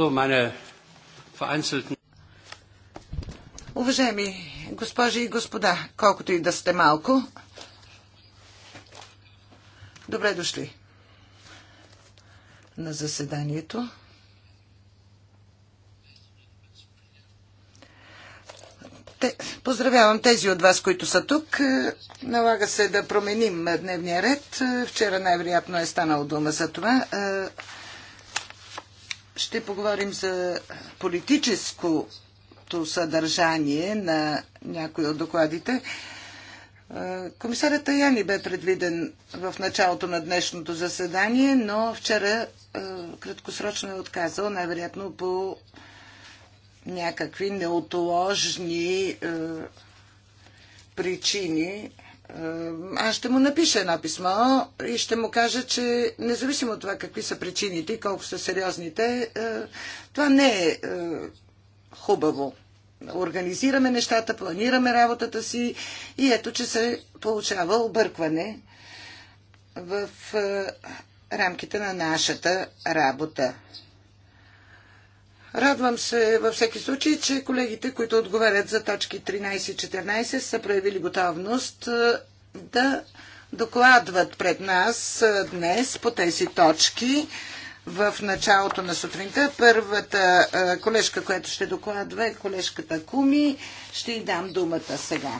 So, meine vereinzelten Уважаеми госпожи и господа, колкото и да сте малко, добре дошли на заседанието. Те, поздравявам тези от вас, които са тук. Налага се да променим дневния ред. Вчера най-вероятно е станало дума за това ще поговорим за политическото съдържание на някои от докладите. Комисарът Таяни бе предвиден в началото на днешното заседание, но вчера краткосрочно е отказал, най-вероятно по някакви неотложни причини аз ще му напиша едно писмо и ще му кажа, че независимо от това какви са причините и колко са сериозните, е, това не е, е хубаво. Организираме нещата, планираме работата си и ето, че се получава объркване в е, рамките на нашата работа. Радвам се във всеки случай, че колегите, които отговарят за точки 13 и 14, са проявили готовност е, да докладват пред нас е, днес по тези точки в началото на сутринта. Първата е, колежка, която ще докладва е колежката Куми. Ще й дам думата сега.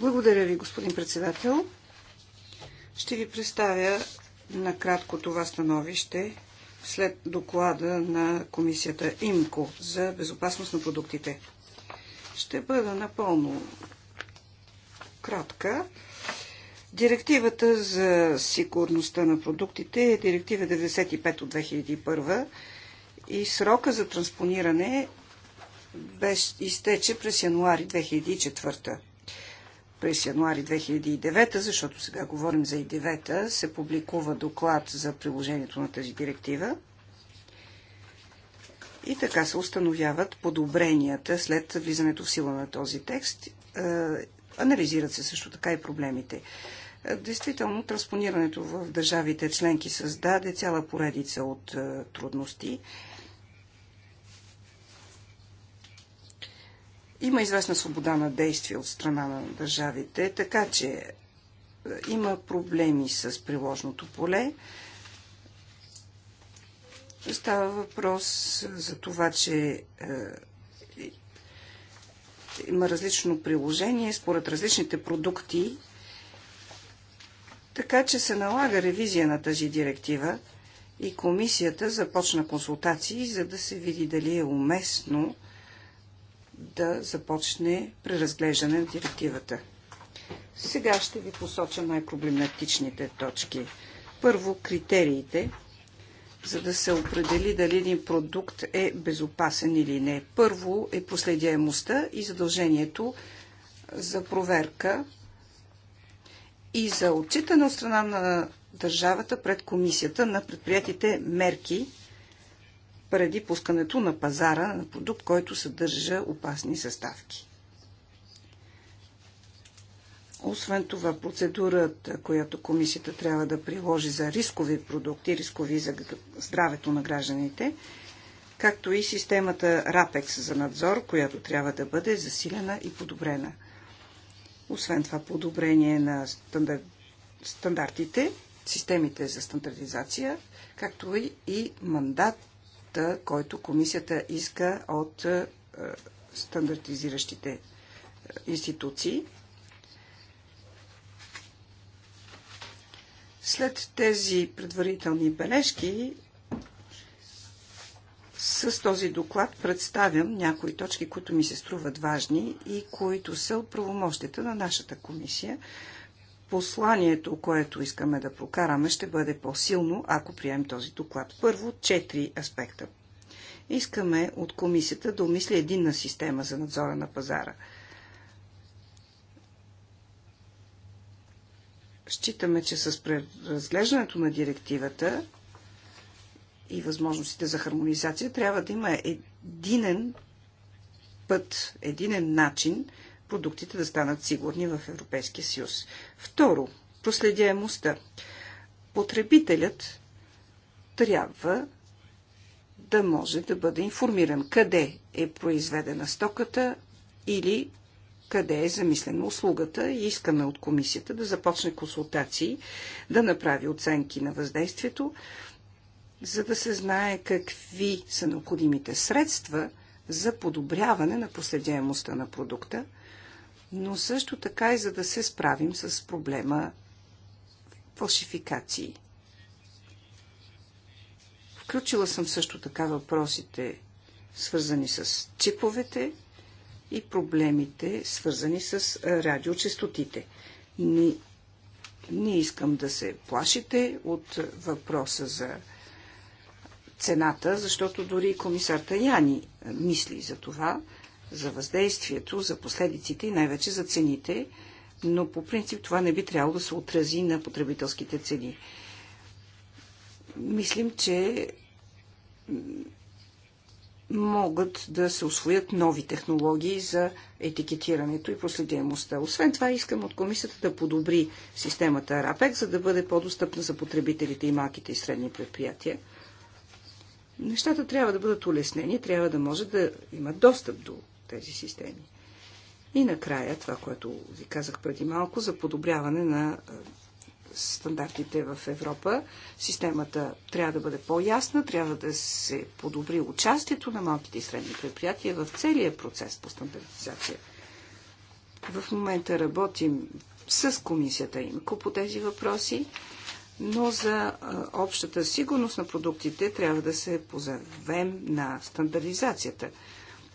Благодаря ви, господин председател. Ще ви представя накратко това становище след доклада на комисията ИМКО за безопасност на продуктите. Ще бъда напълно кратка. Директивата за сигурността на продуктите е директива 95 от 2001 и срока за транспониране изтече през януари 2004 през януари 2009, защото сега говорим за и 9, се публикува доклад за приложението на тази директива. И така се установяват подобренията след влизането в сила на този текст. Е, анализират се също така и проблемите. Е, действително, транспонирането в държавите членки създаде цяла поредица от е, трудности. Има известна свобода на действие от страна на държавите, така че е, има проблеми с приложното поле. Става въпрос за това, че е, има различно приложение според различните продукти, така че се налага ревизия на тази директива и комисията започна консултации, за да се види дали е уместно да започне преразглеждане на директивата. Сега ще ви посоча най-проблематичните точки. Първо, критериите, за да се определи дали един продукт е безопасен или не. Първо е последяемостта и задължението за проверка и за отчитане от страна на държавата пред комисията на предприятите мерки преди пускането на пазара на продукт, който съдържа опасни съставки. Освен това, процедурата, която комисията трябва да приложи за рискови продукти, рискови за здравето на гражданите, както и системата RAPEX за надзор, която трябва да бъде засилена и подобрена. Освен това, подобрение на стандар... стандартите, системите за стандартизация, както и мандат стандарта, който комисията иска от е, стандартизиращите е, институции. След тези предварителни бележки, с този доклад представям някои точки, които ми се струват важни и които са от правомощите на нашата комисия посланието, което искаме да прокараме, ще бъде по-силно, ако приемем този доклад. Първо, четири аспекта. Искаме от комисията да умисли единна система за надзора на пазара. Считаме, че с преразглеждането на директивата и възможностите за хармонизация трябва да има единен път, единен начин – продуктите да станат сигурни в Европейския съюз. Второ, проследяемостта. Потребителят трябва да може да бъде информиран къде е произведена стоката или къде е замислена услугата и искаме от комисията да започне консултации, да направи оценки на въздействието, за да се знае какви са необходимите средства за подобряване на последяемостта на продукта – но също така и за да се справим с проблема фалшификации. Включила съм също така въпросите, свързани с чиповете и проблемите, свързани с радиочастотите. Не, не искам да се плашите от въпроса за цената, защото дори комисарта Яни мисли за това за въздействието, за последиците и най-вече за цените, но по принцип това не би трябвало да се отрази на потребителските цени. Мислим, че могат да се освоят нови технологии за етикетирането и проследяемостта. Освен това, искам от комисията да подобри системата РАПЕК, за да бъде по-достъпна за потребителите и малките и средни предприятия. Нещата трябва да бъдат улеснени, трябва да може да имат достъп до тези системи. И накрая това, което ви казах преди малко за подобряване на стандартите в Европа. Системата трябва да бъде по-ясна, трябва да се подобри участието на малките и средни предприятия в целия процес по стандартизация. В момента работим с комисията ИМКО по тези въпроси, но за общата сигурност на продуктите трябва да се позовем на стандартизацията –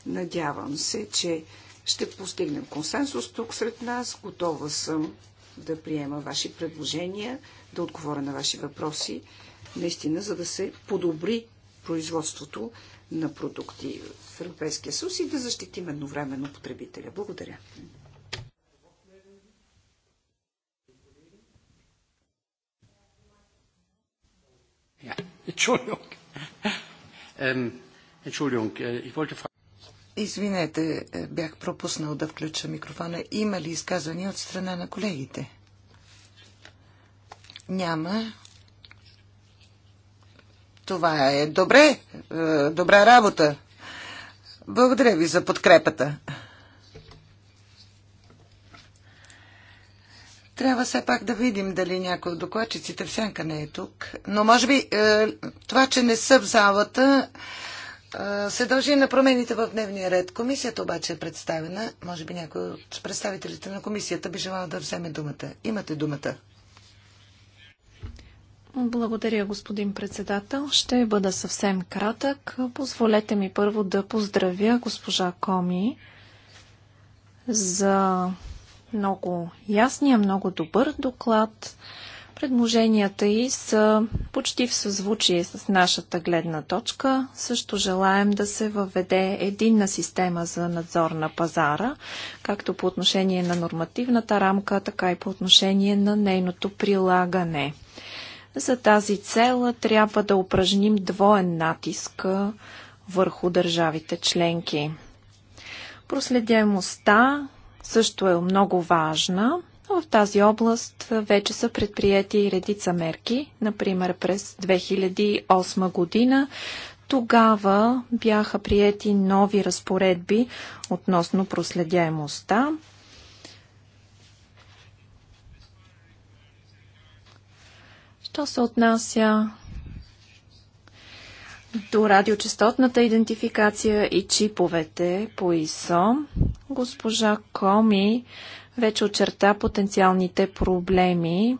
Надявам се, че ще постигнем консенсус тук сред нас. Готова съм да приема ваши предложения, да отговоря на ваши въпроси, наистина, за да се подобри производството на продукти в Европейския съюз и да защитим едновременно потребителя. Благодаря. Entschuldigung. Ähm, Entschuldigung, äh, ich wollte fragen. Извинете, е, бях пропуснал да включа микрофона. Има ли изказвания от страна на колегите? Няма. Това е добре. Е, добра работа. Благодаря ви за подкрепата. Трябва все пак да видим дали някой от докладчиците в сянка не е тук. Но може би е, това, че не са в залата, се дължи на промените в дневния ред. Комисията обаче е представена. Може би някой от представителите на комисията би желал да вземе думата. Имате думата. Благодаря, господин председател. Ще бъда съвсем кратък. Позволете ми първо да поздравя госпожа Коми за много ясния, много добър доклад. Предложенията й са почти в съзвучие с нашата гледна точка. Също желаем да се въведе единна система за надзор на пазара, както по отношение на нормативната рамка, така и по отношение на нейното прилагане. За тази цел трябва да упражним двоен натиск върху държавите членки. Проследяемостта също е много важна но в тази област вече са предприяти редица мерки, например през 2008 година. Тогава бяха приети нови разпоредби относно проследяемостта. Що се отнася до радиочастотната идентификация и чиповете по ИСО, госпожа Коми вече очерта потенциалните проблеми.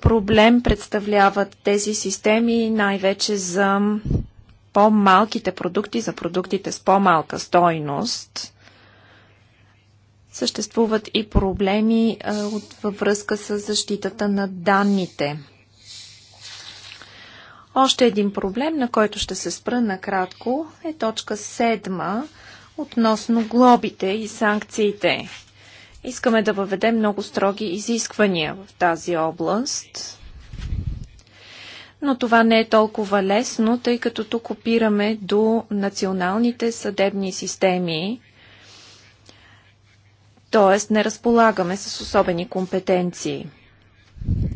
Проблем представляват тези системи най-вече за по-малките продукти, за продуктите с по-малка стойност. Съществуват и проблеми е, във връзка с защитата на данните. Още един проблем, на който ще се спра накратко, е точка 7 относно глобите и санкциите. Искаме да въведем много строги изисквания в тази област, но това не е толкова лесно, тъй като тук опираме до националните съдебни системи, т.е. не разполагаме с особени компетенции.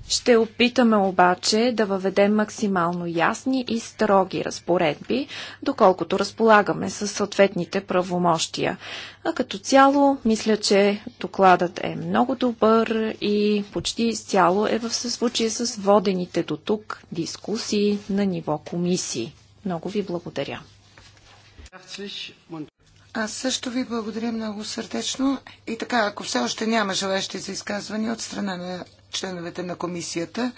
Ще опитаме обаче да въведем максимално ясни и строги разпоредби, доколкото разполагаме с съответните правомощия. А като цяло, мисля, че докладът е много добър и почти изцяло е в съзвучие с водените до тук дискусии на ниво комисии. Много ви благодаря. Аз също ви благодаря много сърдечно. И така, ако все още няма желащи за изказвания от страна на членовете на комисията,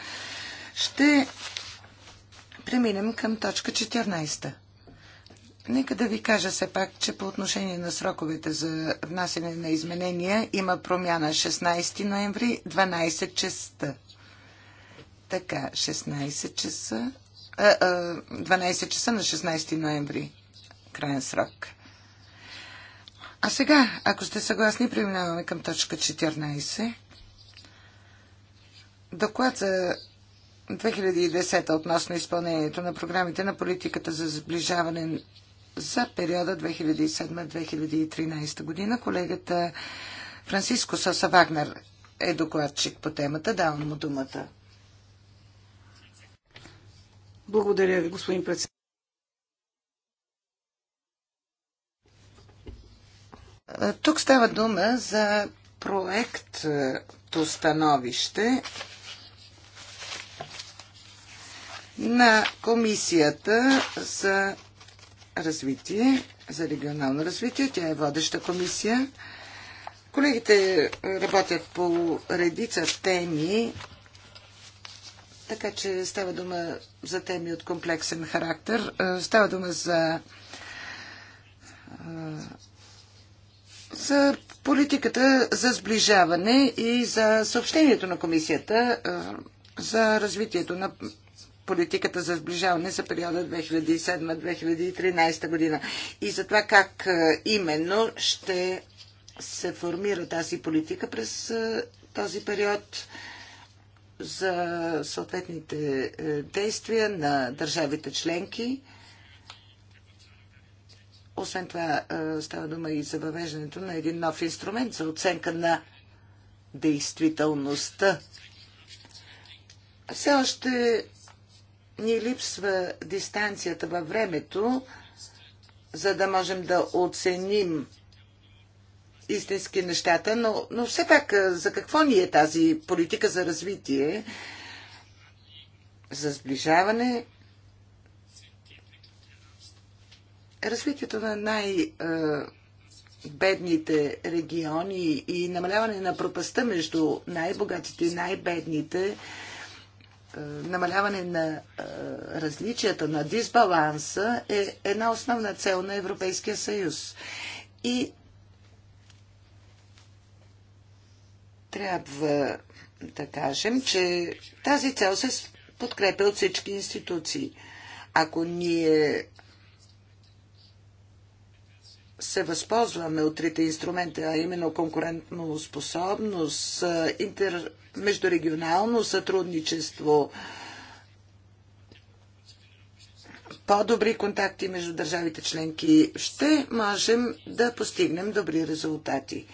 ще преминем към точка 14. Нека да ви кажа все пак, че по отношение на сроковете за внасене на изменения има промяна 16 ноември, 12 часа. Така, 16 часа. А, а, 12 часа на 16 ноември. Крайен срок. А сега, ако сте съгласни, преминаваме към точка 14. Доклад за 2010 относно изпълнението на програмите на политиката за сближаване за периода 2007-2013 година. Колегата Франциско Соса Вагнер е докладчик по темата. Давам му думата. Благодаря ви, господин председател. Тук става дума за проект то становище на Комисията за развитие, за регионално развитие. Тя е водеща комисия. Колегите е, работят по редица теми, така че става дума за теми от комплексен характер. Е, става дума за е, за политиката за сближаване и за съобщението на комисията за развитието на политиката за сближаване за периода 2007-2013 година. И за това как е, именно ще се формира тази политика през е, този период за съответните е, действия на държавите членки. Освен това става дума и за въвеждането на един нов инструмент за оценка на действителността. Все още ни липсва дистанцията във времето, за да можем да оценим истински нещата, но, но все пак за какво ни е тази политика за развитие, за сближаване? Развитието на най- бедните региони и намаляване на пропаста между най-богатите и най-бедните е, намаляване на е, различията, на дисбаланса е една основна цел на Европейския съюз. И трябва да кажем, че тази цел се подкрепя от всички институции. Ако ние се възползваме от трите инструмента, а именно конкурентно способност, е, интер, междурегионално сътрудничество, по-добри контакти между държавите членки, ще можем да постигнем добри резултати.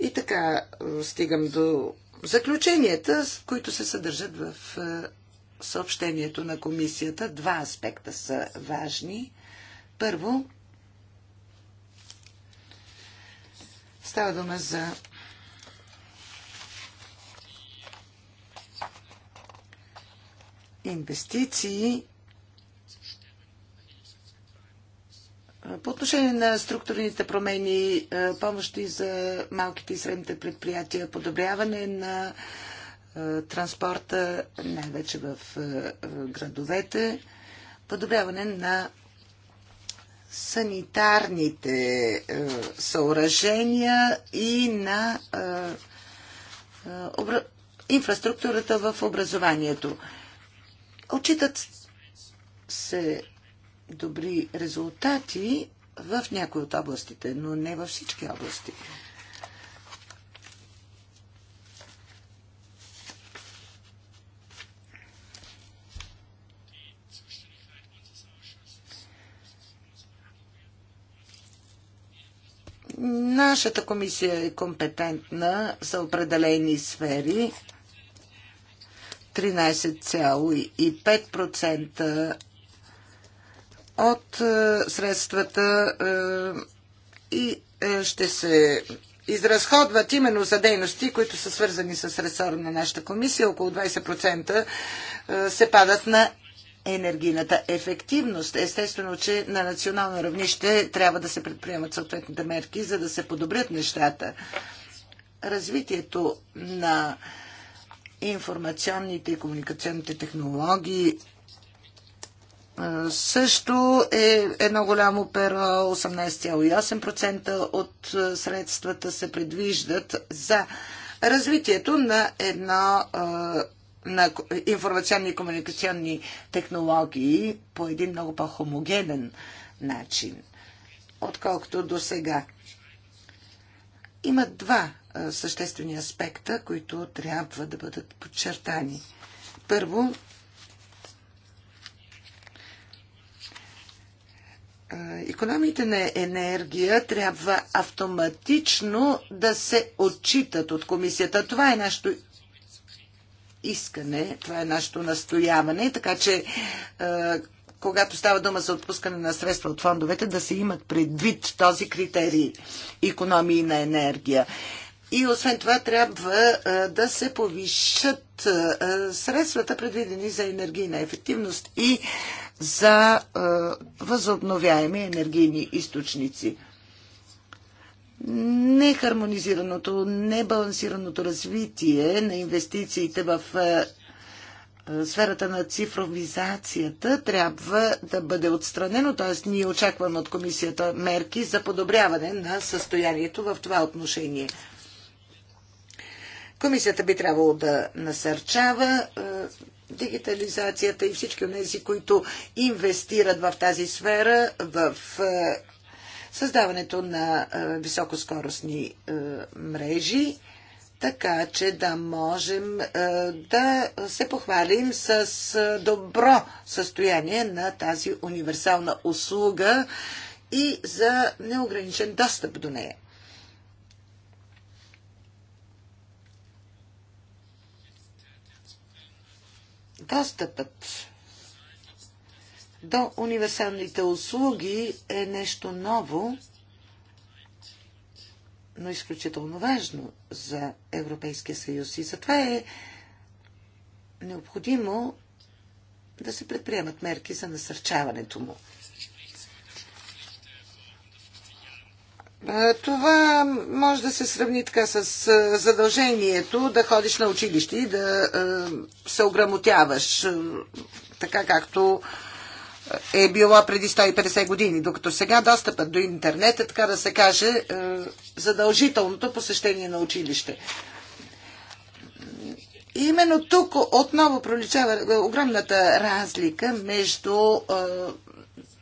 И така е, стигам до заключенията, които се съдържат в е, съобщението на комисията. Два аспекта са важни. Първо, става дума за инвестиции по отношение на структурните промени, е, помощи за малките и средните предприятия, подобряване на е, транспорта, най-вече в е, градовете, подобряване на санитарните съоръжения и на инфраструктурата в образованието. Отчитат се добри резултати в някои от областите, но не във всички области. Нашата комисия е компетентна за определени сфери 13,5% от е, средствата е, и е, ще се изразходват именно за дейности, които са свързани с ресора на нашата комисия. Около 20% се падат на енергийната ефективност. Естествено, че на национално равнище трябва да се предприемат съответните мерки, за да се подобрят нещата. Развитието на информационните и комуникационните технологии също е едно голямо перо, 18,8% от средствата се предвиждат за развитието на едно на информационни и комуникационни технологии по един много по-хомогенен начин, отколкото до сега. Има два съществени аспекта, които трябва да бъдат подчертани. Първо, економите на енергия трябва автоматично да се отчитат от комисията. Това е нашето искане, това е нашето настояване, така че когато става дума за отпускане на средства от фондовете, да се имат предвид този критерий економии на енергия. И освен това трябва да се повишат средствата, предвидени за енергийна ефективност и за възобновяеми енергийни източници. Нехармонизираното, небалансираното развитие на инвестициите в сферата на цифровизацията трябва да бъде отстранено, т.е. ние очакваме от комисията мерки за подобряване на състоянието в това отношение. Комисията би трябвало да насърчава е, дигитализацията и всички от тези, които инвестират в тази сфера, в е, създаването на е, високоскоростни мрежи, така че да можем да се похвалим с добро състояние на тази универсална услуга и за неограничен достъп до нея. Достъпът до универсалните услуги е нещо ново, но изключително важно за Европейския съюз. И затова е необходимо да се предприемат мерки за насърчаването му. Това може да се сравни така с задължението да ходиш на училище и да се ограмотяваш, така както е било преди 150 години, докато сега достъпът до интернет е, така да се каже, задължителното посещение на училище. И именно тук отново проличава огромната разлика между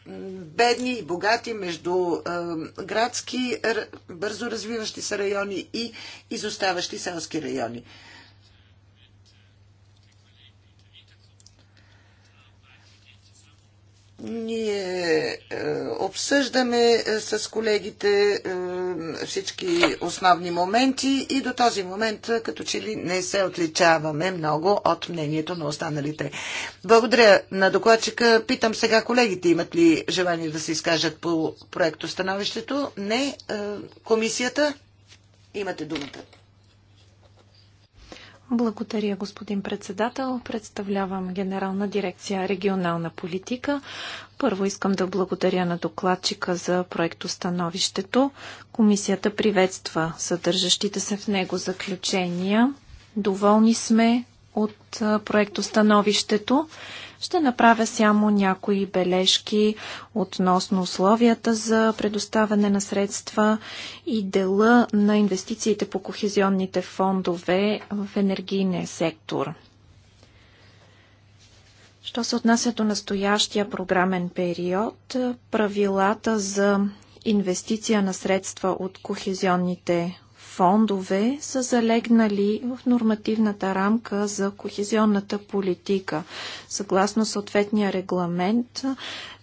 бедни и богати, между градски, бързо развиващи се райони и изоставащи селски райони. Ние е, обсъждаме е, с колегите е, всички основни моменти и до този момент като че ли не се отличаваме много от мнението на останалите. Благодаря на докладчика. Питам сега колегите имат ли желание да се изкажат по проекто становището. Не. Комисията. Имате думата. Благодаря, господин председател. Представлявам Генерална дирекция регионална политика. Първо искам да благодаря на докладчика за проектостановището. Комисията приветства съдържащите се в него заключения. Доволни сме от проектостановището. становището ще направя само някои бележки относно условията за предоставяне на средства и дела на инвестициите по кохезионните фондове в енергийния сектор. Що се отнася до настоящия програмен период, правилата за инвестиция на средства от кохезионните фондове са залегнали в нормативната рамка за кохезионната политика. Съгласно съответния регламент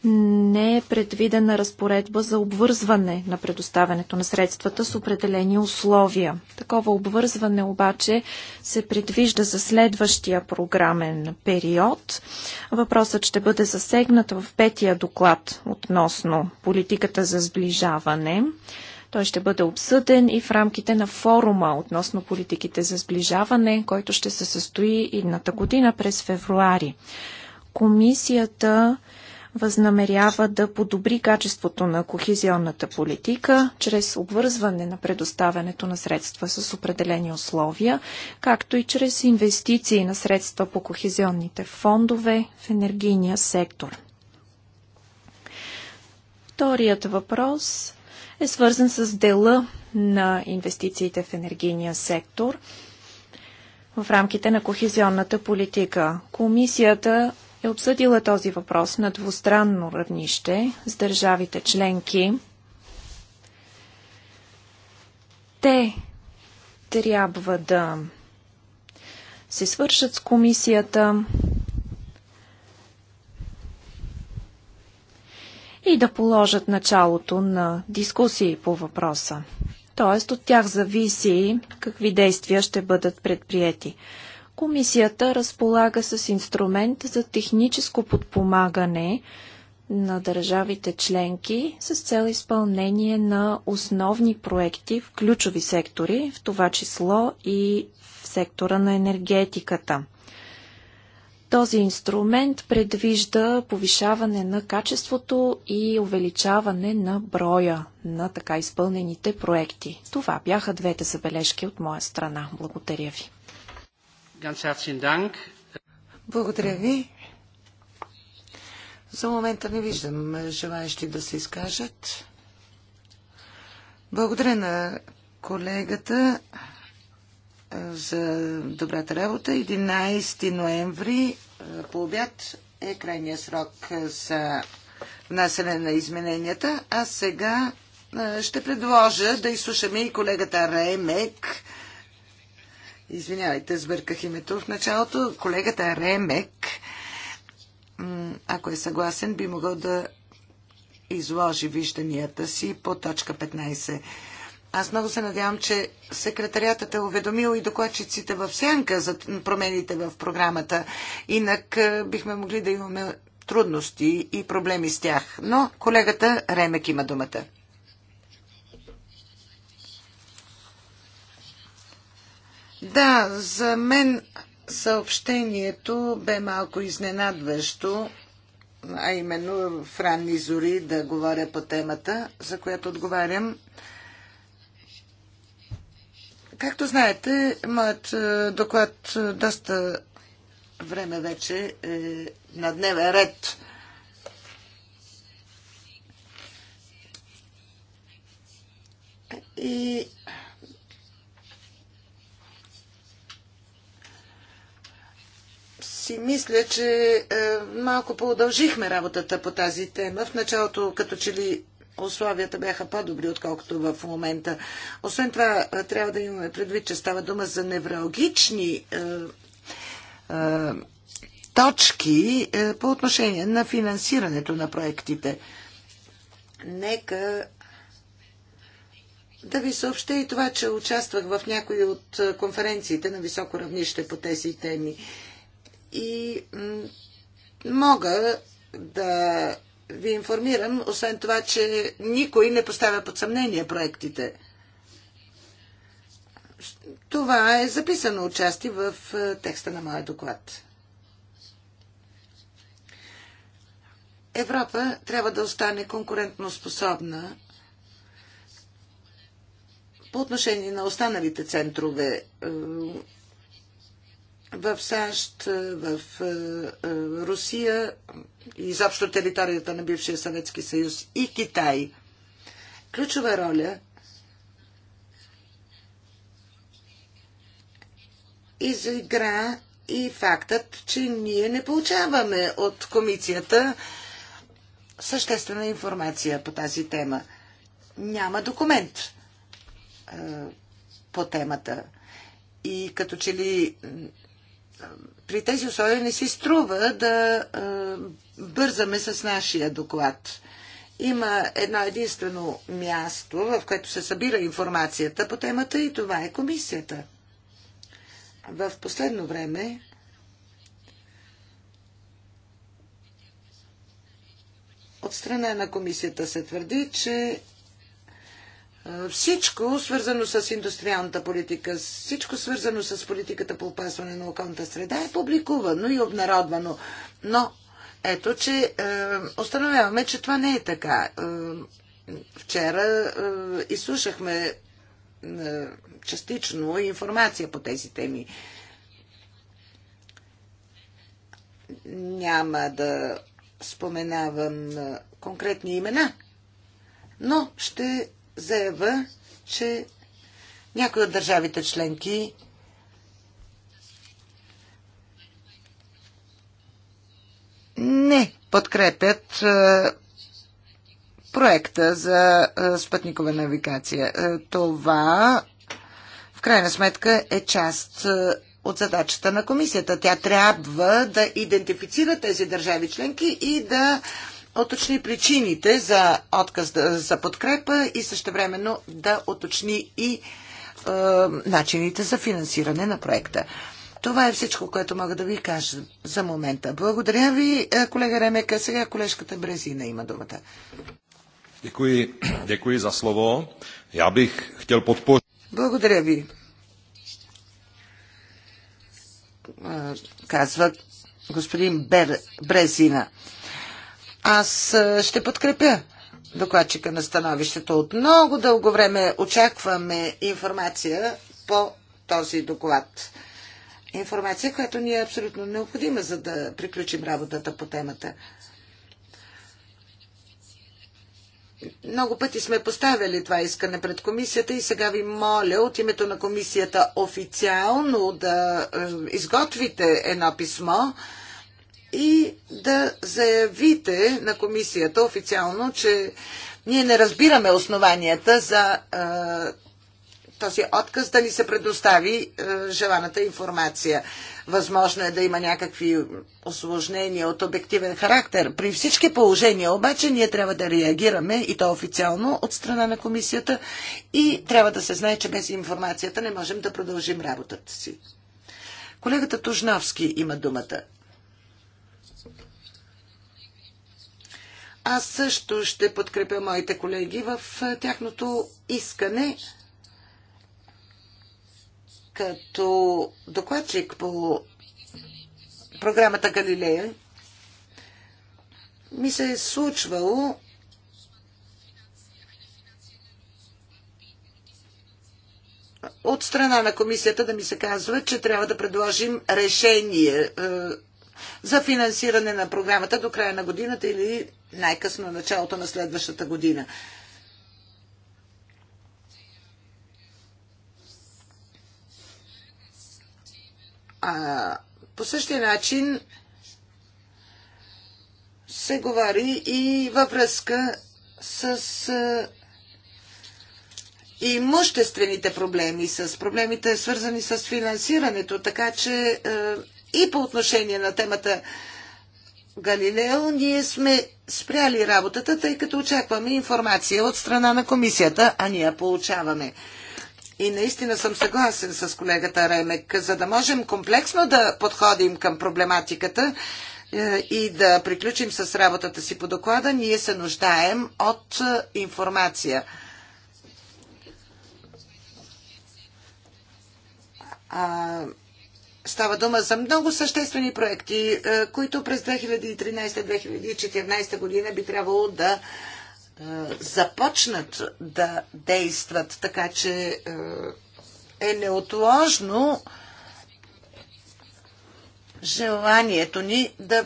не е предвидена разпоредба за обвързване на предоставянето на средствата с определени условия. Такова обвързване обаче се предвижда за следващия програмен период. Въпросът ще бъде засегнат в петия доклад относно политиката за сближаване. Той ще бъде обсъден и в рамките на форума относно политиките за сближаване, който ще се състои едната година през февруари. Комисията възнамерява да подобри качеството на кохезионната политика чрез обвързване на предоставянето на средства с определени условия, както и чрез инвестиции на средства по кохезионните фондове в енергийния сектор. Вторият въпрос е свързан с дела на инвестициите в енергийния сектор в рамките на кохезионната политика. Комисията е обсъдила този въпрос на двустранно равнище с държавите членки. Те трябва да се свършат с комисията, и да положат началото на дискусии по въпроса. Тоест от тях зависи какви действия ще бъдат предприяти. Комисията разполага с инструмент за техническо подпомагане на държавите членки с цел изпълнение на основни проекти в ключови сектори, в това число и в сектора на енергетиката – този инструмент предвижда повишаване на качеството и увеличаване на броя на така изпълнените проекти. Това бяха двете забележки от моя страна. Благодаря ви. Благодаря ви. За момента не виждам желаящи да се изкажат. Благодаря на колегата за добрата работа. 11 ноември е, по обяд е крайния срок е, за внасяне на измененията. А сега е, ще предложа да изслушаме и колегата Ремек. Извинявайте, сбърках името в началото. Колегата Ремек, ако е съгласен, би могъл да изложи вижданията си по точка 15. Аз много се надявам, че секретариатът е уведомил и докладчиците в сянка за промените в програмата. Инак е, бихме могли да имаме трудности и проблеми с тях. Но колегата Ремек има думата. Да, за мен съобщението бе малко изненадващо, а именно в ранни зори да говоря по темата, за която отговарям. Както знаете, моят е, доклад е, доста време вече е на дневен ред. И си мисля, че е, малко поудължихме работата по тази тема. В началото, като че ли условията бяха по-добри, отколкото в момента. Освен това, трябва да имаме предвид, че става дума за невралгични точки по отношение на финансирането на проектите. Нека да ви съобща и това, че участвах в някои от конференциите на високо равнище по тези теми. И мога да ви информирам, освен това, че никой не поставя под съмнение проектите. Това е записано отчасти в е, текста на моя доклад. Европа трябва да остане конкурентно способна по отношение на останалите центрове е, в САЩ, в Русия, изобщо територията на бившия Съветски съюз и Китай. Ключова роля изигра и фактът, че ние не получаваме от комисията съществена информация по тази тема. Няма документ по темата. И като че ли при тези условия не си струва да бързаме с нашия доклад. Има едно единствено място, в което се събира информацията по темата и това е комисията. В последно време от страна на комисията се твърди, че всичко свързано с индустриалната политика, всичко свързано с политиката по опазване на околната среда е публикувано и обнародвано. Но ето, че е, установяваме, че това не е така. Е, вчера е, изслушахме е, частично информация по тези теми. Няма да споменавам е, конкретни имена, но ще заява, че някои от държавите членки не подкрепят е, проекта за е, спътникова навигация. Е, това в крайна сметка е част от задачата на комисията. Тя трябва да идентифицира тези държави членки и да оточни причините за отказ за подкрепа и същевременно да оточни и е, начините за финансиране на проекта. Това е всичко, което мога да ви кажа за момента. Благодаря ви, е, колега Ремека. Сега колежката Брезина има думата. Děkuji, děkuji za slovo. Já bych chtěl podpořit. Благодаря ви. Е, казва господин Бер, Брезина. Аз ще подкрепя докладчика на становището. От много дълго време очакваме информация по този доклад. Информация, която ни е абсолютно необходима, за да приключим работата по темата. Много пъти сме поставили това искане пред комисията и сега ви моля от името на комисията официално да е, изготвите едно писмо, и да заявите на комисията официално, че ние не разбираме основанията за този отказ да ни се предостави е, желаната информация. Възможно е да има някакви осложнения от обективен характер. При всички положения обаче ние трябва да реагираме и то официално от страна на комисията и трябва да се знае, че без информацията не можем да продължим работата си. Колегата Тужновски има думата. Аз също ще подкрепя моите колеги в тяхното искане като докладчик по програмата Галилея ми се е случвало от страна на комисията да ми се казва, че трябва да предложим решение за финансиране на програмата до края на годината или най-късно началото на следващата година. А, по същия начин се говори и във връзка с имуществените проблеми, с проблемите свързани с финансирането, така че и по отношение на темата Галилео ние сме спряли работата, тъй като очакваме информация от страна на комисията, а ние получаваме. И наистина съм съгласен с колегата Ремек, за да можем комплексно да подходим към проблематиката е, и да приключим с работата си по доклада, ние се нуждаем от е, информация. А, Става дума за много съществени проекти, е, които през 2013-2014 година би трябвало да е, започнат да действат, така че е, е неотложно желанието ни да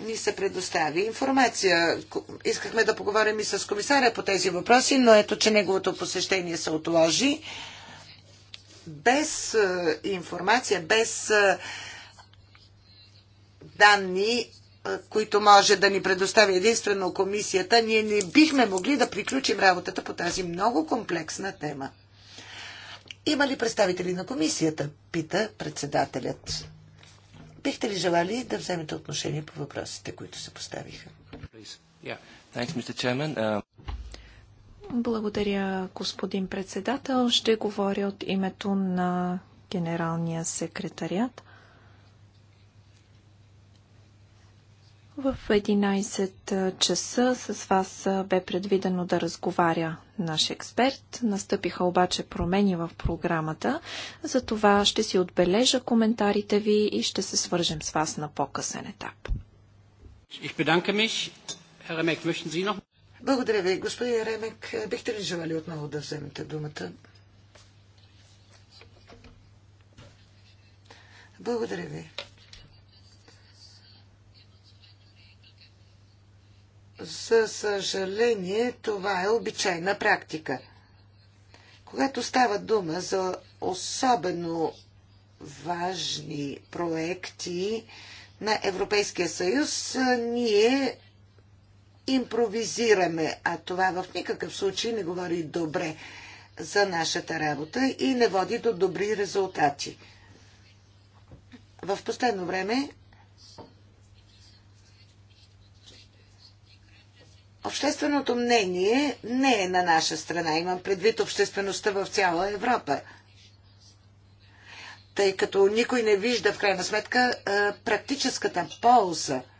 ни се предостави информация. Искахме да поговорим и с комисаря по тези въпроси, но ето, че неговото посещение се отложи без е, информация, без е, данни, е, които може да ни предостави единствено комисията, ние не бихме могли да приключим работата по тази много комплексна тема. Има ли представители на комисията? Пита председателят. Бихте ли желали да вземете отношение по въпросите, които се поставиха? Yeah. Thanks, uh, благодаря, господин председател. Ще говоря от името на генералния секретарят. В 11 часа с вас бе предвидено да разговаря наш експерт. Настъпиха обаче промени в програмата. За това ще си отбележа коментарите ви и ще се свържем с вас на по-късен етап. Благодаря ви. Господин Ремек, бихте ли желали отново да вземете думата? Благодаря ви. За съжаление, това е обичайна практика. Когато става дума за особено важни проекти на Европейския съюз, ние импровизираме, а това в никакъв случай не говори добре за нашата работа и не води до добри резултати. В последно време общественото мнение не е на наша страна. Имам предвид обществеността в цяла Европа. Тъй като никой не вижда в крайна сметка практическата полза –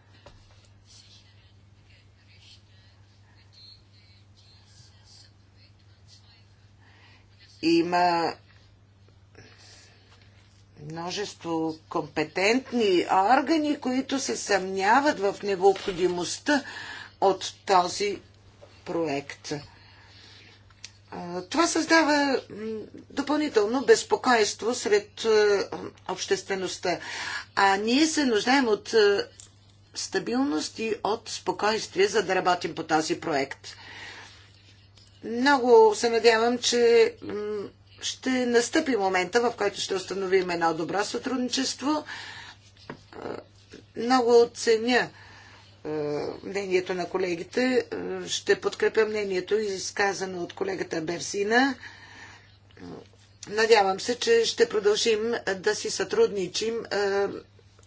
Има множество компетентни органи, които се съмняват в необходимостта от този проект. Това създава допълнително безпокойство сред обществеността. А ние се нуждаем от стабилност и от спокойствие, за да работим по този проект. Много се надявам, че ще настъпи момента, в който ще установим едно добро сътрудничество. Е, много оценя е, мнението на колегите. Е, ще подкрепя мнението, изказано от колегата Берсина. Надявам се, че ще продължим да си сътрудничим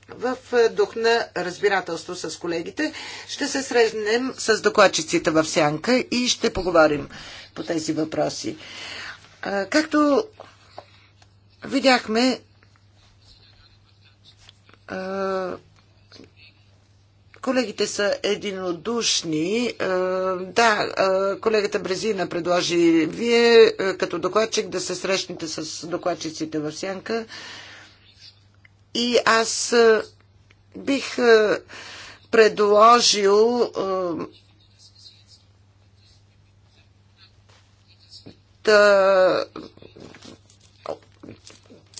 в е, дух на разбирателство с колегите. Ще се срещнем с докладчиците в Сянка и ще поговорим по тези въпроси. Както видяхме, колегите са единодушни. Да, колегата Брезина предложи вие като докладчик да се срещнете с докладчиците в Сянка и аз бих предложил да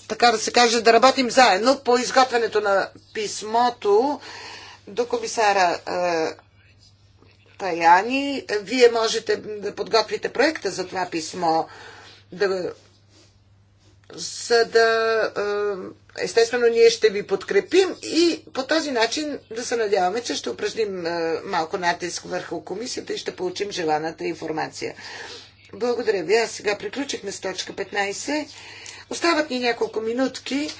така да се каже, да работим заедно по изготвянето на писмото до комисара Таяни. Вие можете да подготвите проекта за това писмо, да за да естествено ние ще ви подкрепим и по този начин да се надяваме, че ще упражним малко натиск върху комисията и ще получим желаната информация. Благодаря ви. Аз сега приключихме с точка 15. Остават ни няколко минутки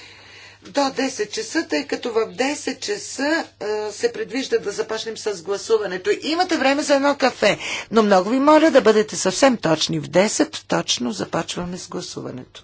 до 10 часа, тъй като в 10 часа се предвижда да започнем с гласуването. Имате време за едно кафе, но много ви моля да бъдете съвсем точни. В 10 точно започваме с гласуването.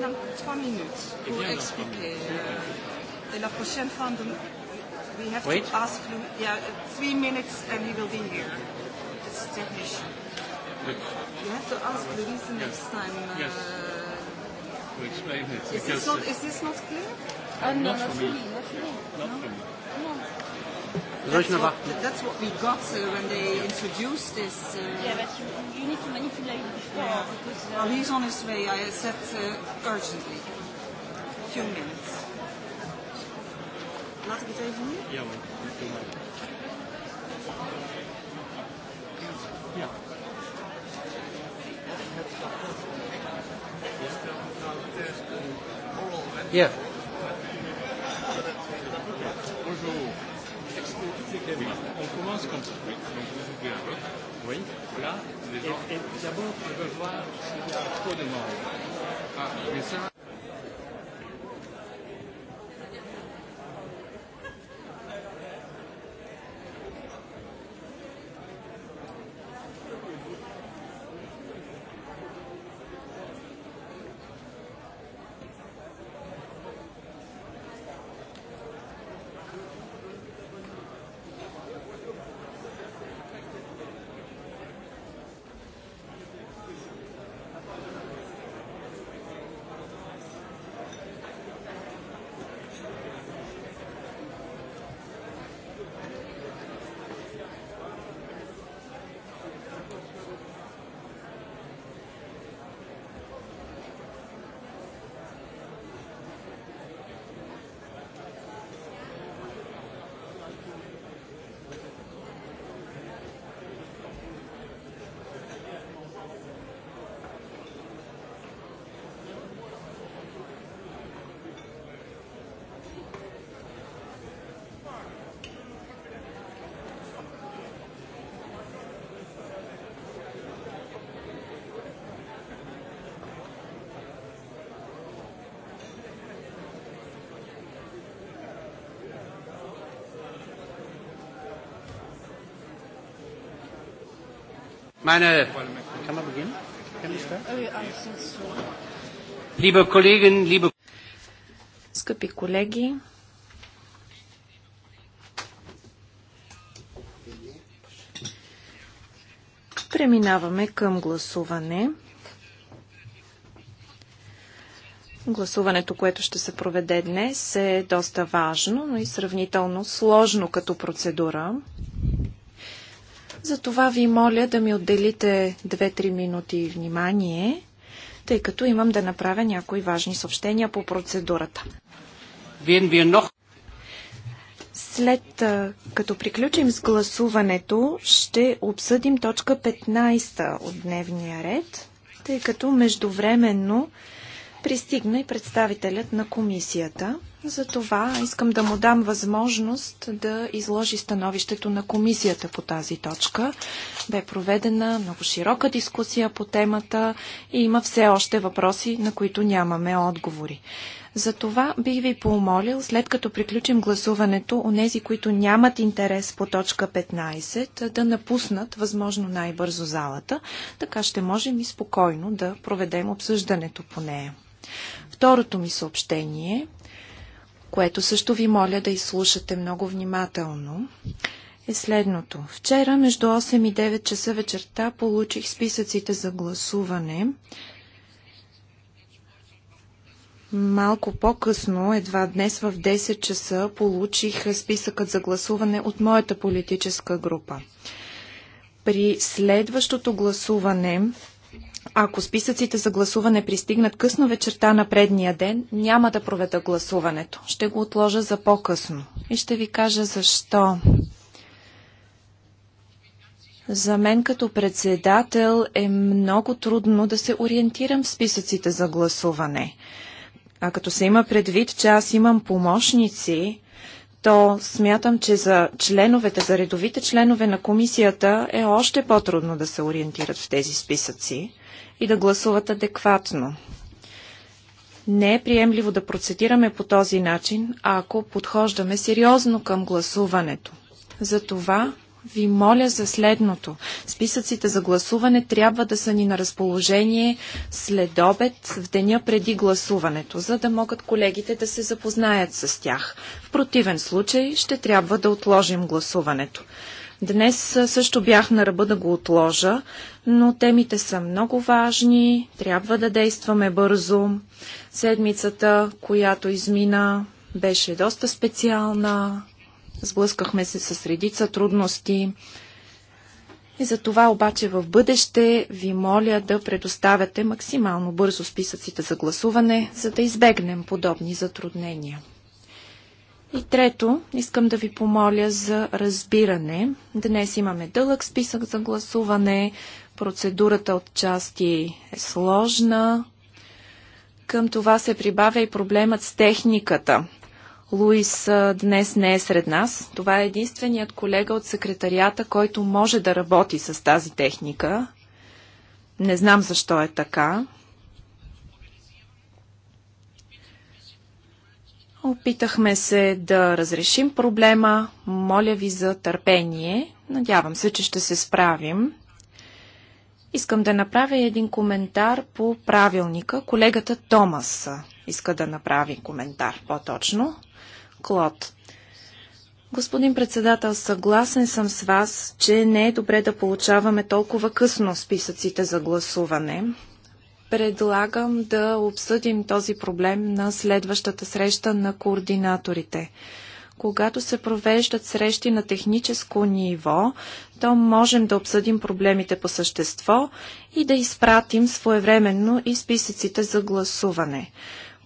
dans trois minutes pour expliquer. Euh, et la prochaine fois, we have Wait. to ask him. Yeah, three minutes and he will be here. It's technician. You have to ask Louise the next time. Uh, yes. To explain it. Is this not, is this not clear? Uh, no, not, not for me. Not for me. Not for me. No. That's what, that's what we got uh, when they introduced this. Uh, yeah, but you you need to manipulate before yeah. because. Uh, well, he's on his way. I said uh, urgently. Few minutes. Laat ik het even nu? Ja, maar. Ja. Yeah. D'abord, je veux voir s'il y a trop de monde. Ah, mais ça, Meine, kann man beginnen? Kann ich liebe Kolleginnen, liebe Скъпи колеги, преминаваме към гласуване. Гласуването, което ще се проведе днес, е доста важно, но и сравнително сложно като процедура. Затова ви моля да ми отделите 2-3 минути внимание, тъй като имам да направя някои важни съобщения по процедурата. Е След като приключим с гласуването, ще обсъдим точка 15 от дневния ред, тъй като междувременно пристигна и представителят на комисията. Затова искам да му дам възможност да изложи становището на комисията по тази точка. Бе проведена много широка дискусия по темата и има все още въпроси, на които нямаме отговори. Затова бих ви помолил, след като приключим гласуването, у нези, които нямат интерес по точка 15, да напуснат възможно най-бързо залата. Така ще можем и спокойно да проведем обсъждането по нея. Второто ми съобщение което също ви моля да изслушате много внимателно, е следното. Вчера между 8 и 9 часа вечерта получих списъците за гласуване. Малко по-късно, едва днес в 10 часа, получих списъкът за гласуване от моята политическа група. При следващото гласуване ако списъците за гласуване пристигнат късно вечерта на предния ден, няма да проведа гласуването. Ще го отложа за по-късно. И ще ви кажа защо. За мен като председател е много трудно да се ориентирам в списъците за гласуване. А като се има предвид, че аз имам помощници, то смятам, че за членовете, за редовите членове на комисията е още по-трудно да се ориентират в тези списъци и да гласуват адекватно. Не е приемливо да процедираме по този начин, ако подхождаме сериозно към гласуването. Затова ви моля за следното. Списъците за гласуване трябва да са ни на разположение след обед, в деня преди гласуването, за да могат колегите да се запознаят с тях. В противен случай ще трябва да отложим гласуването. Днес също бях на ръба да го отложа, но темите са много важни, трябва да действаме бързо. Седмицата, която измина, беше доста специална. Сблъскахме се с редица трудности. И за това обаче в бъдеще ви моля да предоставяте максимално бързо списъците за гласуване, за да избегнем подобни затруднения. И трето, искам да ви помоля за разбиране. Днес имаме дълъг списък за гласуване, процедурата от части е сложна. Към това се прибавя и проблемът с техниката. Луис днес не е сред нас. Това е единственият колега от секретарията, който може да работи с тази техника. Не знам защо е така. Опитахме се да разрешим проблема. Моля ви за търпение. Надявам се, че ще се справим. Искам да направя един коментар по правилника. Колегата Томас иска да направи коментар по-точно. Клод. Господин председател, съгласен съм с вас, че не е добре да получаваме толкова късно списъците за гласуване предлагам да обсъдим този проблем на следващата среща на координаторите. Когато се провеждат срещи на техническо ниво, то можем да обсъдим проблемите по същество и да изпратим своевременно и списъците за гласуване.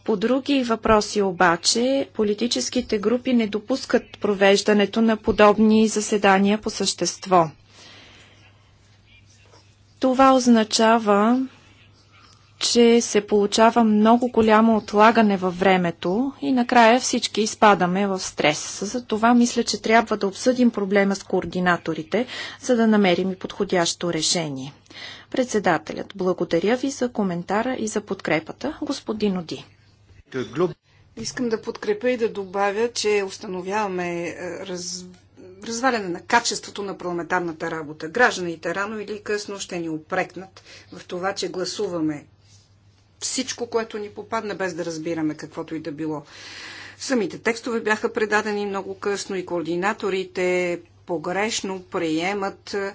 По други въпроси обаче, политическите групи не допускат провеждането на подобни заседания по същество. Това означава, че се получава много голямо отлагане във времето и накрая всички изпадаме в стрес. Затова мисля, че трябва да обсъдим проблема с координаторите, за да намерим и подходящо решение. Председателят, благодаря ви за коментара и за подкрепата, господин Оди. Искам да подкрепя и да добавя, че установяваме е, раз... разваляне на качеството на парламентарната работа. Гражданите рано или късно ще ни опрекнат в това, че гласуваме всичко, което ни попадна, без да разбираме каквото и да било. Самите текстове бяха предадени много късно и координаторите погрешно приемат а,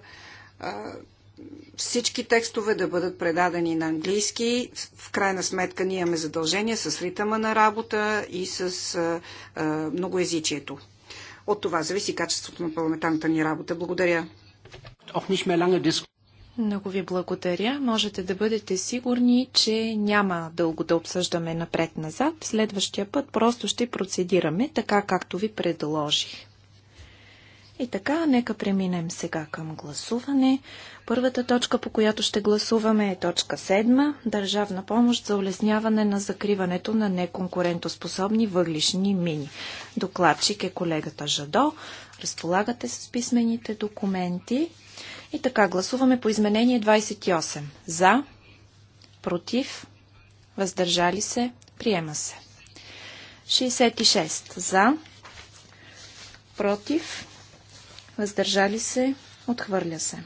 всички текстове да бъдат предадени на английски. В крайна сметка ние имаме задължение с ритъма на работа и с а, а, многоязичието. От това зависи качеството на парламентарната ни работа. Благодаря. Много ви благодаря. Можете да бъдете сигурни, че няма дълго да обсъждаме напред-назад. Следващия път просто ще процедираме така, както ви предложих. И така, нека преминем сега към гласуване. Първата точка, по която ще гласуваме е точка 7 – Държавна помощ за улесняване на закриването на неконкурентоспособни въглишни мини. Докладчик е колегата Жадо. Разполагате с писмените документи. И така, гласуваме по изменение 28. За, против, въздържали се, приема се. 66. За, против, въздържали се, отхвърля се.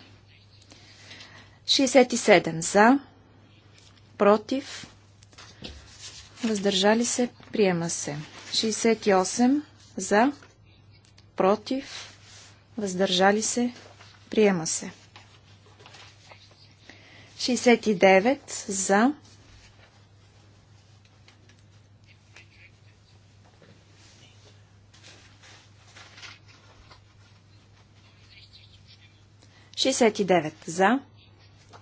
67. За, против, въздържали се, приема се. 68. За, против, въздържали се, Приема се. 69 за. Шестдесет и девет за,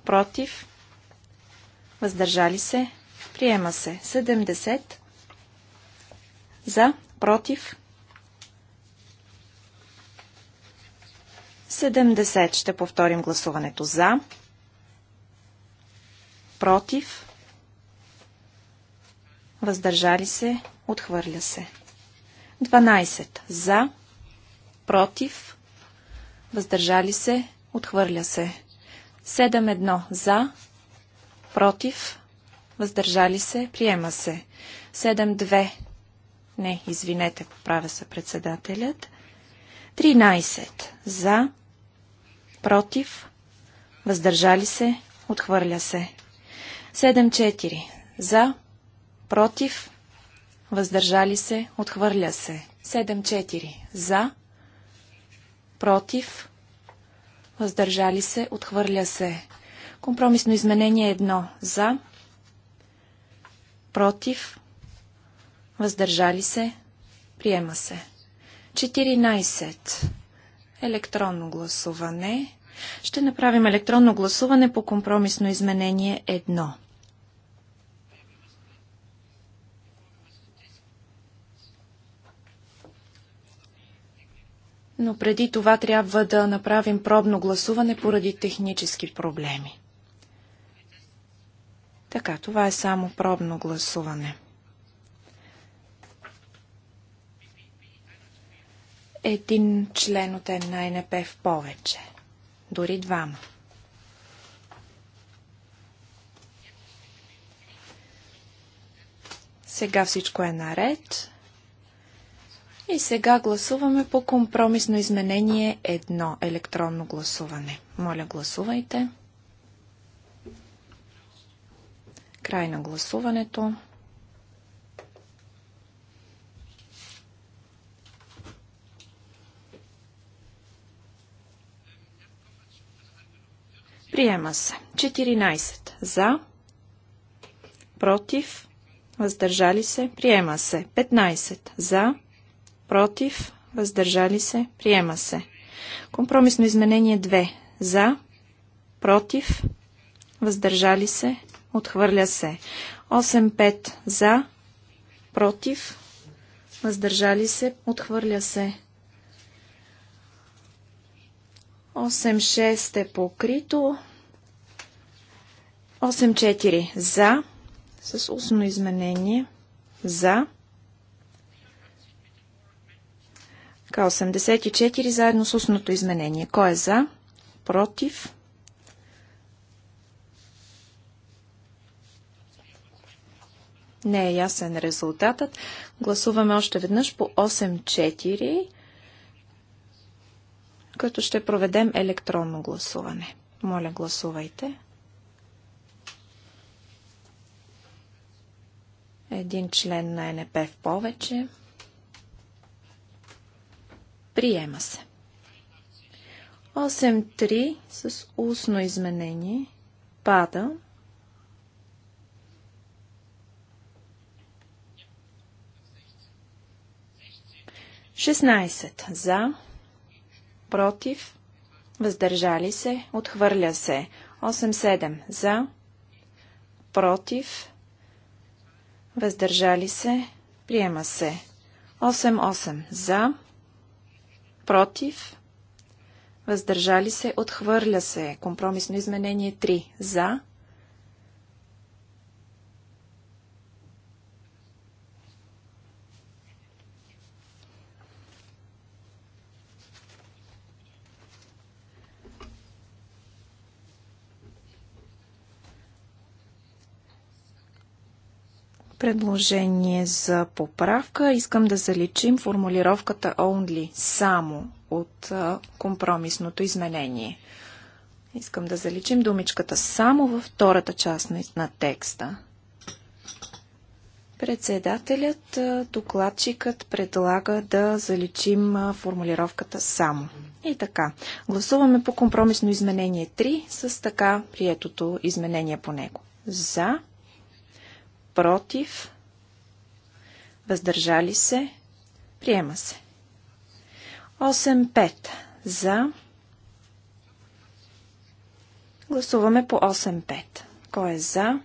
против, въздържали се, приема се. Седемдесет за, против, 70 ще повторим гласуването за, против, въздържали се, отхвърля се. 12 за, против, въздържали се, отхвърля се. 7-1 за, против, въздържали се, приема се. 7-2, не, извинете, поправя се председателят. 13 за, против, въздържали се, отхвърля се. 7-4 за, против, въздържали се, отхвърля се. 7-4 за, против, въздържали се, отхвърля се. Компромисно изменение 1 за, против, въздържали се, приема се. 14 електронно гласуване. Ще направим електронно гласуване по компромисно изменение 1. Но преди това трябва да направим пробно гласуване поради технически проблеми. Така, това е само пробно гласуване. един член от една НП в повече. Дори двама. Сега всичко е наред. И сега гласуваме по компромисно изменение едно електронно гласуване. Моля, гласувайте. Край на гласуването. Приема се. 14. За. Против. Въздържали се. Приема се. 15. За. Против. Въздържали се. Приема се. Компромисно изменение 2. За. Против. Въздържали се. Отхвърля се. 8-5 за. Против. Въздържали се. Отхвърля се. 8-6 е покрито. 8-4 за, с устно изменение, за. Така, 84 заедно с устното изменение. Кой е за? Против? Не е ясен резултатът. Гласуваме още веднъж по 8-4 като ще проведем електронно гласуване. Моля, гласувайте. Един член на НП в повече. Приема се. 8.3 с устно изменение пада. Шестнайсет за против, въздържали се, отхвърля се. 8-7 за, против, въздържали се, приема се. 8-8 за, против, въздържали се, отхвърля се. Компромисно изменение 3 за, предложение за поправка. Искам да заличим формулировката only само от компромисното изменение. Искам да заличим думичката само във втората част на текста. Председателят, докладчикът предлага да заличим формулировката само. И така, гласуваме по компромисно изменение 3 с така приетото изменение по него. За, против, въздържали се, приема се. 8-5 за. Гласуваме по 8-5. Кой е за?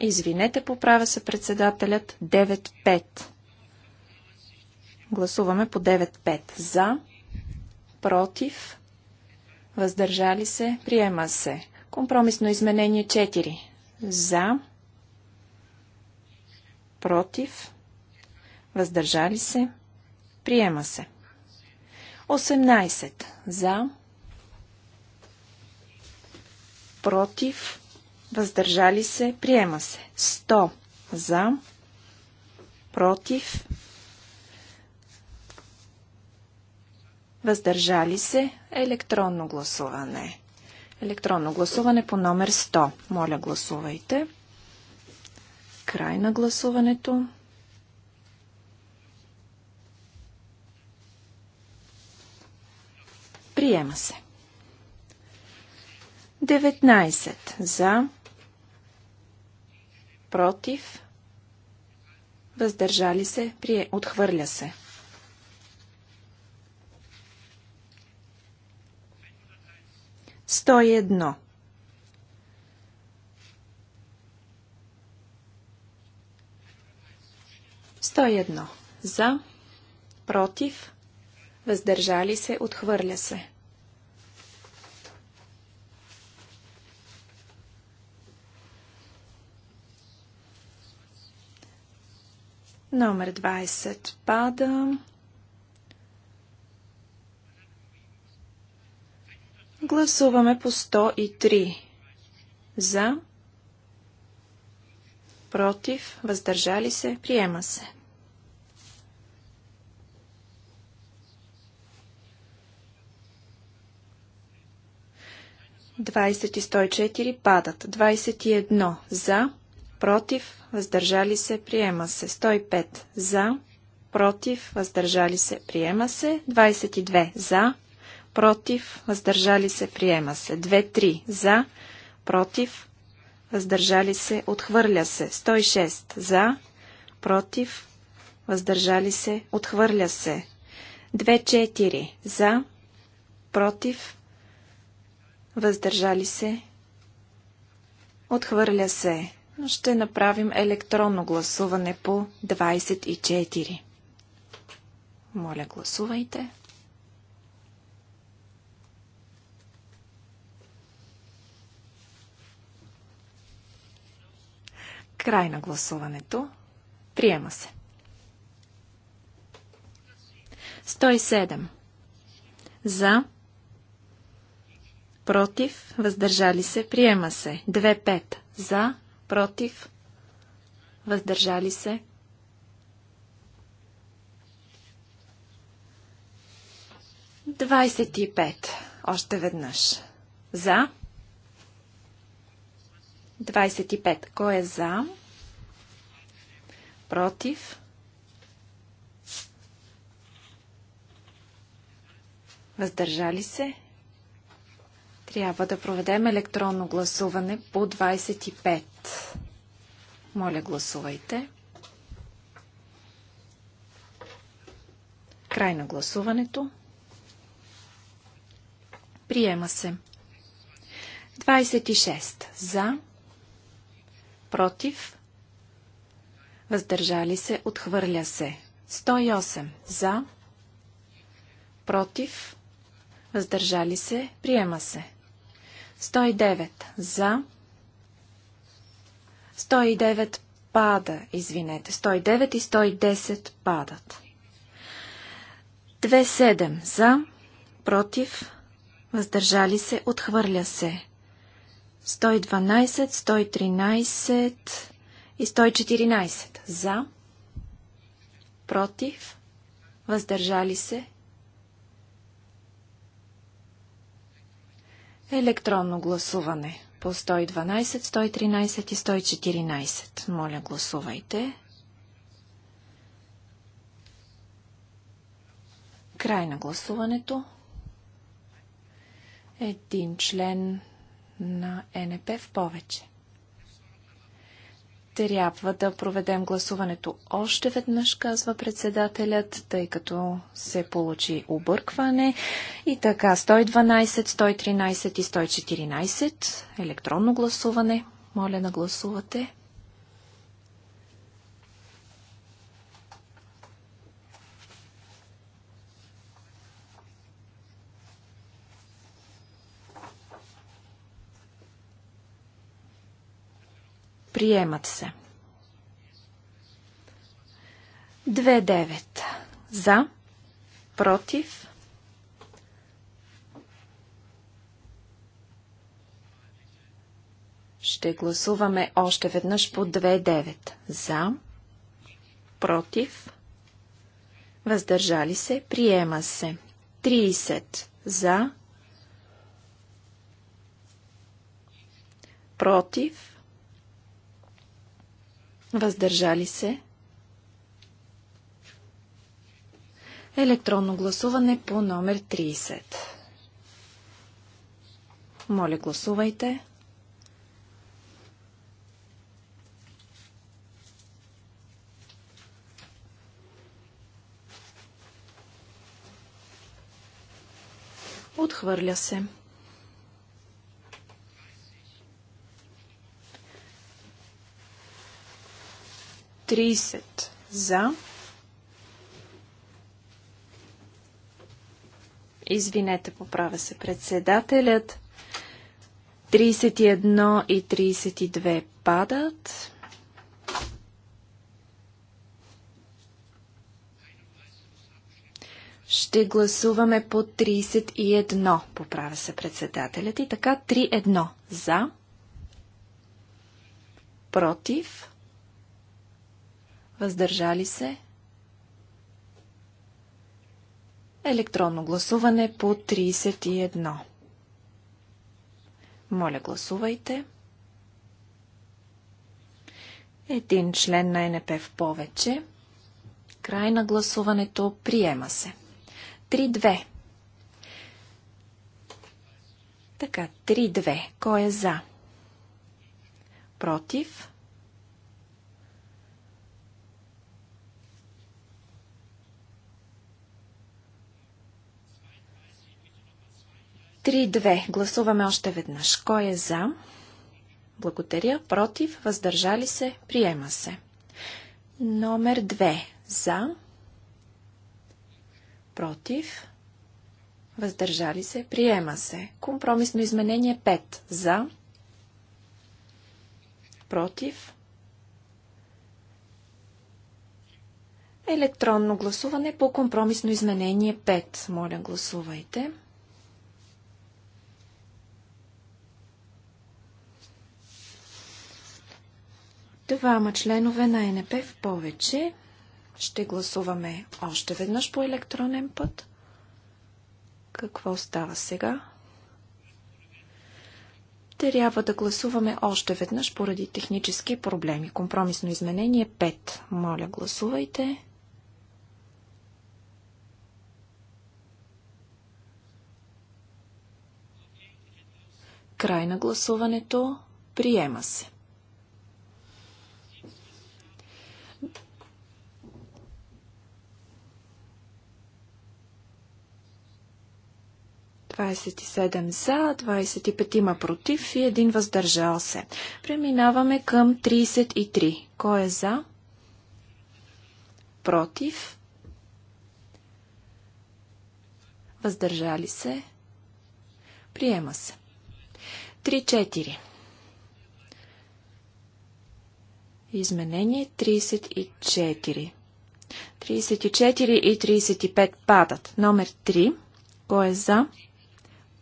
Извинете, поправя се председателят 9-5. Гласуваме по 9-5 за, против, въздържали се, приема се. Компромисно изменение 4 за, против, въздържали се, приема се. 18 за, против, въздържали се, приема се. 100 за, против, въздържали се, електронно гласуване. Електронно гласуване по номер 100. Моля, гласувайте. Край на гласуването. Приема се. 19 за, против, въздържали се, прие, отхвърля се. 101 101. За, против, въздържали се, отхвърля се. Номер 20 пада. Гласуваме по 103. За, против, въздържали се, приема се. 20 и 104 падат. 21 за, против, въздържали се, приема се. 105 за, против, въздържали се, приема се. 22 за, против, въздържали се, приема се. 2-3 за, против, въздържали се, отхвърля се. 106 за, против, въздържали се, отхвърля се. 2-4 за, против, въздържали се, отхвърля се, но ще направим електронно гласуване по 24. Моля, гласувайте. Край на гласуването. Приема се. 107. За против, въздържали се, приема се. 2-5 за, против, въздържали се. Двадесет и пет. Още веднъж. За. Двадесет и пет. Кой е за? Против. Въздържали се? Трябва да проведем електронно гласуване по 25. Моля, гласувайте. Край на гласуването. Приема се. 26. За. Против. Въздържали се. Отхвърля се. 108. За. Против. Въздържали се. Приема се. 109 за. 109 пада, извинете. 109 и 110 падат. 27 за, против, въздържали се, отхвърля се. 112, 113 и 114 за, против, въздържали се, Електронно гласуване по 112, 113 и 114. Моля, гласувайте. Край на гласуването. Един член на НП в повече. Трябва да проведем гласуването още веднъж, казва председателят, тъй като се получи объркване. И така, 112, 113 и 114 електронно гласуване. Моля да гласувате. Приемат се. 2.9. За. Против. Ще гласуваме още веднъж по 2.9. За. Против. Въздържали се. Приема се. 30. За. Против въздържали се. Електронно гласуване по номер 30. Моля, гласувайте. Отхвърля се. 30 за. Извинете, поправя се председателят. 31 и 32 падат. Ще гласуваме по 31, поправя се председателят. И така 3-1 за, против, въздържали се. Електронно гласуване по 31. Моля, гласувайте. Един член на НП в повече. Край на гласуването приема се. 3-2. Така, 3-2. Кой е за? Против? 3-2. Гласуваме още веднъж. Кой е за? Благодаря. Против? Въздържали се? Приема се. Номер 2. За? Против? Въздържали се? Приема се. Компромисно изменение 5. За? Против? Електронно гласуване по компромисно изменение 5. Моля, гласувайте. Гласувайте. Двама членове на НП в повече. Ще гласуваме още веднъж по електронен път. Какво става сега? Трябва да гласуваме още веднъж поради технически проблеми. Компромисно изменение 5. Моля, гласувайте. Край на гласуването. Приема се. 27 за, 25 има против и един въздържал се. Преминаваме към 33. Кой е за? Против? Въздържали се? Приема се. 3-4. Изменение 34. 34 и 35 падат. Номер 3. Кой е за?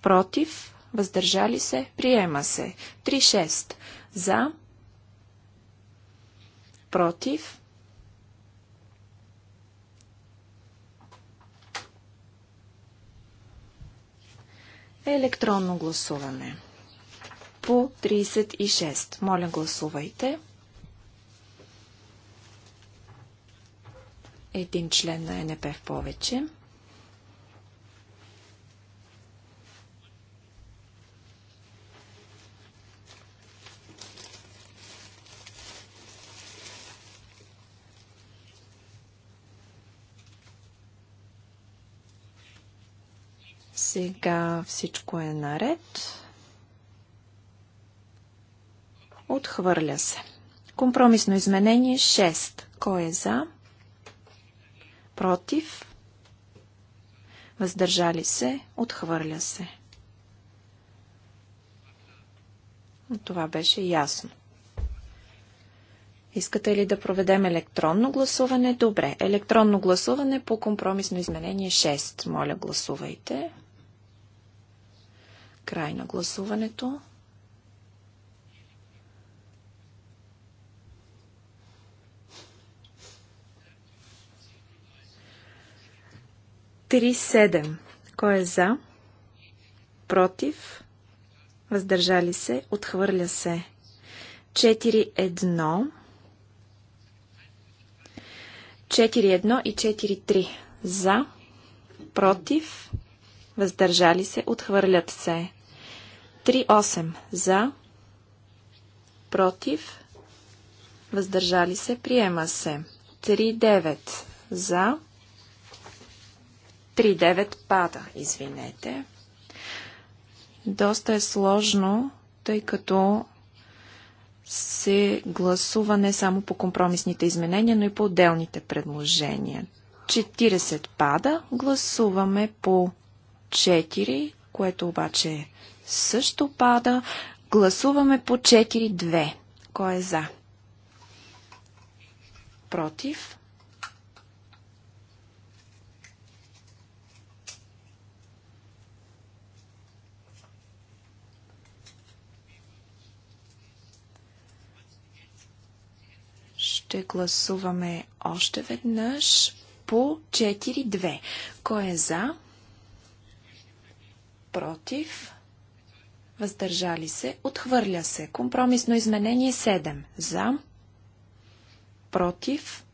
против, въздържали се, приема се. 3-6 за, против, електронно гласуване по 36. Моля, гласувайте. Един член на НП в повече. Сега всичко е наред. Отхвърля се. Компромисно изменение 6. Кой е за? Против? Въздържали се? Отхвърля се. Това беше ясно. Искате ли да проведем електронно гласуване? Добре. Електронно гласуване по компромисно изменение 6. Моля, гласувайте. Край на гласуването. Три седем. Кой е за? Против? Въздържали се? Отхвърля се. 4 едно 4-1 и 4-3. За? Против? Въздържали се? Отхвърлят се. 3.8. За. Против. Въздържали се. Приема се. 3.9. За. 3.9 пада. Извинете. Доста е сложно, тъй като се гласува не само по компромисните изменения, но и по отделните предложения. 40 пада, гласуваме по 4, което обаче е също пада. Гласуваме по 4-2. Кой е за? Против? ще гласуваме още веднъж по 4-2. Кой е за? Против? въздържали се, отхвърля се. Компромисно изменение 7. За, против,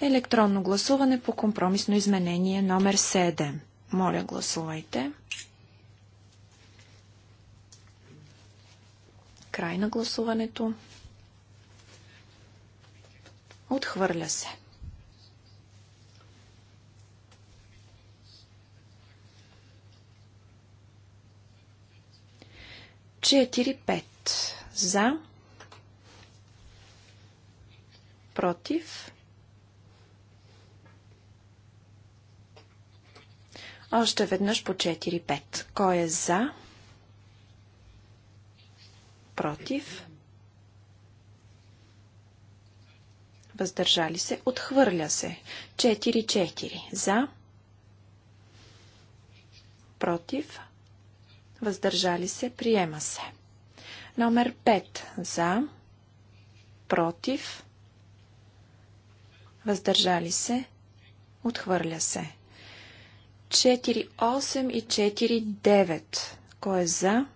електронно гласуване по компромисно изменение номер 7. Моля, гласувайте. Край на гласуването. Отхвърля се. 4-5 за, против. Още веднъж по 4-5. Кой е за? Против. Въздържали се. Отхвърля се. 4-4. За. Против въздържали се, приема се. Номер 5 за, против, въздържали се, отхвърля се. 4.8 и 4.9. Кой е за?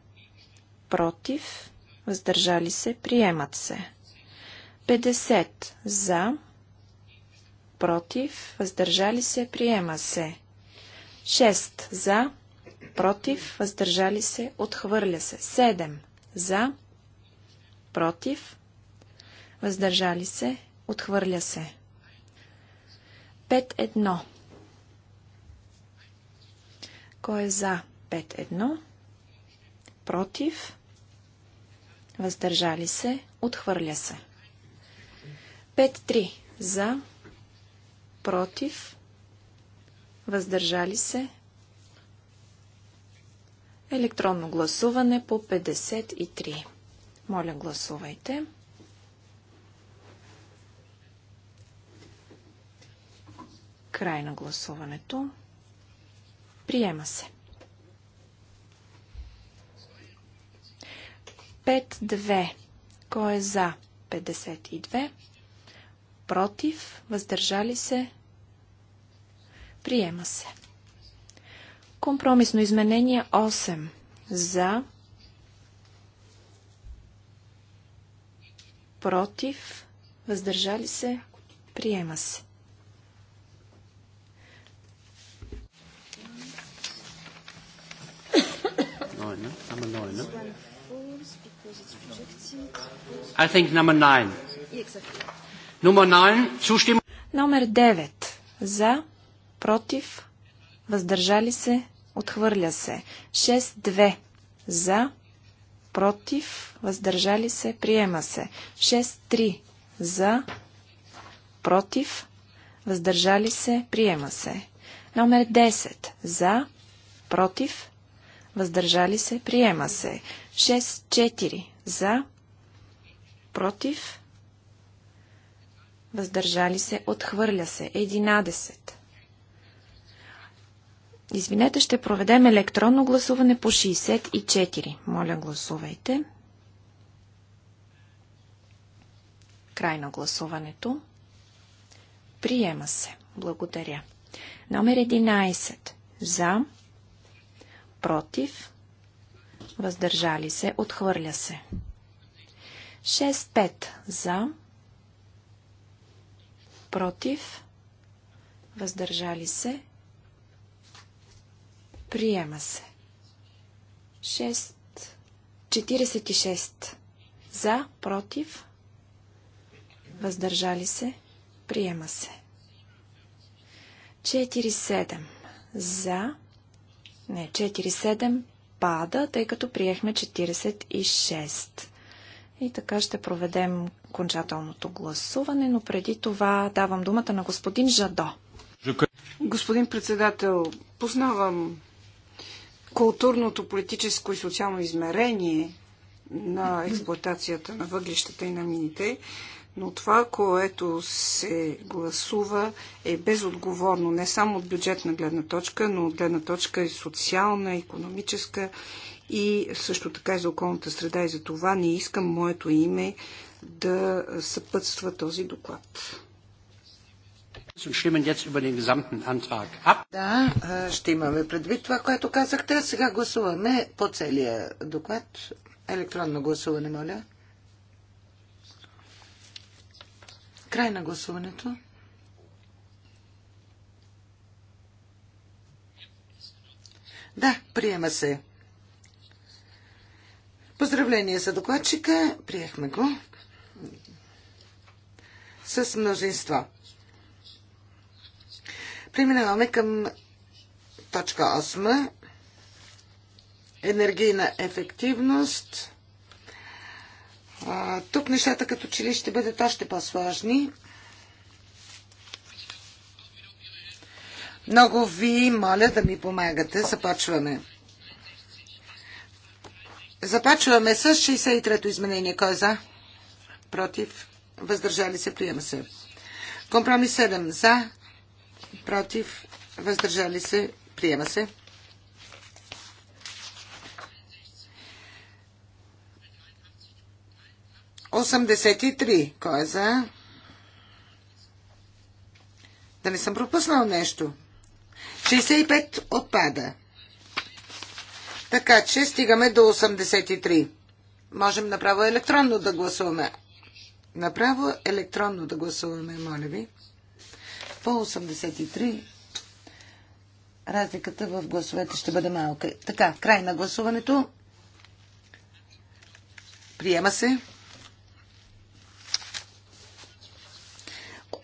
Против. Въздържали се. Приемат се. 50. За. Против. Въздържали се. Приема се. 6. За против, въздържали се, отхвърля се. 7 за, против, въздържали се, отхвърля се. 5-1. Кой е за 5-1? Против, въздържали се, отхвърля се. 5-3. За, против, въздържали се, Електронно гласуване по 53. Моля, гласувайте. Край на гласуването. Приема се. 5-2. Кой е за? 52. Против? Въздържали се? Приема се. Компромисно изменение 8. За. Против. Въздържали се. Приема се. I think number nine. Number nine, Номер 9. За, против, въздържали се, Отхвърля се. 6-2 за, против, въздържали се, приема се. 6-3 за, против, въздържали се, приема се. Номер 10 за, против, въздържали се, приема се. 6-4 за, против, въздържали се, отхвърля се. 11 Извинете, ще проведем електронно гласуване по 64. Моля, гласувайте. Край на гласуването. Приема се. Благодаря. Номер 11. За. Против. Въздържали се. Отхвърля се. 6-5. За. Против. Въздържали се. Приема се. 6. 46. За, против, въздържали се, приема се. 47. За, не, 47 пада, тъй като приехме 46. И така ще проведем окончателното гласуване, но преди това давам думата на господин Жадо. Господин председател, познавам културното, политическо и социално измерение на експлуатацията на въглищата и на мините, но това, което се гласува, е безотговорно не само от бюджетна гледна точка, но от гледна точка и социална, економическа и също така и за околната среда. И за това не искам моето име да съпътства този доклад. Да, ще имаме предвид това, което казахте. Сега гласуваме по целия доклад. Електронно гласуване, моля. Край на гласуването. Да, приема се. Поздравление за докладчика. Приехме го. С мнозинство. Преминаваме към точка 8. Енергийна ефективност. А, тук нещата като че ли ще бъдат още по-сложни. Много ви моля да ми помагате. Започваме. Започваме с 63-то изменение. Кой е за? Против? Въздържали се? Приема се. Компромис 7. За? против, въздържали се, приема се. Осемдесет и три. Кой е за? Да не съм пропуснал нещо. 65 отпада. Така че стигаме до 83. Можем направо електронно да гласуваме. Направо електронно да гласуваме, моля ви. 83 по 83 разликата в гласовете ще бъде малка. Така, край на гласуването. Приема се.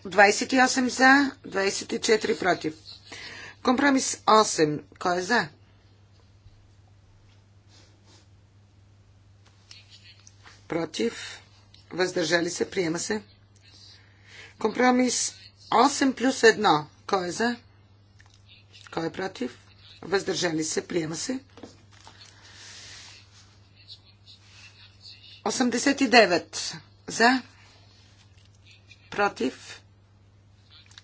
28 за, 24 против. Компромис 8. Кой е за? Против. Въздържали се. Приема се. Компромис 8 плюс 1. Кой е за? Кой е против? Въздържали се. Приема се. 89 за. Против.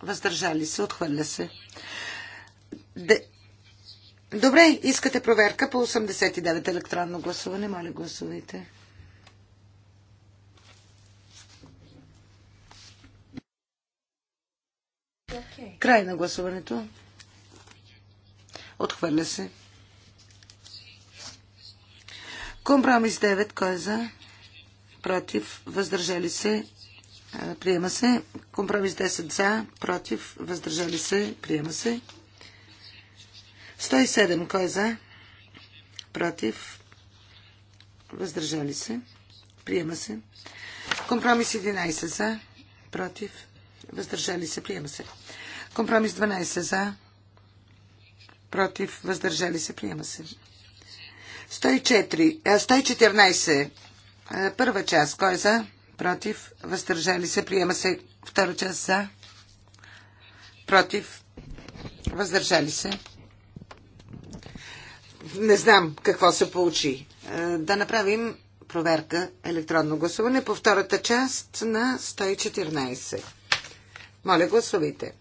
Въздържали се. Отхвърля се. Де... Добре, искате проверка по 89 електронно гласуване. Моля, гласувайте. Край на гласуването. Отхвърля се. Компромис 9. Е Кой е за? Против. Въздържали се. Приема се. Компромис 10 за. Против. Въздържали се. Приема се. 107. Кой е за? Против. Въздържали се. Приема се. Компромис 11 за. Против. Въздържали се. Приема се. Компромис 12 за, против, въздържали се, приема се. 104, 114, първа част, кой е за, против, въздържали се, приема се. Втора част за, против, въздържали се. Не знам какво се получи. Да направим проверка електронно гласуване по втората част на 114. Моля, гласувайте.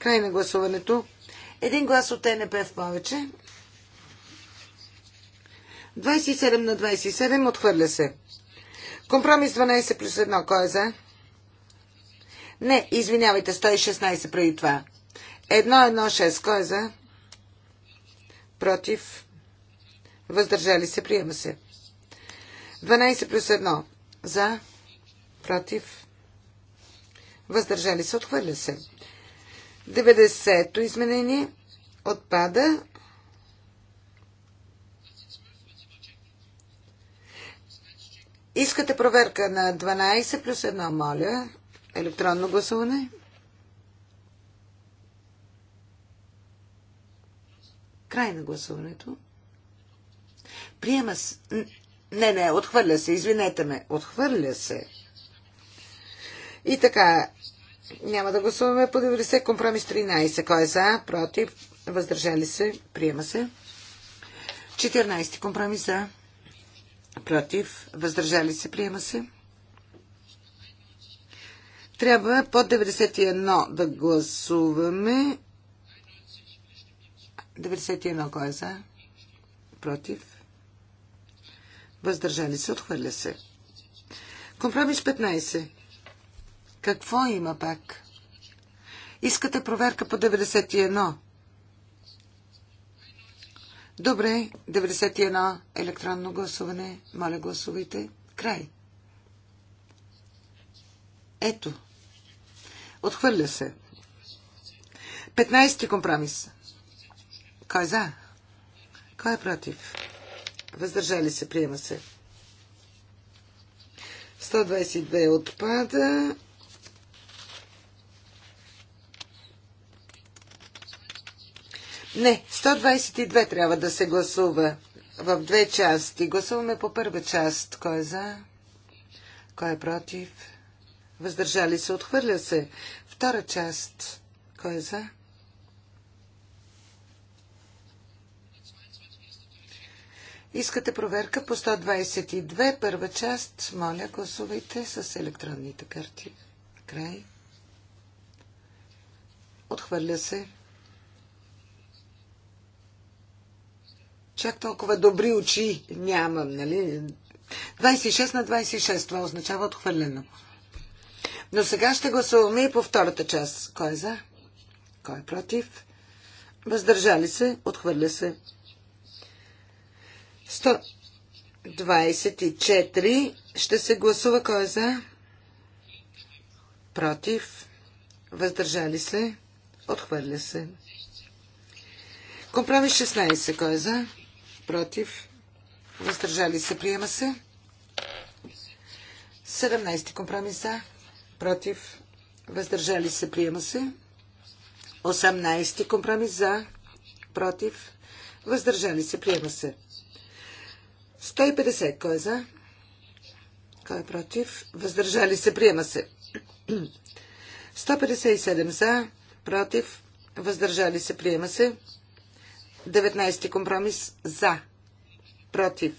Край на гласуването. Един глас от ТНП в повече. 27 на 27 отхвърля се. Компромис 12 плюс 1. Кой е за? Не, извинявайте, 116 преди това. 1-1-6. Кой е за? Против. Въздържали се. Приема се. 12 плюс 1. За. Против. Въздържали се. Отхвърля се. 90-то изменение отпада. Искате проверка на 12 плюс 1, моля. Електронно гласуване. Край на гласуването. Приема с... Не, не, отхвърля се. Извинете ме. Отхвърля се. И така, няма да гласуваме по 90. Компромис 13. Кой е за? Против? Въздържали се? Приема се. 14. Компромис за? Против? Въздържали се? Приема се. Трябва по 91 да гласуваме. 91 кой е за? Против? Въздържали се? Отхвърля се. Компромис 15. Какво има пак? Искате проверка по 91. Добре, 91 електронно гласуване. Моля, гласувайте. Край. Ето. Отхвърля се. 15 ти компромис. Кой е за? Кой е против? Въздържали се, приема се. 122 отпада. Не, 122 трябва да се гласува в две части. Гласуваме по първа част. Кой е за? Кой е против? Въздържали се, отхвърля се. Втора част. Кой е за? Искате проверка по 122, първа част. Моля, гласувайте с електронните карти. Край. Отхвърля се. Чак толкова добри очи нямам, нали? 26 на 26, това означава отхвърлено. Но сега ще гласуваме и по втората част. Кой е за? Кой е против? Въздържали се? Отхвърля се. 124. Ще се гласува кой е за? Против? Въздържали се? Отхвърля се. Компромис 16. Кой е за? против, въздържали се, приема се. 17 компромис за, против, въздържали се, приема се. 18 компромис за, против, въздържали се, приема се. 150 кой е за? Кой е против? Въздържали се, приема се. 157 за, против, въздържали се, приема се. 19 компромис за. Против.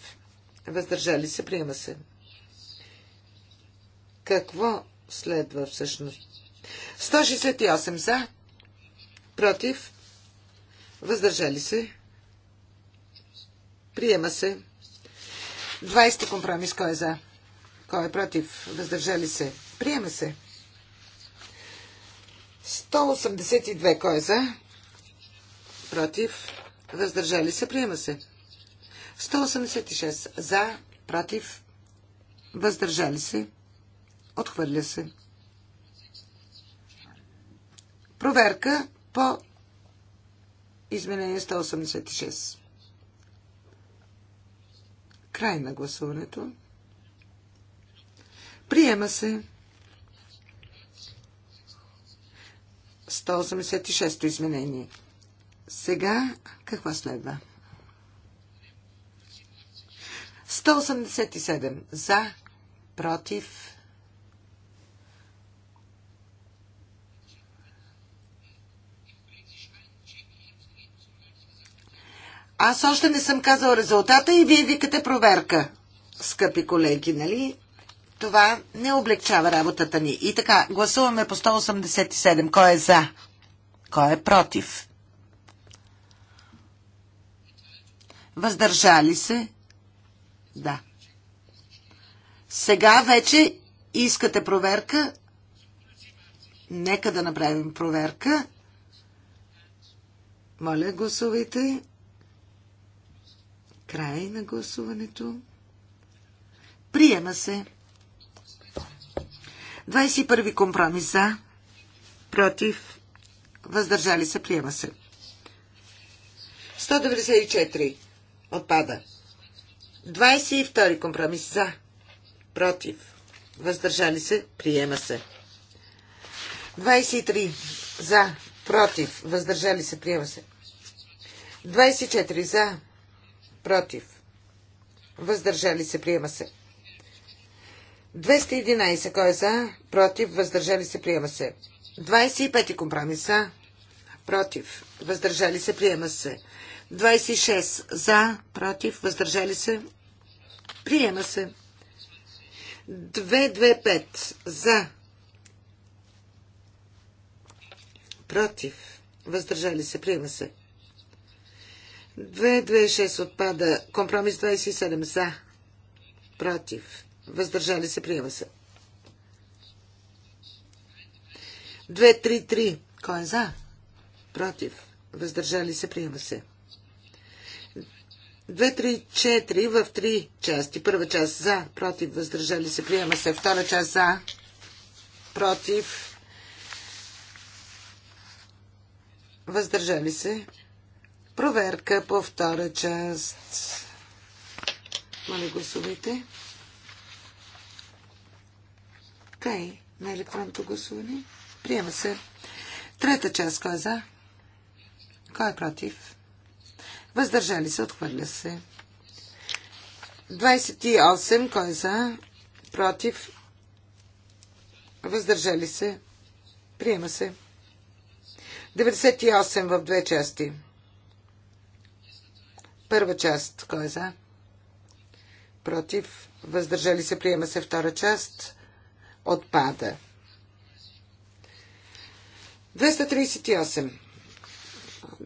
Въздържали се. Приема се. Какво следва всъщност? 168 за. Против. Въздържали се. Приема се. 20 компромис. Кой е за? Кой е против? Въздържали се. Приема се. 182. Кой е за? Против въздържали се, приема се. 186 за, против, въздържали се, отхвърля се. Проверка по изменение 186. Край на гласуването. Приема се. 186-то изменение. Сега какво следва? 187 за, против. Аз още не съм казал резултата и вие викате проверка, скъпи колеги, нали? Това не облегчава работата ни. И така, гласуваме по 187. Кой е за? Кой е против? въздържали се. Да. Сега вече искате проверка. Нека да направим проверка. Моля, гласувайте. Край на гласуването. Приема се. 21 компромис за, против, въздържали се, приема се. 194 Отпада. 22 компромис за. Против. Въздържали се. Приема се. 23 за. Против. Въздържали се. Приема се. 24 за. Против. Въздържали се. Приема се. 211. Кой е за? Против. Въздържали се. Приема се. 25 компромиса. Против. Въздържали се. Приема се. 26 за, против, въздържали се. Приема се. 225 за, против, въздържали се. Приема се. 226 отпада. Компромис 27 за, против, въздържали се. Приема се. 233. Кой е за? Против. Въздържали се. Приема се. 234. 2-3-4 в 3 части. Първа част за, против, въздържали се, приема се. Втора част за, против, въздържали се. Проверка по втора част. Моля, гласувайте. Край на електронното гласуване. Приема се. Трета част. Кой е за? Кой е против? Въздържали се, отхвърля се. 28, кой е за? Против. Въздържали се. Приема се. 98 в две части. Първа част, кой е за? Против. Въздържали се, приема се втора част. Отпада. 238.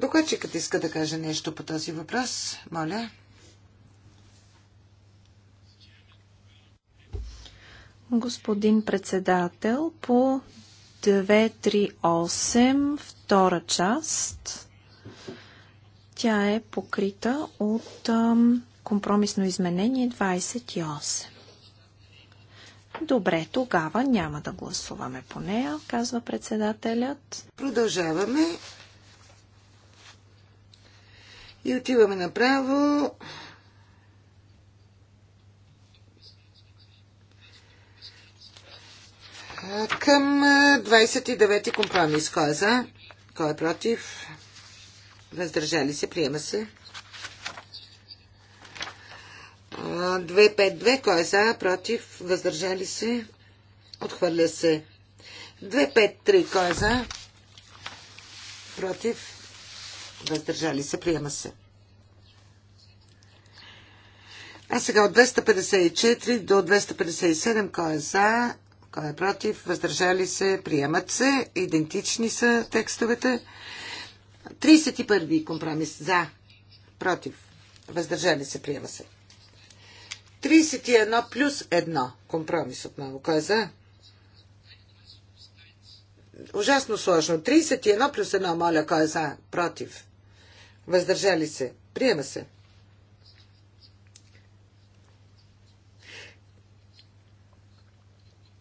Докладчикът иска да каже нещо по този въпрос. Моля. Господин председател, по 238, втора част, тя е покрита от компромисно изменение 28. Добре, тогава няма да гласуваме по нея, казва председателят. Продължаваме и отиваме направо. Към 29-ти компромис. Кой е за? Кой е против? Въздържали се? Приема се. 252. Кой е за? Против? Въздържали се? Отхвърля се. 253. Кой е за? Против? въздържали се, приема се. А сега от 254 до 257, кой е за, кой е против, въздържали се, приемат се, идентични са текстовете. 31 компромис за, против, въздържали се, приема се. 31 плюс 1 компромис отново. Кой е за? Ужасно сложно. 31 плюс 1, моля, кой е за? Против. Въздържали се. Приема се.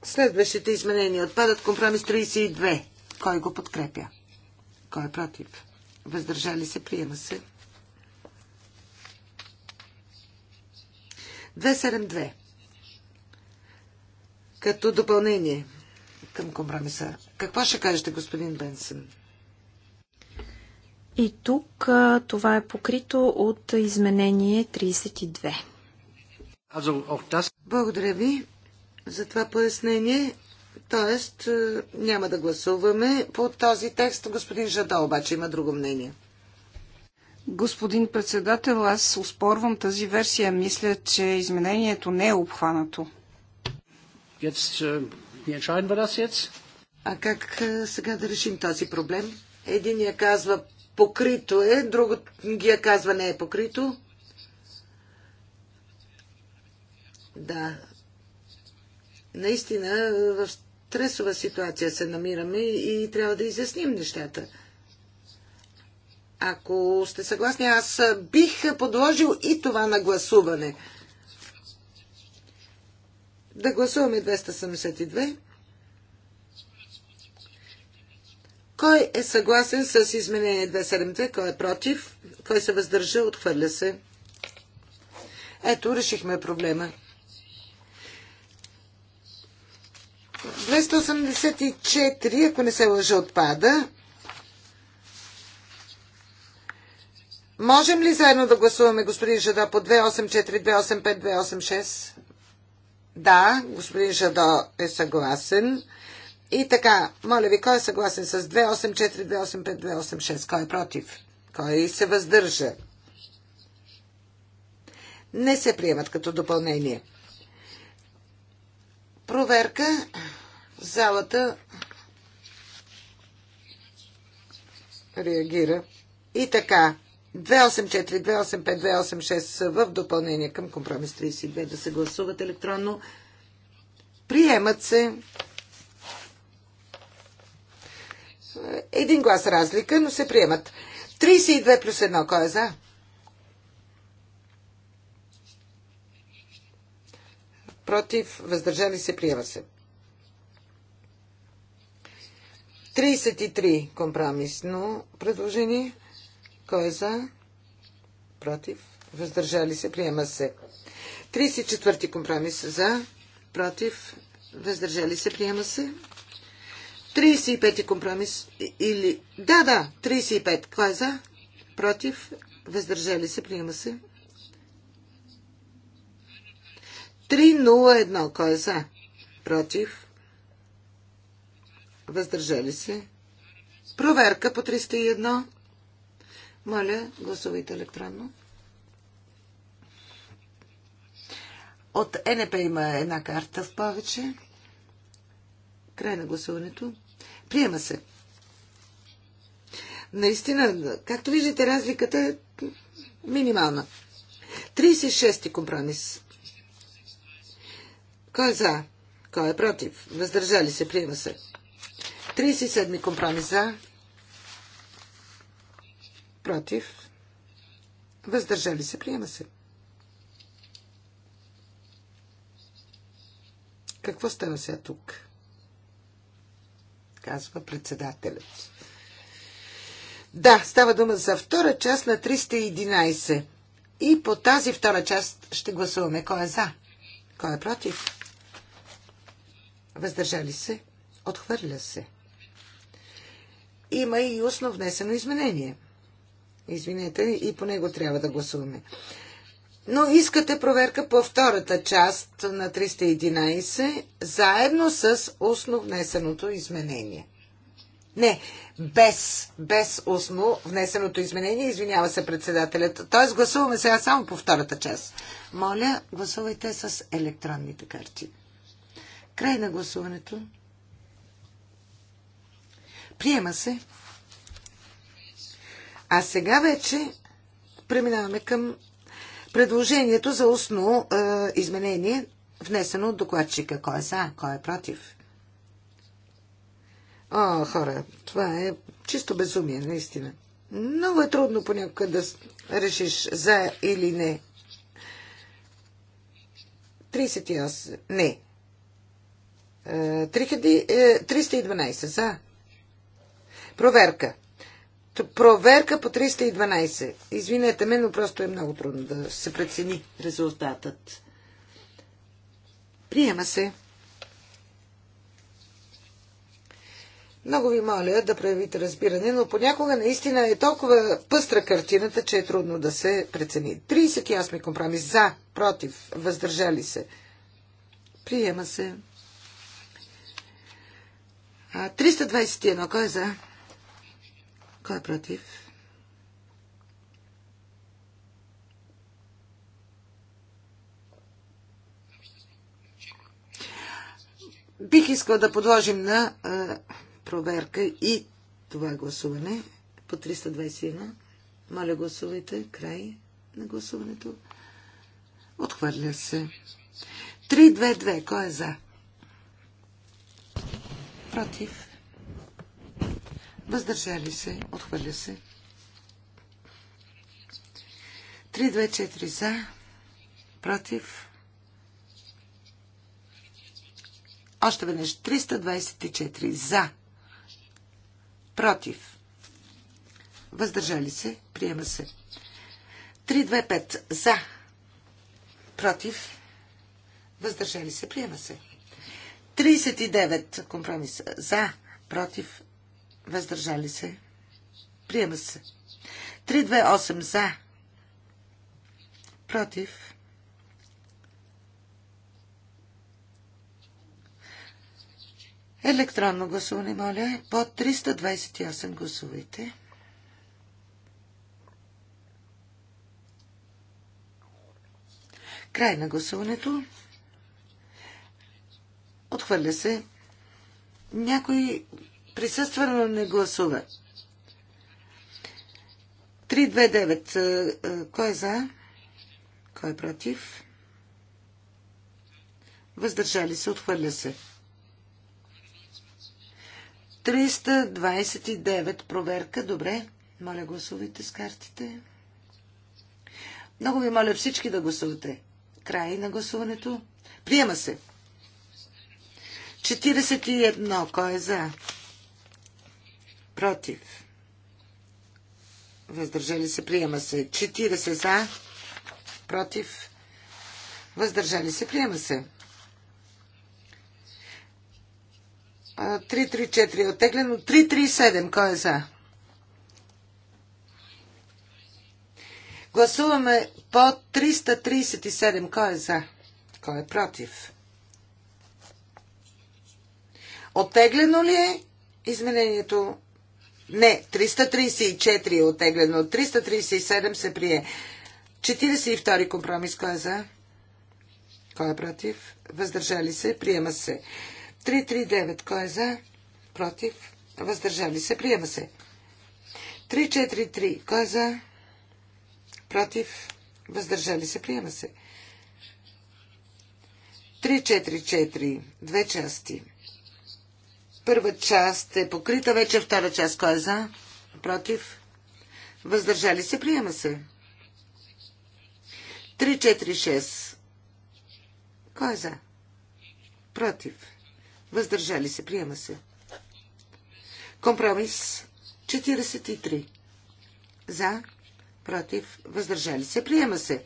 Следващите изменения отпадат. Компромис 32. Кой го подкрепя? Кой е против? Въздържали се. Приема се. 272. Като допълнение към компромиса. Какво ще кажете, господин Бенсън? И тук това е покрито от изменение 32. Благодаря ви за това пояснение. Тоест, няма да гласуваме по този текст. Господин Жада обаче има друго мнение. Господин председател, аз успорвам тази версия. Мисля, че изменението не е обхванато. А как сега да решим този проблем? Единия казва покрито е, друго другия казва не е покрито. Да. Наистина в стресова ситуация се намираме и трябва да изясним нещата. Ако сте съгласни, аз бих подложил и това на гласуване. Да гласуваме 272. Кой е съгласен с изменение 272? Кой е против? Кой се въздържа? Отхвърля се. Ето, решихме проблема. 284, ако не се лъжа, отпада. Можем ли заедно да гласуваме, господин Жадо, по 284, 285, 286? Да, господин Жадо е съгласен. И така, моля ви, кой е съгласен с 284, 285, 286? Кой е против? Кой се въздържа? Не се приемат като допълнение. Проверка. Залата реагира. И така, 284, 285, 286 в допълнение към компромис 32 да се гласуват електронно. Приемат се. Един глас разлика, но се приемат. 32 плюс 1. Кой е за? Против, въздържали се, приема се. 33 компромисно предложение. Кой е за? Против. Въздържали се. Приема се. 34 компромис за. Против. Въздържали се. Приема се. 35-ти компромис или... Да, да, 35. Кой е за? Против? Въздържали се? Приема се. 301. Кой е за? Против? Въздържали се? Проверка по 301. Моля, гласувайте електронно. От НП има една карта в повече. Край на гласуването. Приема се. Наистина, както виждате, разликата е минимална. 36-ти компромис. Кой е за? Кой е против? Въздържали се, приема се. 37-ми компромис за. Против. Въздържали се, приема се. Какво става сега тук? казва председателят. Да, става дума за втора част на 311. И по тази втора част ще гласуваме кой е за, кой е против. Въздържали се, отхвърля се. Има и устно внесено изменение. Извинете, и по него трябва да гласуваме но искате проверка по втората част на 311, заедно с устно внесеното изменение. Не, без, без устно внесеното изменение, извинява се председателят. Тоест гласуваме сега само по втората част. Моля, гласувайте с електронните карти. Край на гласуването. Приема се. А сега вече преминаваме към предложението за устно е, изменение, внесено от докладчика. Кой е за, кой е против? О, хора, това е чисто безумие, наистина. Много е трудно понякога да решиш за или не. 38. Не. 312 е, за. Проверка проверка по 312. Извинете ме, но просто е много трудно да се прецени резултатът. Приема се. Много ви моля да проявите разбиране, но понякога наистина е толкова пъстра картината, че е трудно да се прецени. 38 компромис за, против, въздържали се. Приема се. 321. Кой е за? Кой е против? Бих искал да подложим на а, проверка и това гласуване по 321. Моля, гласувайте. Край на гласуването. Отхвърля се. 322. Кой е за? Против въздържали се, отхвърля се. 3-2-4 за, против. Още веднъж 324 за, против. Въздържали се, приема се. 325 за, против. Въздържали се, приема се. 39 компромис за, против. Въздържали се. Приема се. 328 за. Против. Електронно гласуване, моля. По 328 гласувайте. Край на гласуването. Отхвърля се. Някой присъства, но не гласува. 329. Е, е, кой е за? Кой е против? Въздържали се, отхвърля се. 329 проверка. Добре. Моля, гласувайте с картите. Много ви моля всички да гласувате. Край на гласуването. Приема се. 41. Кой е за? против, въздържали се, приема се. 40 за, против, въздържали се, приема се. 3-3-4 е оттеглено. 3-3-7. Кой е за? Гласуваме по 337. Кой е за? Кой е против? Оттеглено ли е изменението не, 334 е отеглено. 337 се прие. 42 компромис. Кой е за? Кой е против? Въздържали се. Приема се. 339. Кой е за? Против. Въздържали се. Приема се. 343. Кой е за? Против. Въздържали се. Приема се. 344. Две части. Първа част е покрита вече, втора част кой е за? Против? Въздържали се, приема се. 3-4-6. Кой е за? Против. Въздържали се, приема се. Компромис 43. За, против, въздържали се, приема се.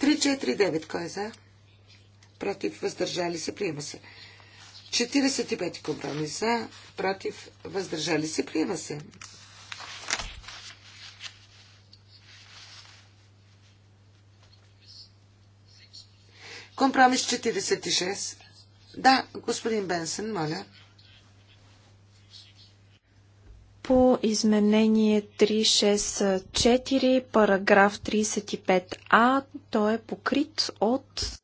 3-4-9. Кой е за? Против, въздържали се, приема се. 45 компромиса, против, въздържали се, приема се. Компромис 46. Да, господин Бенсън, моля. По изменение 364, параграф 35а, той е покрит от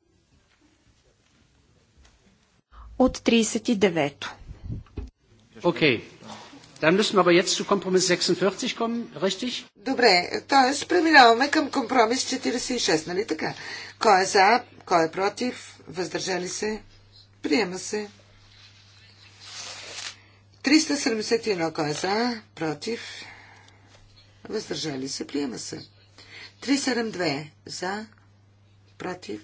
от 39-то. Окей. Okay. Dann müssen wir aber jetzt zu Kompromiss 46 kommen, richtig? Добре, т.е. преминаваме към компромис 46, нали така? Кой е за, кой е против, въздържали се, приема се. 371, кой е за, против, въздържали се, приема се. 372, за, против,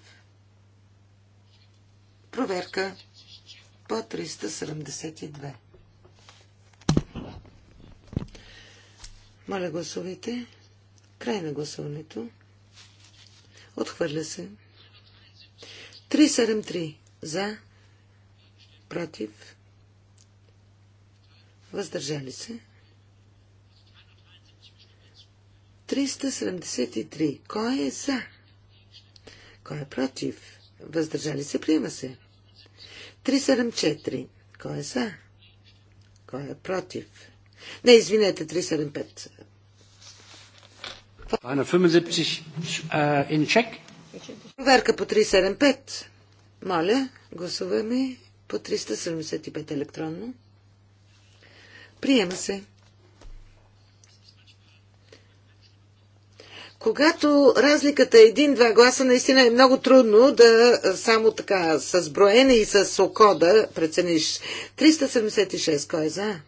проверка по 372. Моля гласувайте. Край на гласуването. Отхвърля се. 373 за, против, въздържали се. 373. Кой е за? Кой е против? Въздържали се, приема се. 374. Кой е за? Кой е против? Не, извинете, 375. in check. Проверка по 375. Моля, гласуваме по 375 електронно. Приема се. Когато разликата е един-два гласа, наистина е много трудно да само така с броене и с око да прецениш. 376, кой е за?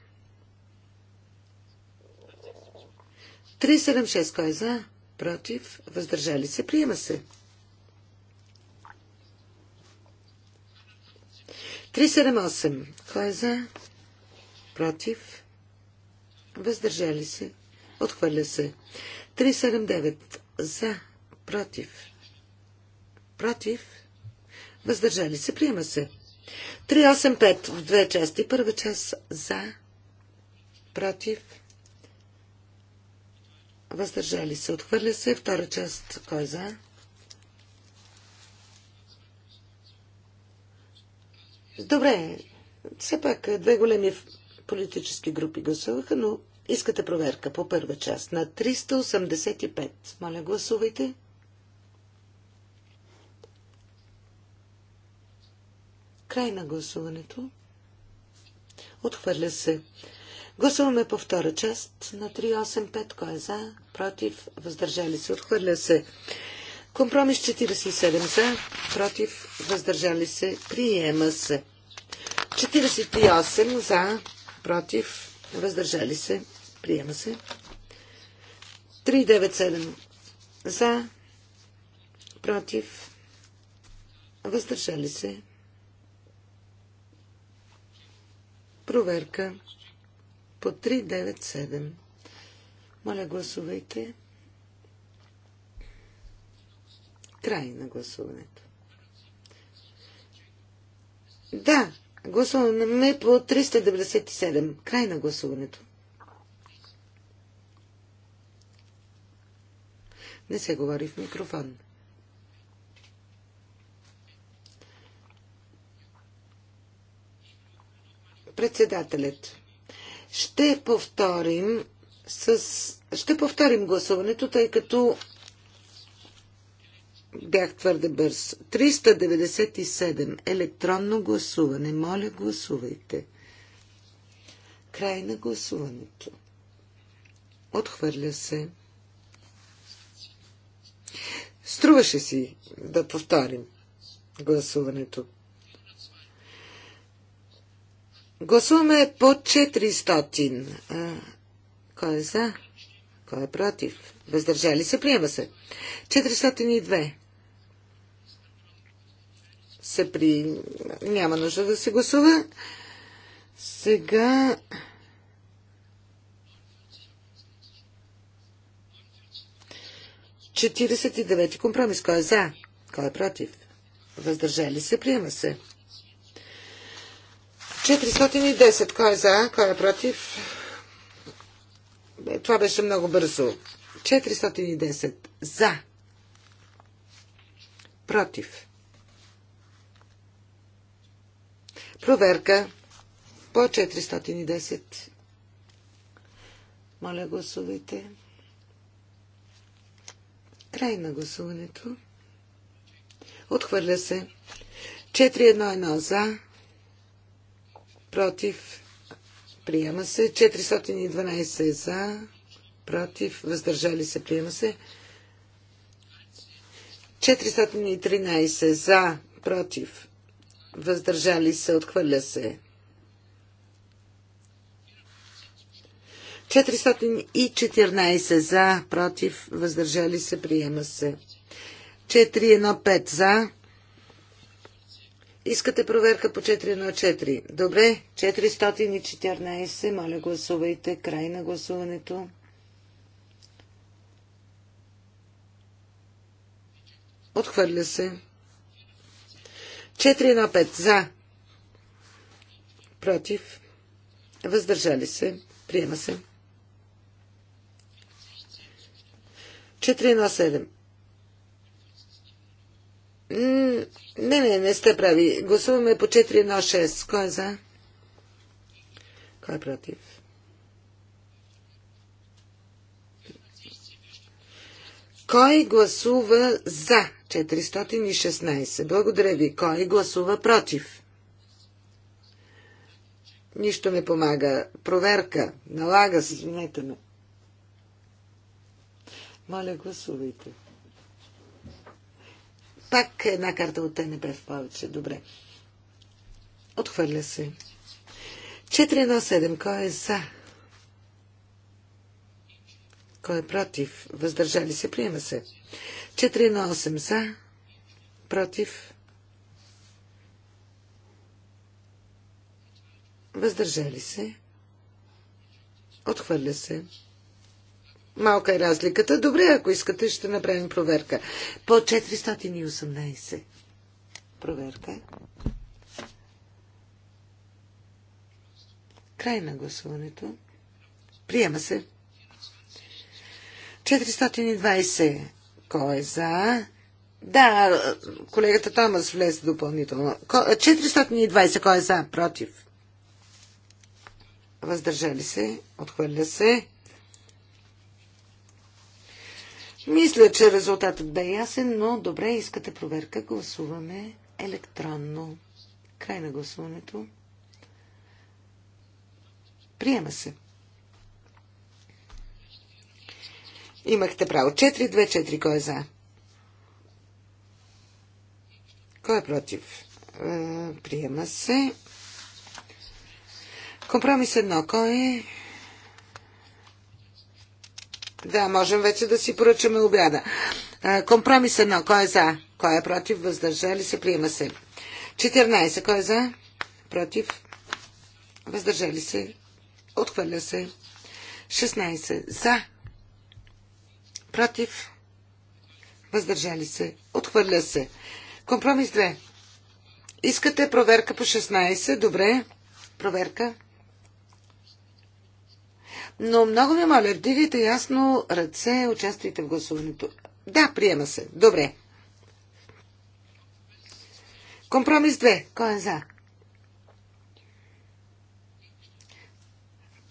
376, кой е за? Против? Въздържали се? Приема се. 378, кой е за? Против? Въздържали се? Отхвърля се. 379 за, против, против, въздържали се, приема се. 385 в две части. Първа част за, против, въздържали се, отхвърля се. Втора част, кой е за? Добре, все пак е, две големи политически групи гласуваха, но Искате проверка по първа част на 385. Моля, гласувайте. Край на гласуването. Отхвърля се. Гласуваме по втора част на 385. Кой е за? Против? Въздържали се? Отхвърля се. Компромис 47 за, против, въздържали се, приема се. 48 за, против, въздържали се, Приема се. 397 за, против, въздържали се. Проверка по 397. Моля, гласувайте. Край на гласуването. Да, гласуваме по 397. Край на гласуването. Не се говори в микрофон. Председателят. Ще повторим с... Ще повторим гласуването, тъй като бях твърде бърз. 397. Електронно гласуване. Моля, гласувайте. Край на гласуването. Отхвърля се. Струваше си да повторим гласуването. Гласуваме по 400. кой е за? Кой е против? Въздържали се? Приема се. 402 се при... Няма нужда да се гласува. Сега 49 компромис. Кой е за? Кой е против? Въздържали се, приема се. 410. Кой е за? Кой е против? Е, това беше много бързо. 410. За. Против. Проверка по 410. Моля, гласувайте. Край на гласуването. Отхвърля се. 4-1-1 за. Против. Приема се. 412 за. Против. Въздържали се. Приема се. 413 за. Против. Въздържали се. Отхвърля се. 414 за, против, въздържали се, приема се. 415 за. Искате проверка по 414. Добре, 414. Моля, гласувайте. Край на гласуването. Отхвърля се. 415 за. Против. Въздържали се. Приема се. 4 на 7. Не, не, не сте прави. Гласуваме по 4 на 6. Кой е за? Кой е против? Кой гласува за 416? Благодаря ви. Кой гласува против? Нищо не помага. Проверка. Налага се. Извинете ме. Моля, гласувайте. Пак една карта от ТНП в повече. Добре. Отхвърля се. 4 на 7. Кой е за? Кой е против? Въздържали се? Приема се. 4 на 8 за. Против? Въздържали се? Отхвърля се. Малка е разликата. Добре, ако искате, ще направим проверка. По 418. Проверка. Край на гласуването. Приема се. 420. Кой е за? Да, колегата Томас влезе допълнително. 420. Кой е за? Против. Въздържали се. Отхвърля се. Мисля, че резултатът бе ясен, но добре, искате проверка. Гласуваме електронно. Край на гласуването. Приема се. Имахте право. 4-2-4. Кой е за? Кой е против? Е, приема се. Компромис едно. Кой е да, можем вече да си поръчаме обяда. Компромис едно. Кой е за? Кой е против? Въздържали се? Приема се. 14. Кой е за? Против? Въздържали се? Отхвърля се. 16. За? Против? Въздържали се? Отхвърля се. Компромис 2. Искате проверка по 16? Добре. Проверка. Но много ви моля, вдигайте ясно ръце, участвайте в гласуването. Да, приема се. Добре. Компромис 2. Кой е за?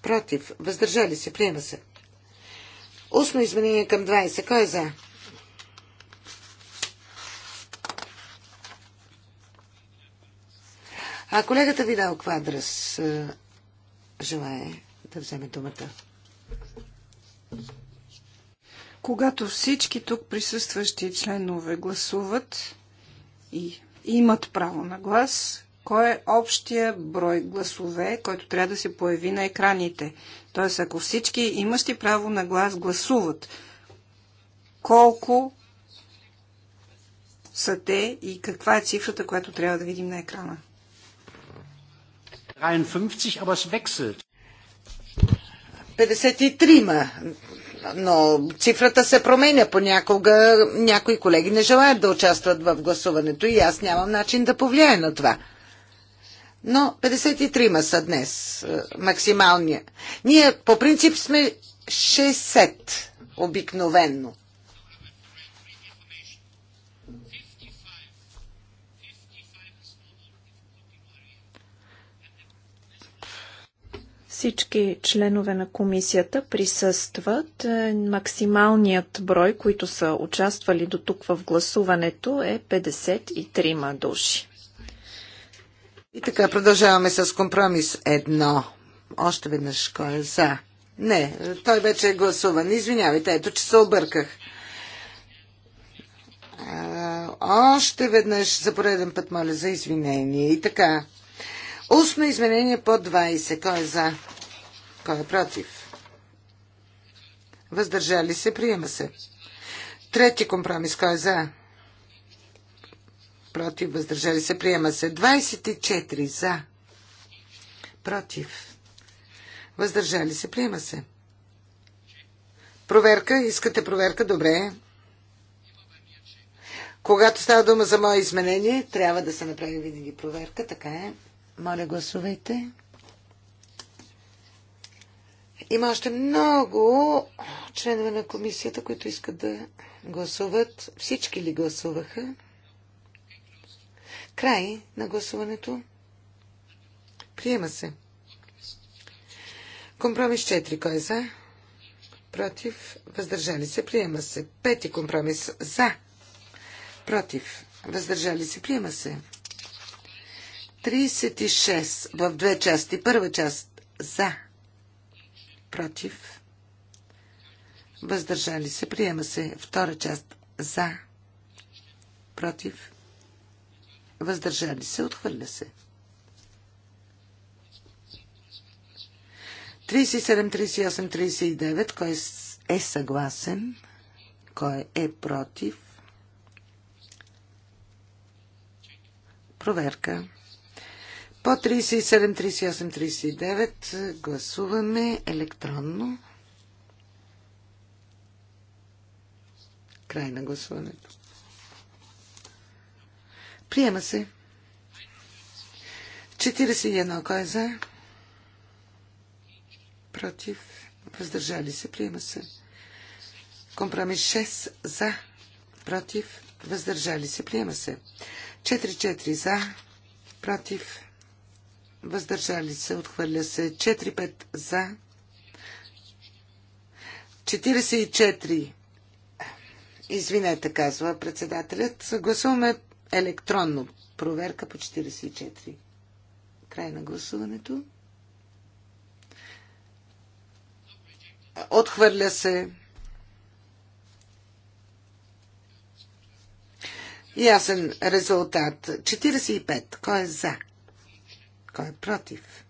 Против. Въздържали се. Приема се. Устно изменение към 20. Кой е за? А колегата дал Квадрас е, Желая да вземе думата. Когато всички тук присъстващи членове гласуват и имат право на глас, кой е общия брой гласове, който трябва да се появи на екраните? Тоест, ако всички имащи право на глас гласуват, колко са те и каква е цифрата, която трябва да видим на екрана? 53, aber es wechselt. 53-ма. Но цифрата се променя понякога. Някои колеги не желаят да участват в гласуването и аз нямам начин да повлияя на това. Но 53-ма са днес е, максималния. Ние по принцип сме 60 обикновенно. Всички членове на комисията присъстват. Е, максималният брой, които са участвали до тук в гласуването е 53 души. И така продължаваме с компромис едно. Още веднъж кой е за? Не, той вече е гласуван. Извинявайте, ето, че се обърках. А, е, още веднъж за пореден път моля за извинение. И така, Устно изменение по 20. Кой е за? Кой е против? Въздържали се, приема се. Трети компромис. Кой е за? Против, въздържали се, приема се. 24 за. Против. Въздържали се, приема се. Проверка, искате проверка, добре. Когато става дума за мое изменение, трябва да се направи винаги проверка, така е. Моля, гласувайте. Има още много членове на комисията, които искат да гласуват. Всички ли гласуваха? Край на гласуването. Приема се. Компромис 4. Кой е за? Против. Въздържали се. Приема се. Пети компромис. За. Против. Въздържали се. Приема се. 36 в две части. Първа част за, против, въздържали се, приема се. Втора част за, против, въздържали се, отхвърля се. 37, 38, 39, кой е съгласен, кой е против. Проверка. По 37, 38, 39 гласуваме електронно. Край на гласуването. Приема се. 41. Кой е за? Против. Въздържали се. Приема се. Компромис 6. За. Против. Въздържали се. Приема се. 4-4. За. Против въздържали се, отхвърля се 4-5 за, 44. Извинете, казва председателят. Гласуваме електронно. Проверка по 44. Край на гласуването. Отхвърля се. Ясен резултат. 45. Кой е за? Кой е против?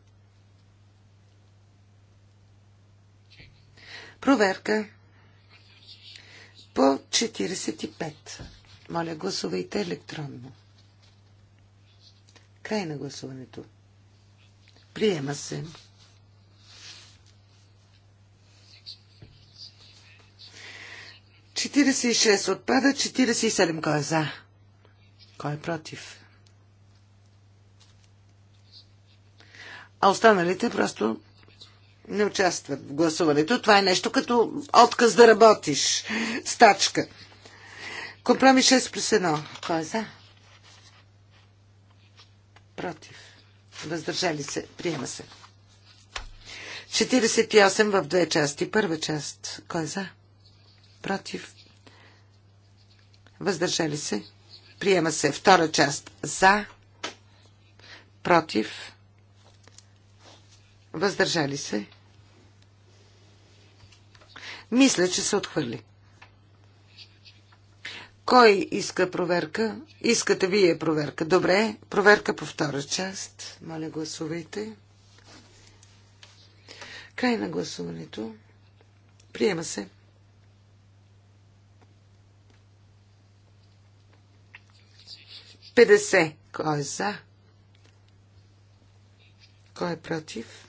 Проверка по 45. Моля, гласувайте електронно. Край на гласуването. Приема се. Четиридесет и шест отпада, четиридесет и седем кой е за? Кой е против? а останалите просто не участват в гласуването. Това е нещо като отказ да работиш. Стачка. Компроми 6 плюс 1. Кой е за? Против. Въздържали се. Приема се. 48 в две части. Първа част. Кой е за? Против. Въздържали се. Приема се. Втора част. За. Против. Въздържали се. Мисля, че се отхвърли. Кой иска проверка? Искате вие проверка. Добре, проверка по втора част. Моля, гласувайте. Край на гласуването. Приема се. Петдесет. Кой е за? Кой е против?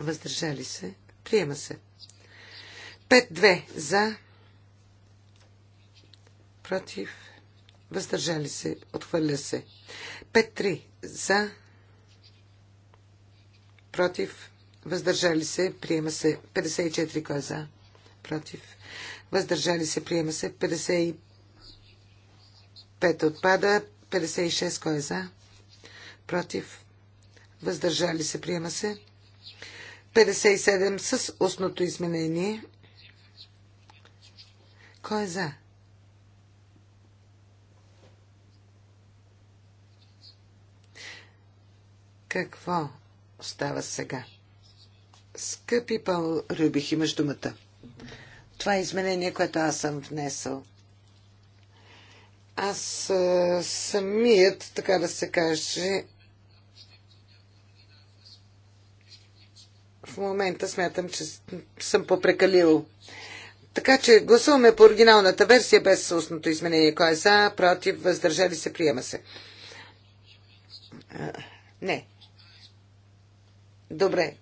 въздържали се, приема се. 5-2 за, против, въздържали се, отхвърля се. 5-3 за, против, въздържали се, приема се. 54 кой е за, против, въздържали се, приема се. 55 отпада, 56 кой е за, против, въздържали се, приема се. 57 с устното изменение. Кой е за? Какво става сега? Скъпи Пал Рюбих, имаш думата. Това е изменение, което аз съм внесъл. Аз самият, така да се каже, в момента смятам, че съм попрекалил. Така че гласуваме по оригиналната версия без устното изменение. Кой е за, против, въздържали се, приема се. А, не. Добре.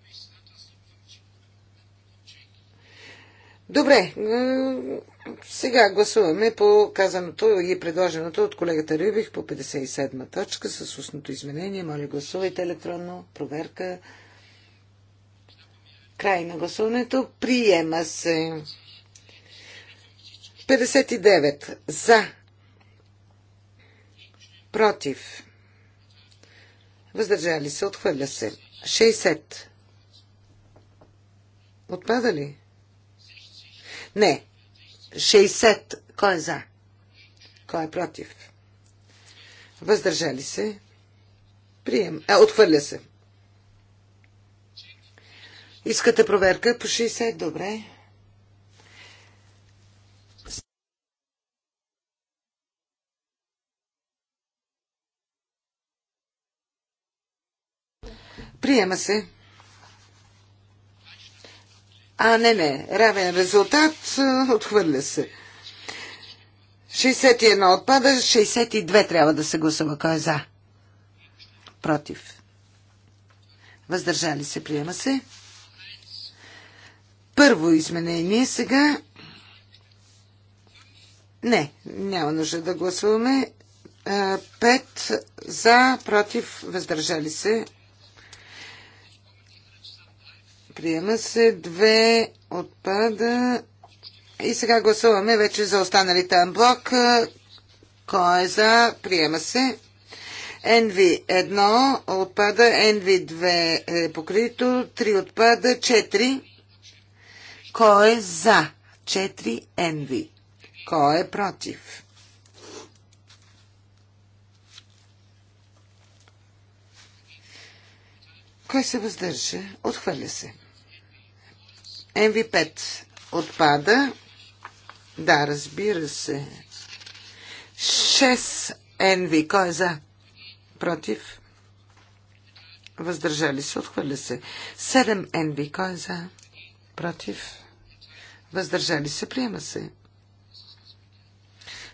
Добре. Сега гласуваме по казаното и предложеното от колегата Рюбих по 57 точка с устното изменение. Моля, гласувайте електронно. Проверка. Край на гласуването. Приема се. 59 за. Против. Въздържали се. Отхвърля се. 60. Отпада ли? Не. 60. Кой е за? Кой е против? Въздържали се. Прием. Е, отхвърля се. Искате проверка по 60? Добре. Приема се. А, не, не. Равен резултат. Отхвърля се. 61 отпада, 62 трябва да се гласува. Кой е за? Против. Въздържали се. Приема се. Първо изменение сега. Не, няма нужда да гласуваме. Пет за, против, въздържали се. Приема се две, отпада. И сега гласуваме вече за останалите анблок. Кой е за? Приема се. NV1 отпада, NV2 е покрито, 3 отпада, 4 кой е за 4 NV? Кой е против? Кой се въздържа? Отхвърля се. NV5 отпада. Да, разбира се. 6 NV. Кой е за? Против? Въздържали се. Отхвърля се. 7 NV. Кой е за? Против? въздържали се, приема се.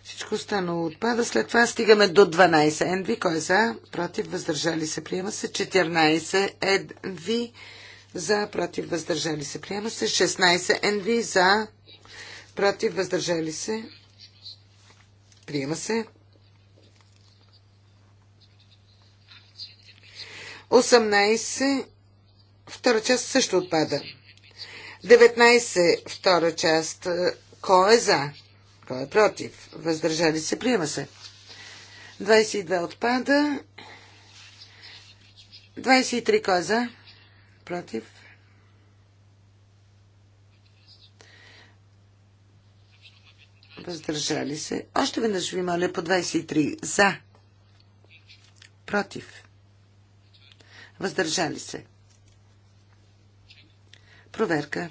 Всичко останало отпада. След това стигаме до 12. Енви, кой е за? Против, въздържали се, приема се. 14. Енви, за, против, въздържали се, приема се. 16. Енви, за, против, въздържали се, приема се. 18. Втора част също отпада. 19. Втора част. Е, кой е за? Кой е против? Въздържали се. Приема се. 22 отпада. 23 кой е за? Против. Въздържали се. Още веднъж ви моля по 23. За. Против. Въздържали се. Проверка.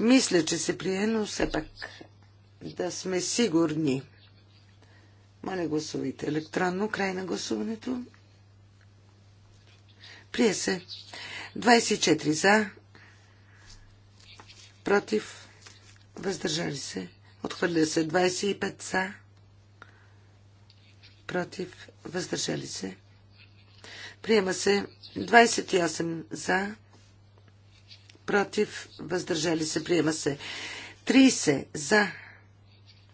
Мисля, че се прие, но все пак да сме сигурни. Моля, гласувайте електронно. Край на гласуването. Прие се. 24 за. Против. Въздържали се. Отхвърля се. 25 за. Против. Въздържали се. Приема се. 28 за против, въздържали се, приема се. 30 за,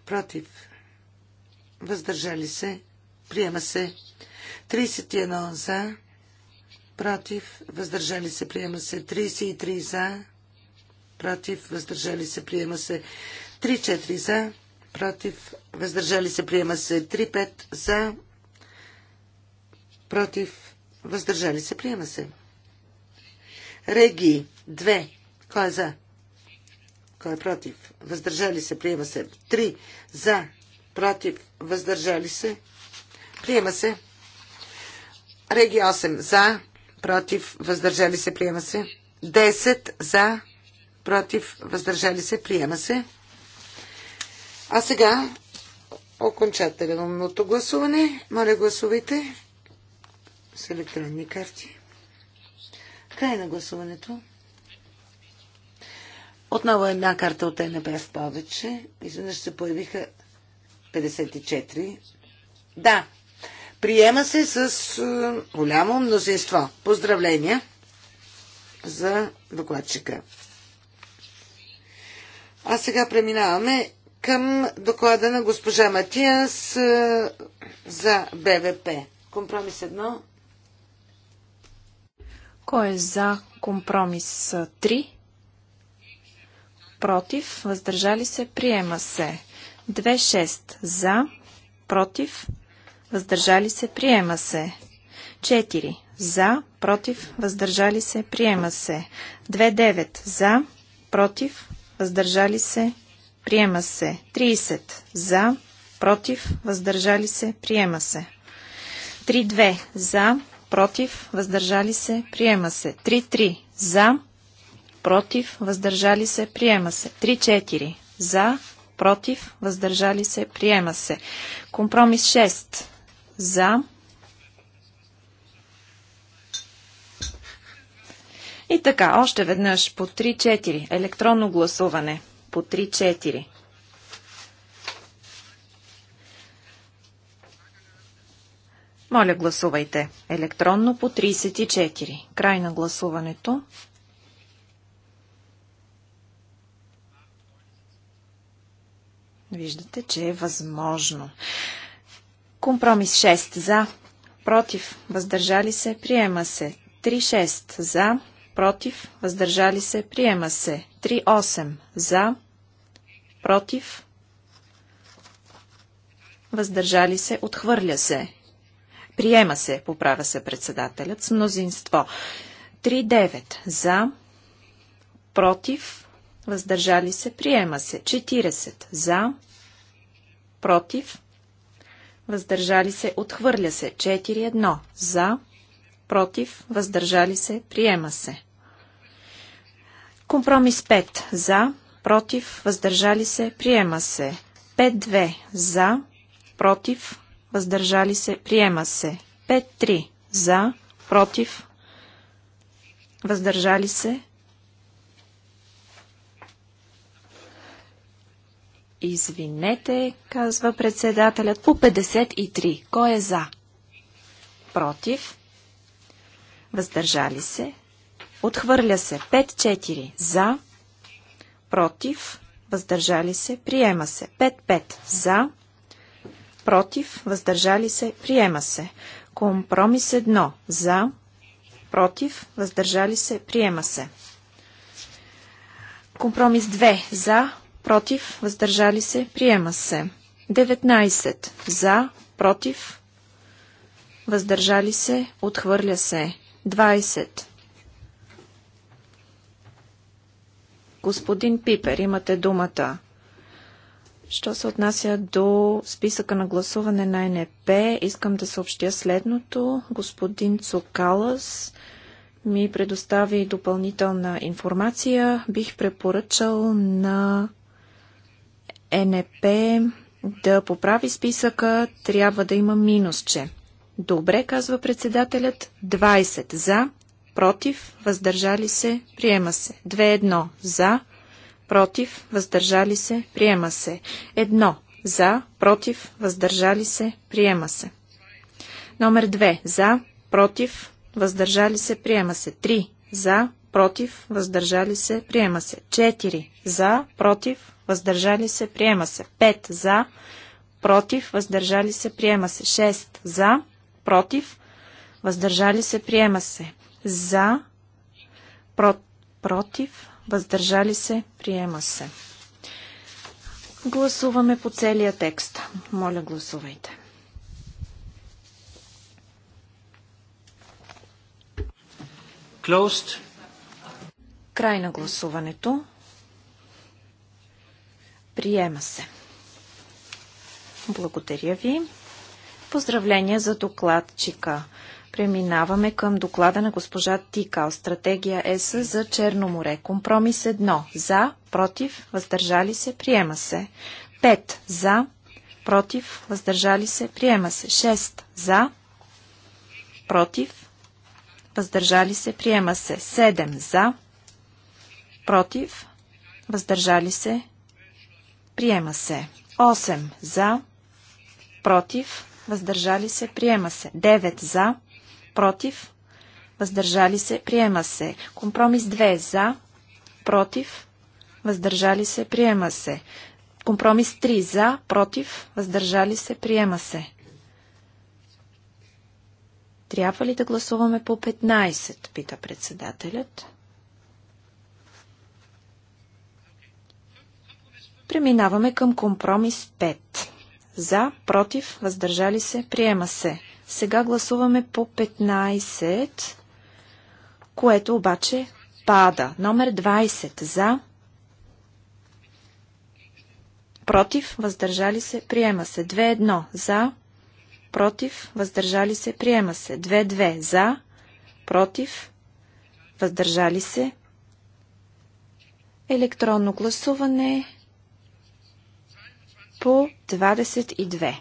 против, въздържали се, приема се. 31 за, против, въздържали се, приема се. 33 за, против, въздържали се, приема се. 3-4 за, против, въздържали се, приема се. 3-5 за, против, въздържали се, приема се. Реги 2. Кой е за? Кой е против? Въздържали се. Приема се. 3. За. Против. Въздържали се. Приема се. Реги 8. За. Против. Въздържали се. Приема се. 10. За. Против. Въздържали се. Приема се. А сега окончателното гласуване. Моля, гласувайте с електронни карти. Край на гласуването. Отново една карта от ЕНБ в повече. Изведнъж се появиха 54. Да, приема се с е, голямо мнозинство. Поздравления за докладчика. А сега преминаваме към доклада на госпожа Матиас е, за БВП. Компромис едно кой е за компромис 3? Против. Въздържали се. Приема се. 2-6 за. Против. Въздържали се. Приема се. 4 за. Против. Въздържали се. Приема се. 2-9 за. Против. Въздържали се. Приема се. 30 за. Против. Въздържали се. Приема се. 3-2 за против, въздържали се, приема се. 3-3 за, против, въздържали се, приема се. 3-4 за, против, въздържали се, приема се. Компромис 6 за. И така, още веднъж по 3-4 електронно гласуване по 3-4. Моля, гласувайте. Електронно по 34. Край на гласуването. Виждате, че е възможно. Компромис 6 за, против, въздържали се, приема се. 3-6 за, против, въздържали се, приема се. 3-8 за, против, въздържали се, отхвърля се. Приема се, поправя се председателят с мнозинство. 3-9 за, против, въздържали се, приема се. 40 за, против, въздържали се, отхвърля се. 4-1 за, против, въздържали се, приема се. Компромис 5 за, против, въздържали се, приема се. 5-2 за, против, въздържали се, приема се. 5-3 за, против, въздържали се. Извинете, казва председателят по 53. Кой е за? Против. Въздържали се. Отхвърля се. 5-4. За. Против. Въздържали се. Приема се. 5-5. За против, въздържали се, приема се. Компромис 1 за, против, въздържали се, приема се. Компромис 2 за, против, въздържали се, приема се. 19 за, против, въздържали се, отхвърля се. 20 Господин Пипер, имате думата. Що се отнася до списъка на гласуване на НП, искам да съобщя следното. Господин Цокалас ми предостави допълнителна информация. Бих препоръчал на НП да поправи списъка. Трябва да има минусче. Добре, казва председателят. 20 за, против, въздържали се, приема се. 2-1 за, против, въздържали се, приема се. Едно, за, против, въздържали се, приема се. Номер 2. За, против, въздържали се, приема се. 3. За, против, въздържали се, приема се. 4. За, против, въздържали се, приема се. 5. За, против, въздържали се, приема се. 6. За, против, въздържали се, приема се. За, про- против, въздържали се, приема се. Гласуваме по целия текст. Моля, гласувайте. Closed. Край на гласуването. Приема се. Благодаря ви. Поздравления за докладчика. Преминаваме към доклада на госпожа Тикал. Стратегия ЕС за Черно море. Компромис 1. За, против, въздържали се, приема се. 5. За, против, въздържали се, приема се. 6. За, против, въздържали се, приема се. 7. За, против, въздържали се, приема се. 8. За, против, въздържали се, приема се. 9 за, против, въздържали се, приема се. Компромис 2 за, против, въздържали се, приема се. Компромис 3 за, против, въздържали се, приема се. Трябва ли да гласуваме по 15? пита председателят. Преминаваме към компромис 5. За, против, въздържали се, приема се. Сега гласуваме по 15, което обаче пада. Номер 20 за. Против, въздържали се, приема се. 2-1 за. Против, въздържали се, приема се. 2-2 за. Против, въздържали се. Електронно гласуване по 22.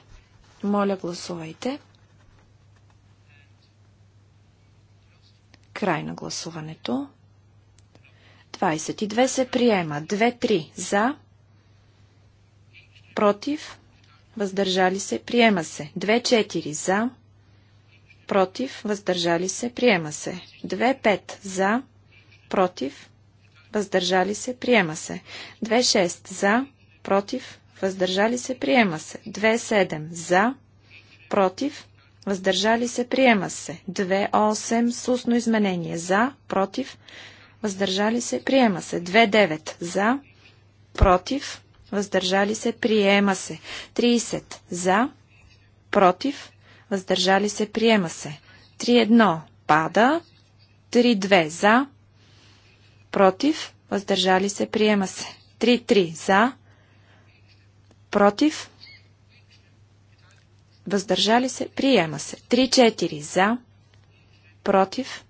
Моля, гласувайте. Край на гласуването. 22 се приема. 2-3 за. Против. Въздържали се. Приема се. 2-4 за. Против. Въздържали се. Приема се. 2-5 за. Против. Въздържали се. Приема се. 2-6 за. Против. Въздържали се. Приема се. 2-7 за. Против въздържали се, приема се. 2.8 с устно изменение за, против, въздържали се, приема се. 2-9 за, против, въздържали се, приема се. 30 за, против, въздържали се, приема се. 3-1 пада, 3-2 за, против, въздържали се, приема се. 3-3 за, против, въздържали се, приема се. 3-4 за, против,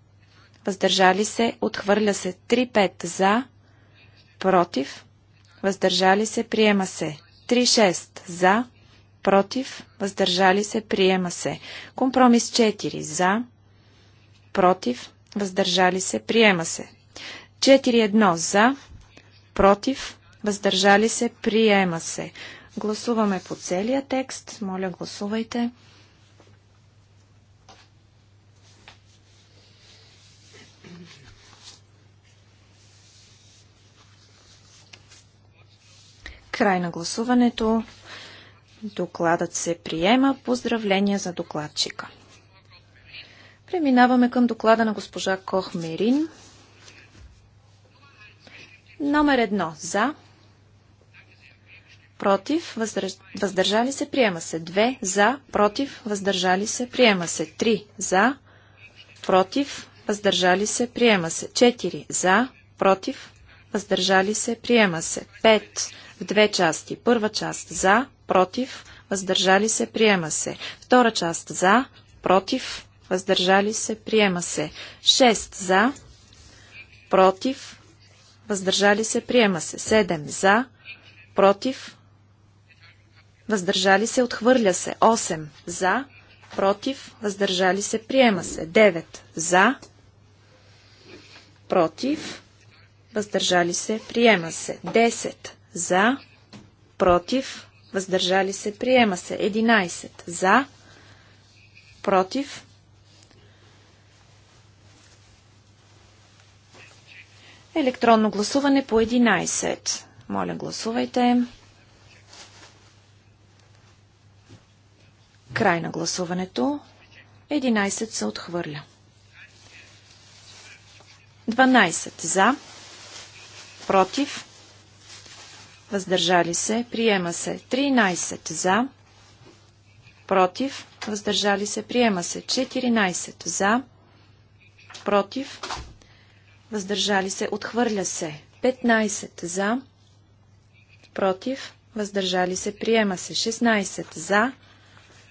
въздържали се, отхвърля се. 3-5 за, против, въздържали се, приема се. 3-6 за, против, въздържали се, приема се. Компромис 4 за, против, въздържали се, приема се. 4-1 за, против, въздържали се, приема се. Гласуваме по целия текст. Моля, гласувайте. Край на гласуването. Докладът се приема. Поздравления за докладчика. Преминаваме към доклада на госпожа Кохмерин. Номер едно. За против, въздържали се, приема се. 2 за, против, въздържали се, приема се. 3 за, против, въздържали се, приема се. 4 за, против, въздържали се, приема се. 5 в две части. Първа част за, против, въздържали се, приема се. Втора част за, против, въздържали се, приема се. 6 за, против, въздържали се, приема се. 7 за, против, въздържали се, отхвърля се. 8 за, против, въздържали се, приема се. 9 за, против, въздържали се, приема се. 10 за, против, въздържали се, приема се. 11 за, против, електронно гласуване по 11. Моля, гласувайте. Край на гласуването. 11 се отхвърля. 12 за, против, въздържали се, приема се. 13 за, против, въздържали се, приема се. 14 за, против, въздържали се, отхвърля се. 15 за, против, въздържали се, приема се. 16 за,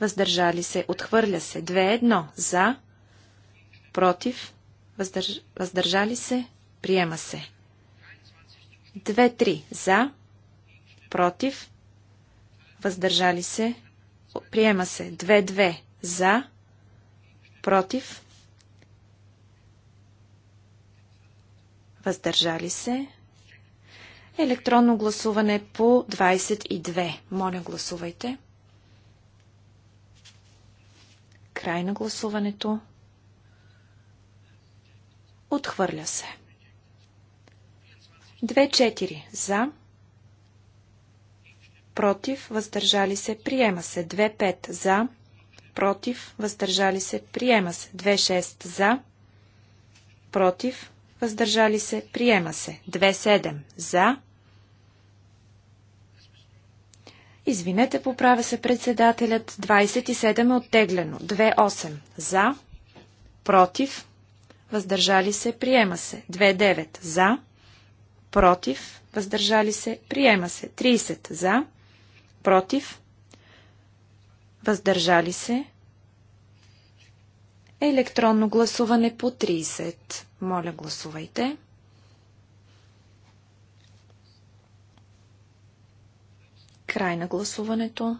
въздържали се, отхвърля се. 2-1 за, против, въздърж... въздържали се, приема се. 2-3 за, против, въздържали се, приема се. 2-2 за, против, въздържали се. Електронно гласуване по 22. Моля, гласувайте. Край на гласуването. Отхвърля се. 2-4 за. Против, въздържали се, приема се. 2-5 за. Против, въздържали се, приема се. 2-6 за. Против, въздържали се, приема се. 2-7 за Извинете, поправя се председателят. 27 е оттеглено. 28. За. Против. Въздържали се. Приема се. 29 За. Против. Въздържали се. Приема се. 30. За. Против. Въздържали се. Електронно гласуване по 30. Моля, гласувайте. Край на гласуването.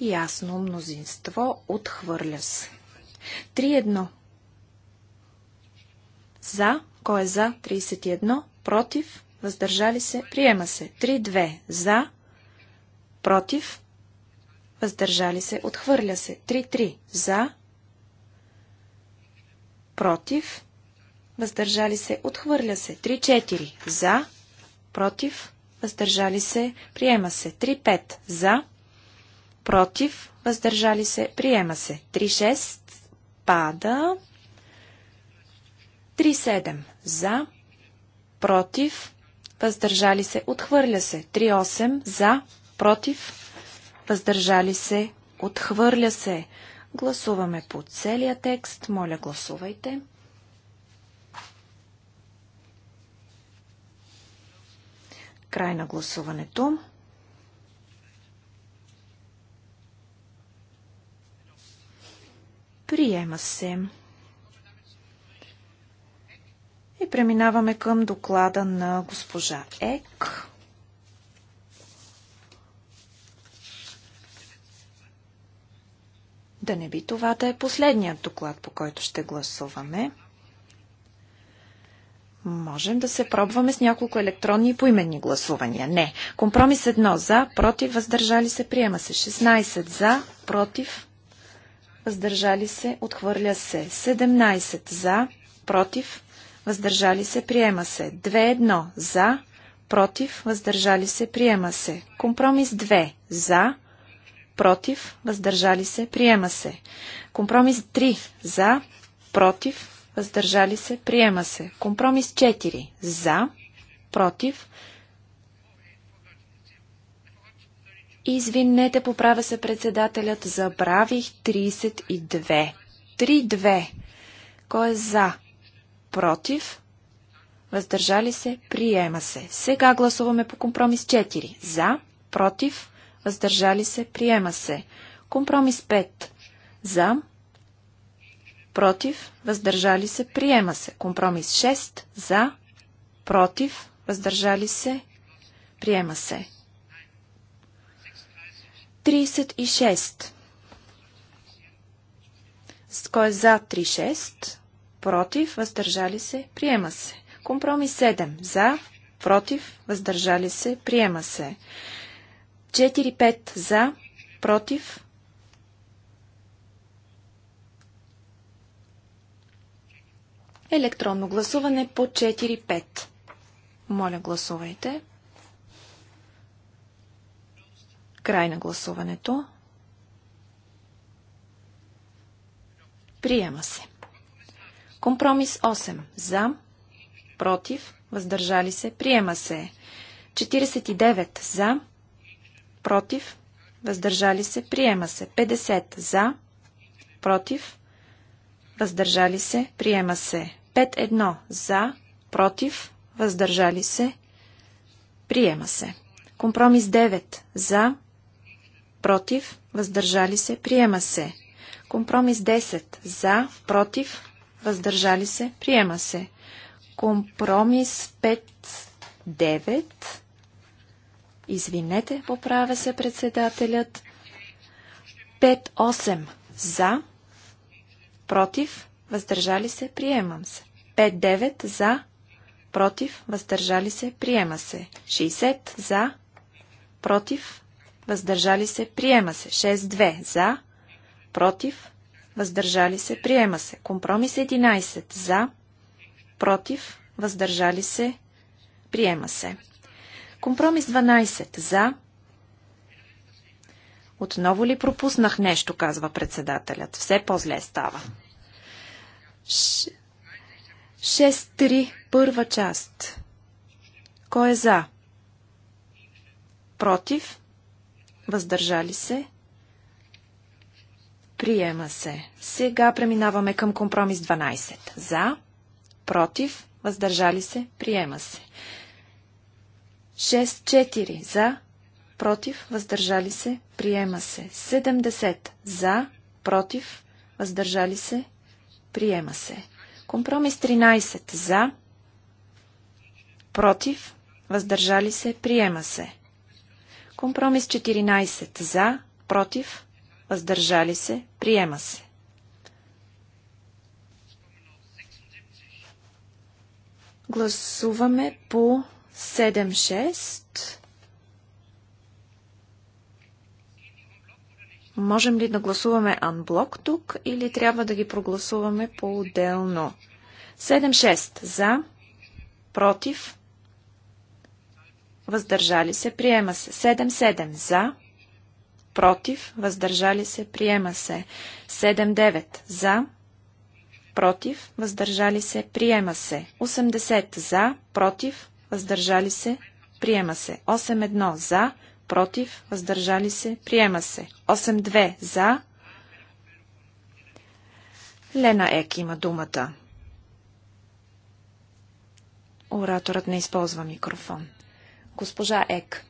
Ясно мнозинство отхвърля се. 3-1. За. Кой е за? 31. Против. Въздържали се. Приема се. 3-2. За. Против. Въздържали се. Отхвърля се. 3-3. За. Против въздържали се, отхвърля се. 3-4 за, против, въздържали се, приема се. 3-5 за, против, въздържали се, приема се. 3-6 пада. 3-7 за, против, въздържали се, отхвърля се. 3-8 за, против, въздържали се, отхвърля се. Гласуваме по целия текст. Моля, гласувайте. Край на гласуването. Приема се. И преминаваме към доклада на госпожа Ек. Да не би това да е последният доклад, по който ще гласуваме. Можем да се пробваме с няколко електронни и поименни гласувания. Не. Компромис 1 за, против, въздържали се, приема се. 16 за, против, въздържали се, отхвърля се. 17 за, против, въздържали се, приема се. 2-1 за, против, въздържали се, приема се. Компромис 2 за, против, въздържали се, приема се. Компромис 3 за, против, въздържали се, приема се. Компромис 4 за, против. Извинете, поправя се председателят, забравих 32. 3-2. Кой е за? Против? Въздържали се? Приема се. Сега гласуваме по компромис 4. За? Против? Въздържали се? Приема се. Компромис 5. За? против, въздържали се, приема се. Компромис 6 за, против, въздържали се, приема се. 36. кой е за 36, против, въздържали се, приема се. Компромис 7 за, против, въздържали се, приема се. 4-5 за, против, Електронно гласуване по 4-5. Моля, гласувайте. Край на гласуването. Приема се. Компромис 8. За. Против. Въздържали се. Приема се. 49. За. Против. Въздържали се. Приема се. 50. За. Против. Въздържали се. Приема се. 5-1 за, против, въздържали се, приема се. Компромис 9 за, против, въздържали се, приема се. Компромис 10 за, против, въздържали се, приема се. Компромис 5-9, извинете, поправя се председателят. 5-8 за, против, въздържали се, приемам се. 5-9 за, против, въздържали се, приема се. 60 за, против, въздържали се, приема се. 6-2 за, против, въздържали се, приема се. Компромис 11 за, против, въздържали се, приема се. Компромис 12 за, отново ли пропуснах нещо, казва председателят. Все по-зле става. 6.3. Първа част. Кой е за? Против? Въздържали се? Приема се. Сега преминаваме към компромис 12. За? Против? Въздържали се? Приема се. 6.4. За? Против? Въздържали се? Приема се. 70. За? Против? Въздържали се? Приема се. Компромис 13 за. Против. Въздържали се. Приема се. Компромис 14 за. Против. Въздържали се. Приема се. Гласуваме по 7-6. Можем ли да гласуваме анблок тук или трябва да ги прогласуваме по-отделно? 7-6 за, против, въздържали се, приема се. 7-7 за, против, въздържали се, приема се. 7-9 за, против, въздържали се, приема се. 80 за, против, въздържали се, приема се. 8-1 за, против, против, въздържали се, приема се. 8-2 за. Лена Ек има думата. Ораторът не използва микрофон. Госпожа Ек.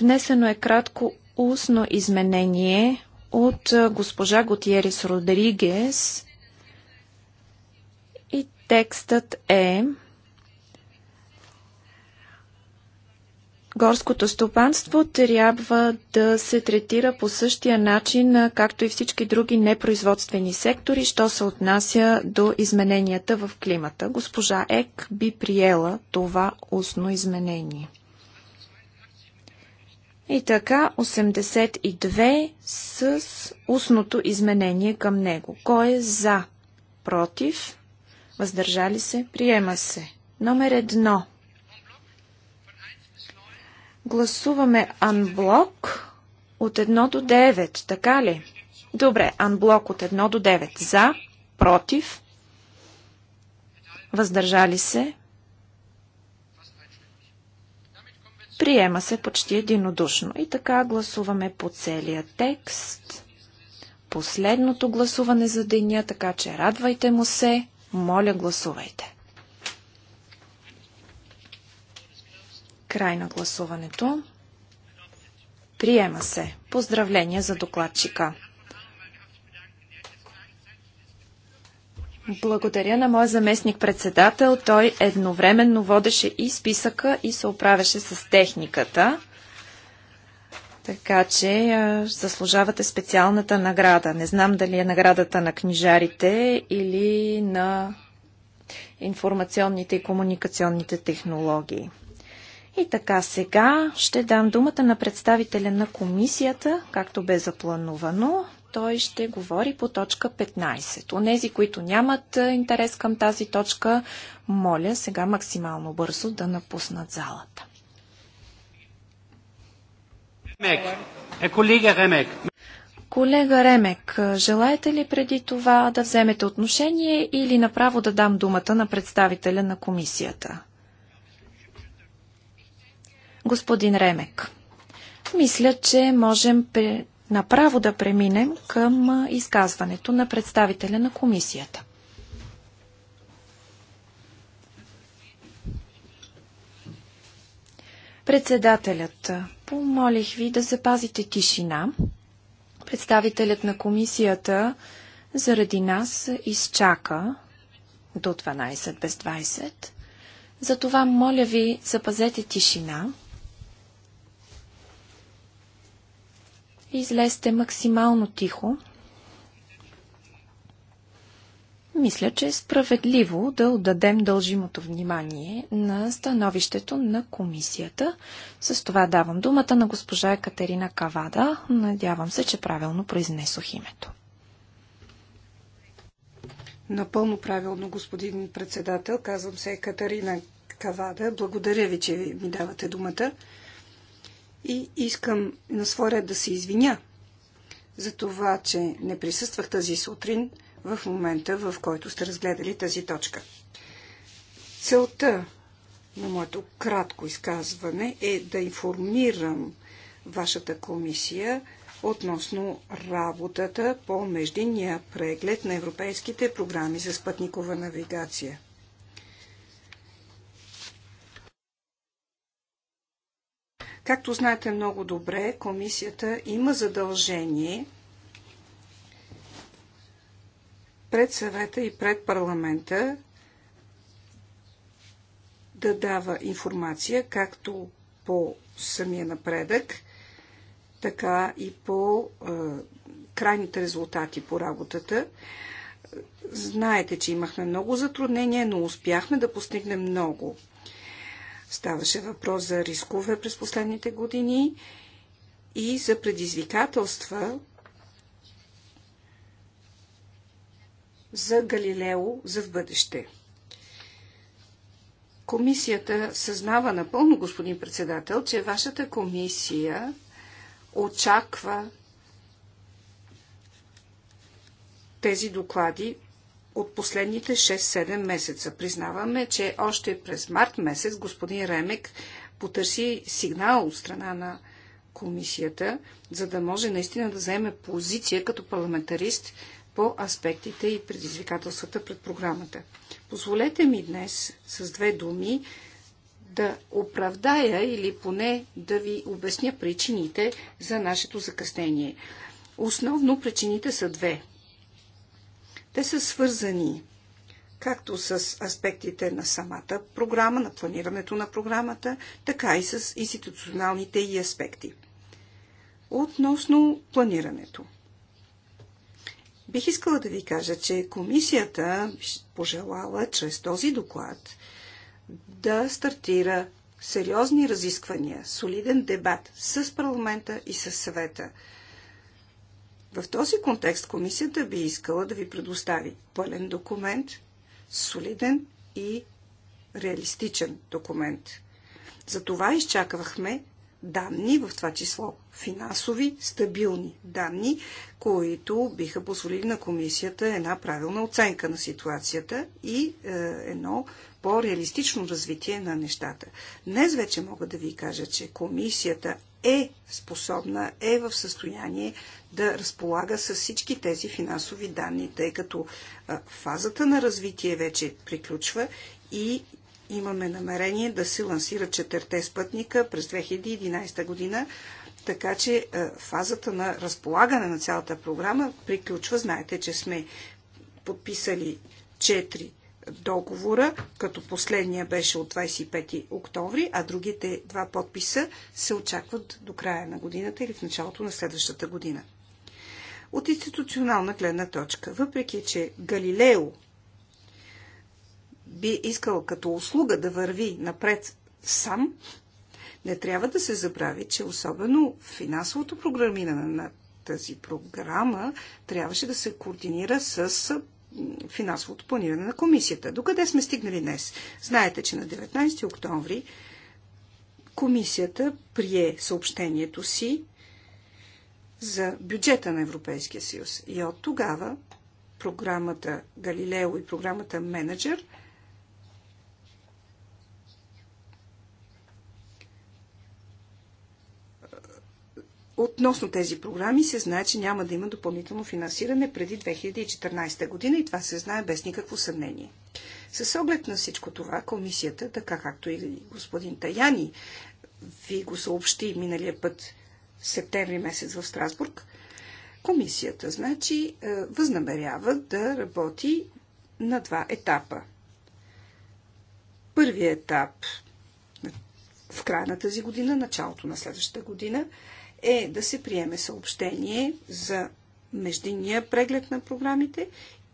Внесено е кратко устно изменение от госпожа Готиерис Родригес и текстът е горското стопанство трябва да се третира по същия начин, както и всички други непроизводствени сектори, що се отнася до измененията в климата. Госпожа Ек би приела това устно изменение. И така 82 с устното изменение към него. Кой е за? Против? Въздържали се? Приема се. Номер едно. Гласуваме анблок от 1 до 9, така ли? Добре, анблок от 1 до 9. За, против, въздържали се. Приема се почти единодушно. И така гласуваме по целия текст. Последното гласуване за деня, така че радвайте му се. Моля, гласувайте. Край на гласуването. Приема се. Поздравления за докладчика. Благодаря на моя заместник-председател. Той едновременно водеше и списъка и се оправяше с техниката. Така че заслужавате специалната награда. Не знам дали е наградата на книжарите или на информационните и комуникационните технологии. И така, сега ще дам думата на представителя на комисията, както бе заплановано. Той ще говори по точка 15. Онези, които нямат е, интерес към тази точка, моля сега максимално бързо да напуснат залата. Е, колега Ремек. Колега Ремек, желаете ли преди това да вземете отношение или направо да дам думата на представителя на комисията? Господин Ремек, мисля, че можем направо да преминем към изказването на представителя на комисията. Председателят, помолих ви да запазите тишина. Представителят на комисията заради нас изчака до 12 без 20. Затова моля ви, запазете тишина. Излезте максимално тихо. Мисля, че е справедливо да отдадем дължимото внимание на становището на комисията. С това давам думата на госпожа Екатерина Кавада. Надявам се, че правилно произнесох името. Напълно правилно, господин председател. Казвам се Екатерина Кавада. Благодаря ви, че ми давате думата. И искам на своя ред да се извиня за това, че не присъствах тази сутрин в момента, в който сте разгледали тази точка. Целта на моето кратко изказване е да информирам вашата комисия относно работата по междинния преглед на европейските програми за спътникова навигация. Както знаете много добре, комисията има задължение пред съвета и пред парламента да дава информация както по самия напредък, така и по е, крайните резултати по работата. Знаете, че имахме много затруднения, но успяхме да постигнем много. Ставаше въпрос за рискове през последните години и за предизвикателства за Галилео за в бъдеще. Комисията съзнава напълно, господин председател, че вашата комисия очаква тези доклади от последните 6-7 месеца. Признаваме, че още през март месец господин Ремек потърси сигнал от страна на комисията, за да може наистина да вземе позиция като парламентарист по аспектите и предизвикателствата пред програмата. Позволете ми днес с две думи да оправдая или поне да ви обясня причините за нашето закъснение. Основно причините са две – те са свързани както с аспектите на самата програма, на планирането на програмата, така и с институционалните и аспекти. Относно планирането. Бих искала да ви кажа, че комисията пожелала чрез този доклад да стартира сериозни разисквания, солиден дебат с парламента и с съвета – в този контекст комисията би искала да ви предостави пълен документ, солиден и реалистичен документ. Затова изчаквахме данни, в това число финансови, стабилни данни, които биха позволили на комисията една правилна оценка на ситуацията и е, едно по-реалистично развитие на нещата. Днес вече мога да ви кажа, че комисията е способна, е в състояние да разполага с всички тези финансови данни, тъй като фазата на развитие вече приключва и имаме намерение да се лансира четвърте спътника през 2011 година, така че фазата на разполагане на цялата програма приключва. Знаете, че сме подписали четири договора, като последния беше от 25 октомври, а другите два подписа се очакват до края на годината или в началото на следващата година. От институционална гледна точка, въпреки че Галилео би искал като услуга да върви напред сам, не трябва да се забрави, че особено финансовото програмиране на тази програма трябваше да се координира с финансовото планиране на комисията. Докъде сме стигнали днес? Знаете, че на 19 октомври комисията прие съобщението си за бюджета на Европейския съюз. И от тогава програмата Галилео и програмата Менеджер – относно тези програми се знае, че няма да има допълнително финансиране преди 2014 година и това се знае без никакво съмнение. С оглед на всичко това, комисията, така както и господин Таяни ви го съобщи миналия път в септември месец в Страсбург, комисията, значи, възнамерява да работи на два етапа. Първият етап в края на тази година, началото на следващата година – е да се приеме съобщение за междинния преглед на програмите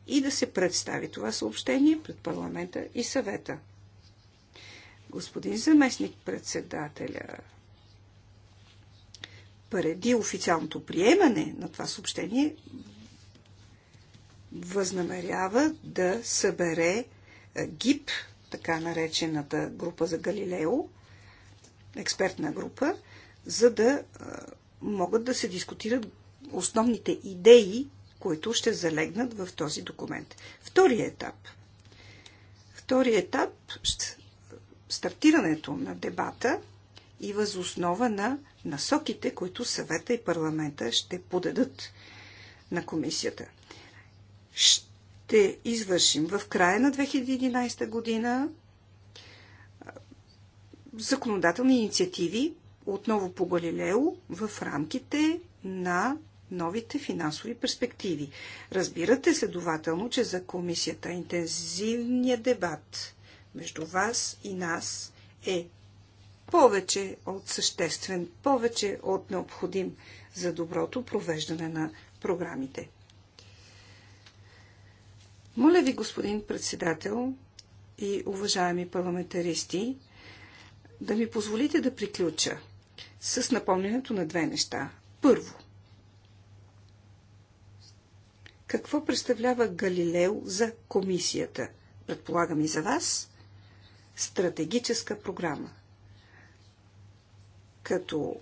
и да се представи това съобщение пред парламента и съвета. Господин заместник председателя, преди официалното приемане на това съобщение, възнамерява да събере ГИП, така наречената група за Галилео, експертна група, за да могат да се дискутират основните идеи, които ще залегнат в този документ. Втория етап. Втория етап стартирането на дебата и възоснова на насоките, които съвета и парламента ще подадат на комисията. Ще извършим в края на 2011 година законодателни инициативи, отново по Галилео в рамките на новите финансови перспективи. Разбирате следователно, че за комисията интензивният дебат между вас и нас е повече от съществен, повече от необходим за доброто провеждане на програмите. Моля ви, господин председател и уважаеми парламентаристи, да ми позволите да приключа с напомнянето на две неща. Първо, какво представлява Галилео за комисията? Предполагам и за вас. Стратегическа програма. Като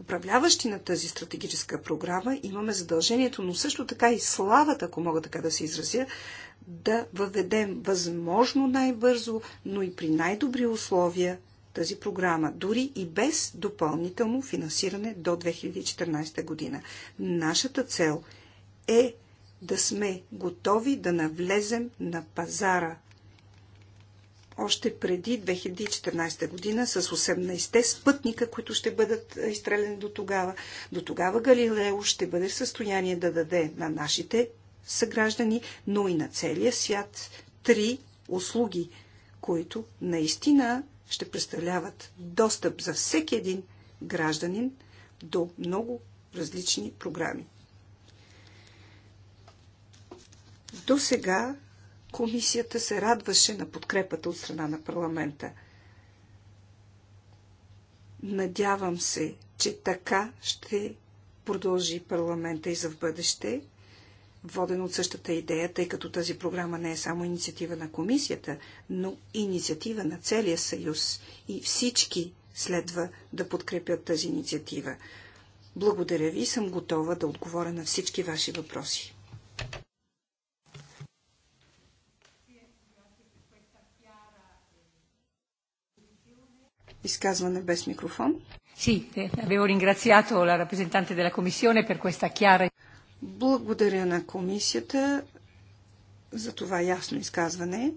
управляващи на тази стратегическа програма имаме задължението, но също така и славата, ако мога така да се изразя, да въведем възможно най-бързо, но и при най-добри условия – тази програма, дори и без допълнително финансиране до 2014 година. Нашата цел е да сме готови да навлезем на пазара още преди 2014 година с 18-те спътника, които ще бъдат изстреляни до тогава. До тогава Галилео ще бъде в състояние да даде на нашите съграждани, но и на целия свят три услуги, които наистина ще представляват достъп за всеки един гражданин до много различни програми. До сега комисията се радваше на подкрепата от страна на парламента. Надявам се, че така ще продължи парламента и за в бъдеще воден от същата идея, тъй като тази програма не е само инициатива на комисията, но инициатива на целия съюз и всички следва да подкрепят тази инициатива. Благодаря ви и съм готова да отговоря на всички ваши въпроси. Изказване без микрофон. Sì, eh, avevo ringraziato la rappresentante della Commissione per questa chiara благодаря на комисията за това ясно изказване.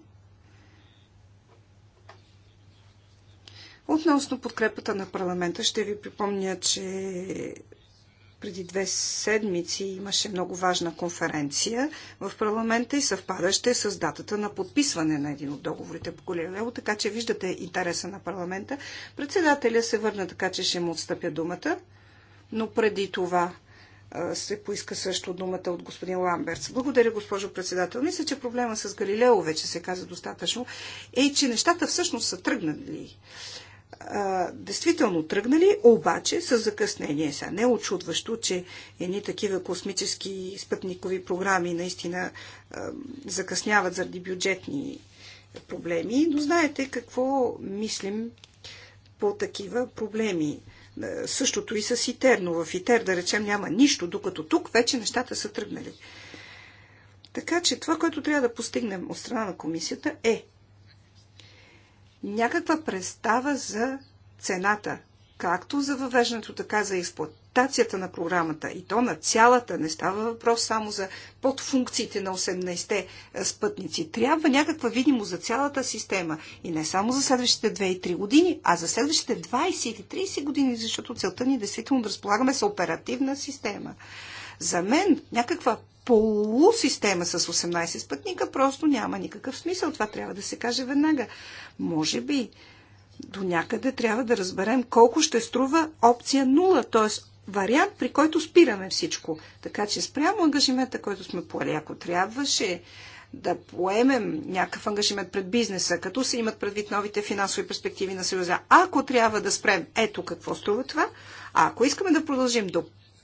Относно подкрепата на парламента, ще ви припомня, че преди две седмици имаше много важна конференция в парламента и съвпадаща с датата на подписване на един от договорите по Голилео, така че виждате интереса на парламента. Председателя се върна така, че ще му отстъпя думата, но преди това се поиска също думата от господин Ламберц. Благодаря, госпожо председател. Мисля, че проблема с Галилео вече се каза достатъчно, е, че нещата всъщност са тръгнали. А, действително тръгнали, обаче с закъснение. Сега не е очудващо, че едни такива космически спътникови програми наистина а, закъсняват заради бюджетни проблеми, но знаете какво мислим по такива проблеми. Е, същото и с ИТЕР, но в ИТЕР, да речем, няма нищо, докато тук вече нещата са тръгнали. Така че това, което трябва да постигнем от страна на комисията е някаква представа за цената, както за въвеждането, така за експлуатацията адаптацията на програмата и то на цялата. Не става въпрос само за подфункциите на 18-те е, спътници. Трябва някаква видимост за цялата система. И не само за следващите 2 и 3 години, а за следващите 20 или 30 години, защото целта ни е действително да разполагаме с оперативна система. За мен някаква полусистема с 18 спътника просто няма никакъв смисъл. Това трябва да се каже веднага. Може би до някъде трябва да разберем колко ще струва опция 0, т.е вариант, при който спираме всичко. Така че спрямо ангажимента, който сме поели, ако трябваше да поемем някакъв ангажимент пред бизнеса, като се имат предвид новите финансови перспективи на Съюза, ако трябва да спрем, ето какво струва това, а ако искаме да продължим до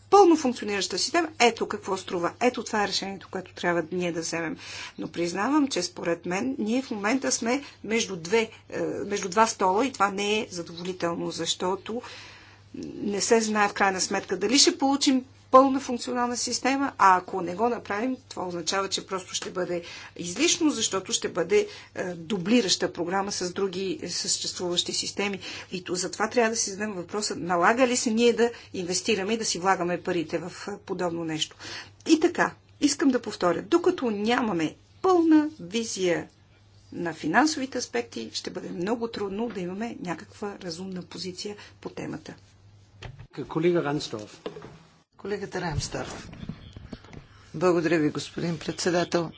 пълно функционираща система, ето какво струва. Ето това е решението, което трябва ние да вземем. Но признавам, че според мен ние в момента сме между, две, е, между два стола и това не е задоволително, защото не се знае в крайна сметка дали ще получим пълна функционална система, а ако не го направим, това означава, че просто ще бъде излишно, защото ще бъде е, дублираща програма с други е, съществуващи системи. И затова трябва да си зададем въпроса, налага ли се ние да инвестираме и да си влагаме парите в е, подобно нещо. И така, искам да повторя, докато нямаме пълна визия на финансовите аспекти, ще бъде много трудно да имаме някаква разумна позиция по темата. Колега Рансдорф. Колегата Рамсдорф. Благодаря ви, господин председател.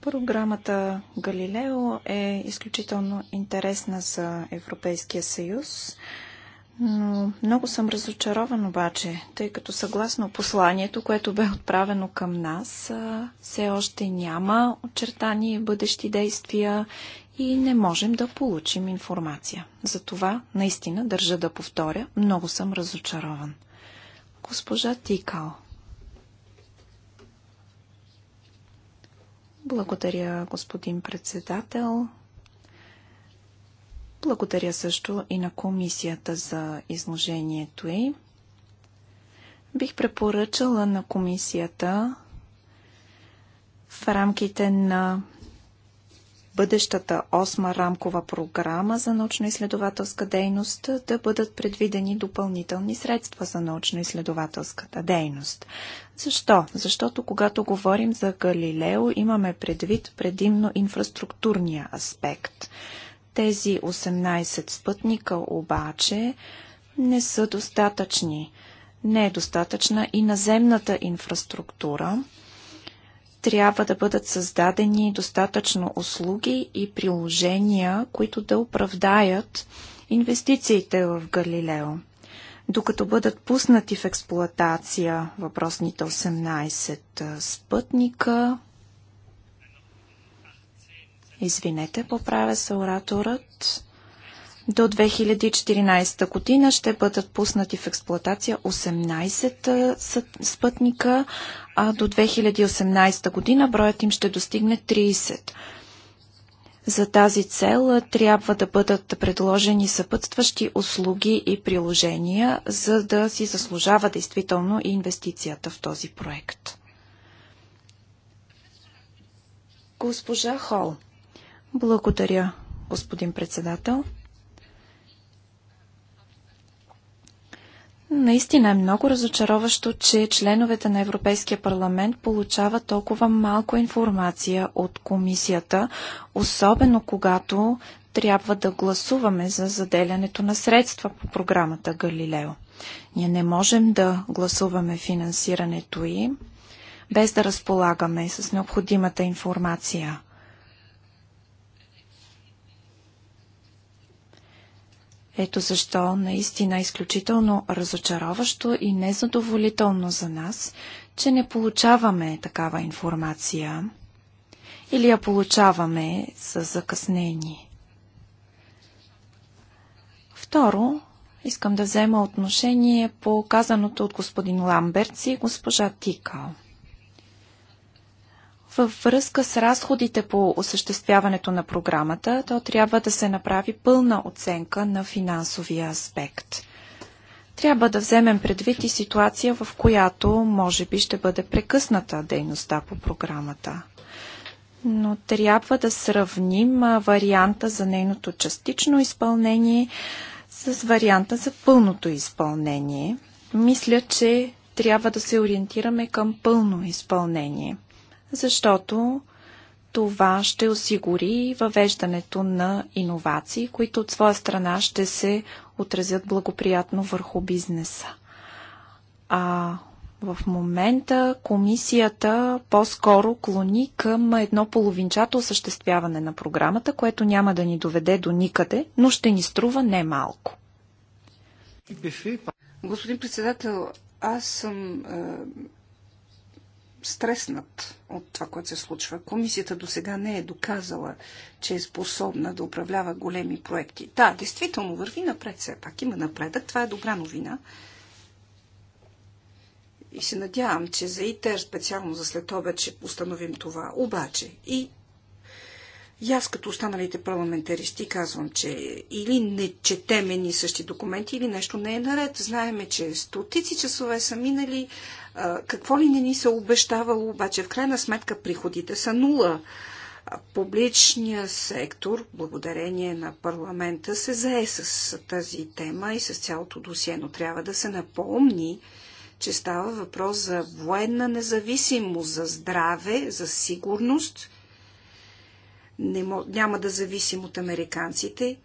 Програмата Галилео е изключително интересна за Европейския съюз. Но много съм разочарован обаче, тъй като съгласно посланието, което бе отправено към нас, все още няма очертани бъдещи действия и не можем да получим информация. Затова, наистина, държа да повторя, много съм разочарован. Госпожа Тикал. Благодаря, господин председател. Благодаря също и на комисията за изложението й. Бих препоръчала на комисията в рамките на бъдещата осма рамкова програма за научно-изследователска дейност да бъдат предвидени допълнителни средства за научно-изследователската дейност. Защо? Защото когато говорим за Галилео, имаме предвид предимно инфраструктурния аспект – тези 18 спътника обаче не са достатъчни. Не е достатъчна и наземната инфраструктура. Трябва да бъдат създадени достатъчно услуги и приложения, които да оправдаят инвестициите в Галилео. Докато бъдат пуснати в експлоатация въпросните 18 спътника, Извинете, поправя се ораторът. До 2014 година ще бъдат пуснати в експлоатация 18 спътника, а до 2018 година броят им ще достигне 30. За тази цел трябва да бъдат предложени съпътстващи услуги и приложения, за да си заслужава действително и инвестицията в този проект. Госпожа Хол. Благодаря, господин председател. Наистина е много разочароващо, че членовете на Европейския парламент получават толкова малко информация от комисията, особено когато трябва да гласуваме за заделянето на средства по програмата Галилео. Ние не можем да гласуваме финансирането и без да разполагаме с необходимата информация. Ето защо наистина е изключително разочароващо и незадоволително за нас, че не получаваме такава информация или я получаваме с закъснение. Второ, искам да взема отношение по казаното от господин Ламберц и госпожа Тикал – във връзка с разходите по осъществяването на програмата, то трябва да се направи пълна оценка на финансовия аспект. Трябва да вземем предвид и ситуация, в която може би ще бъде прекъсната дейността по програмата. Но трябва да сравним варианта за нейното частично изпълнение с варианта за пълното изпълнение. Мисля, че трябва да се ориентираме към пълно изпълнение – защото това ще осигури въвеждането на иновации, които от своя страна ще се отразят благоприятно върху бизнеса. А в момента комисията по-скоро клони към едно половинчато осъществяване на програмата, което няма да ни доведе до никъде, но ще ни струва не малко. Господин председател, аз съм е, стреснат от това, което се случва. Комисията до сега не е доказала, че е способна да управлява големи проекти. Да, действително върви напред все пак. Има напредък. Това е добра новина. И се надявам, че за ИТЕР специално за след обед ще установим това. Обаче и и аз като останалите парламентаристи казвам, че или не четеме ни същи документи, или нещо не е наред. Знаеме, че стотици часове са минали, какво ли не ни се обещавало, обаче в крайна сметка приходите са нула. Публичният сектор, благодарение на парламента, се зае с тази тема и с цялото досие, но трябва да се напомни, че става въпрос за военна независимост, за здраве, за сигурност. няма да зависим от американците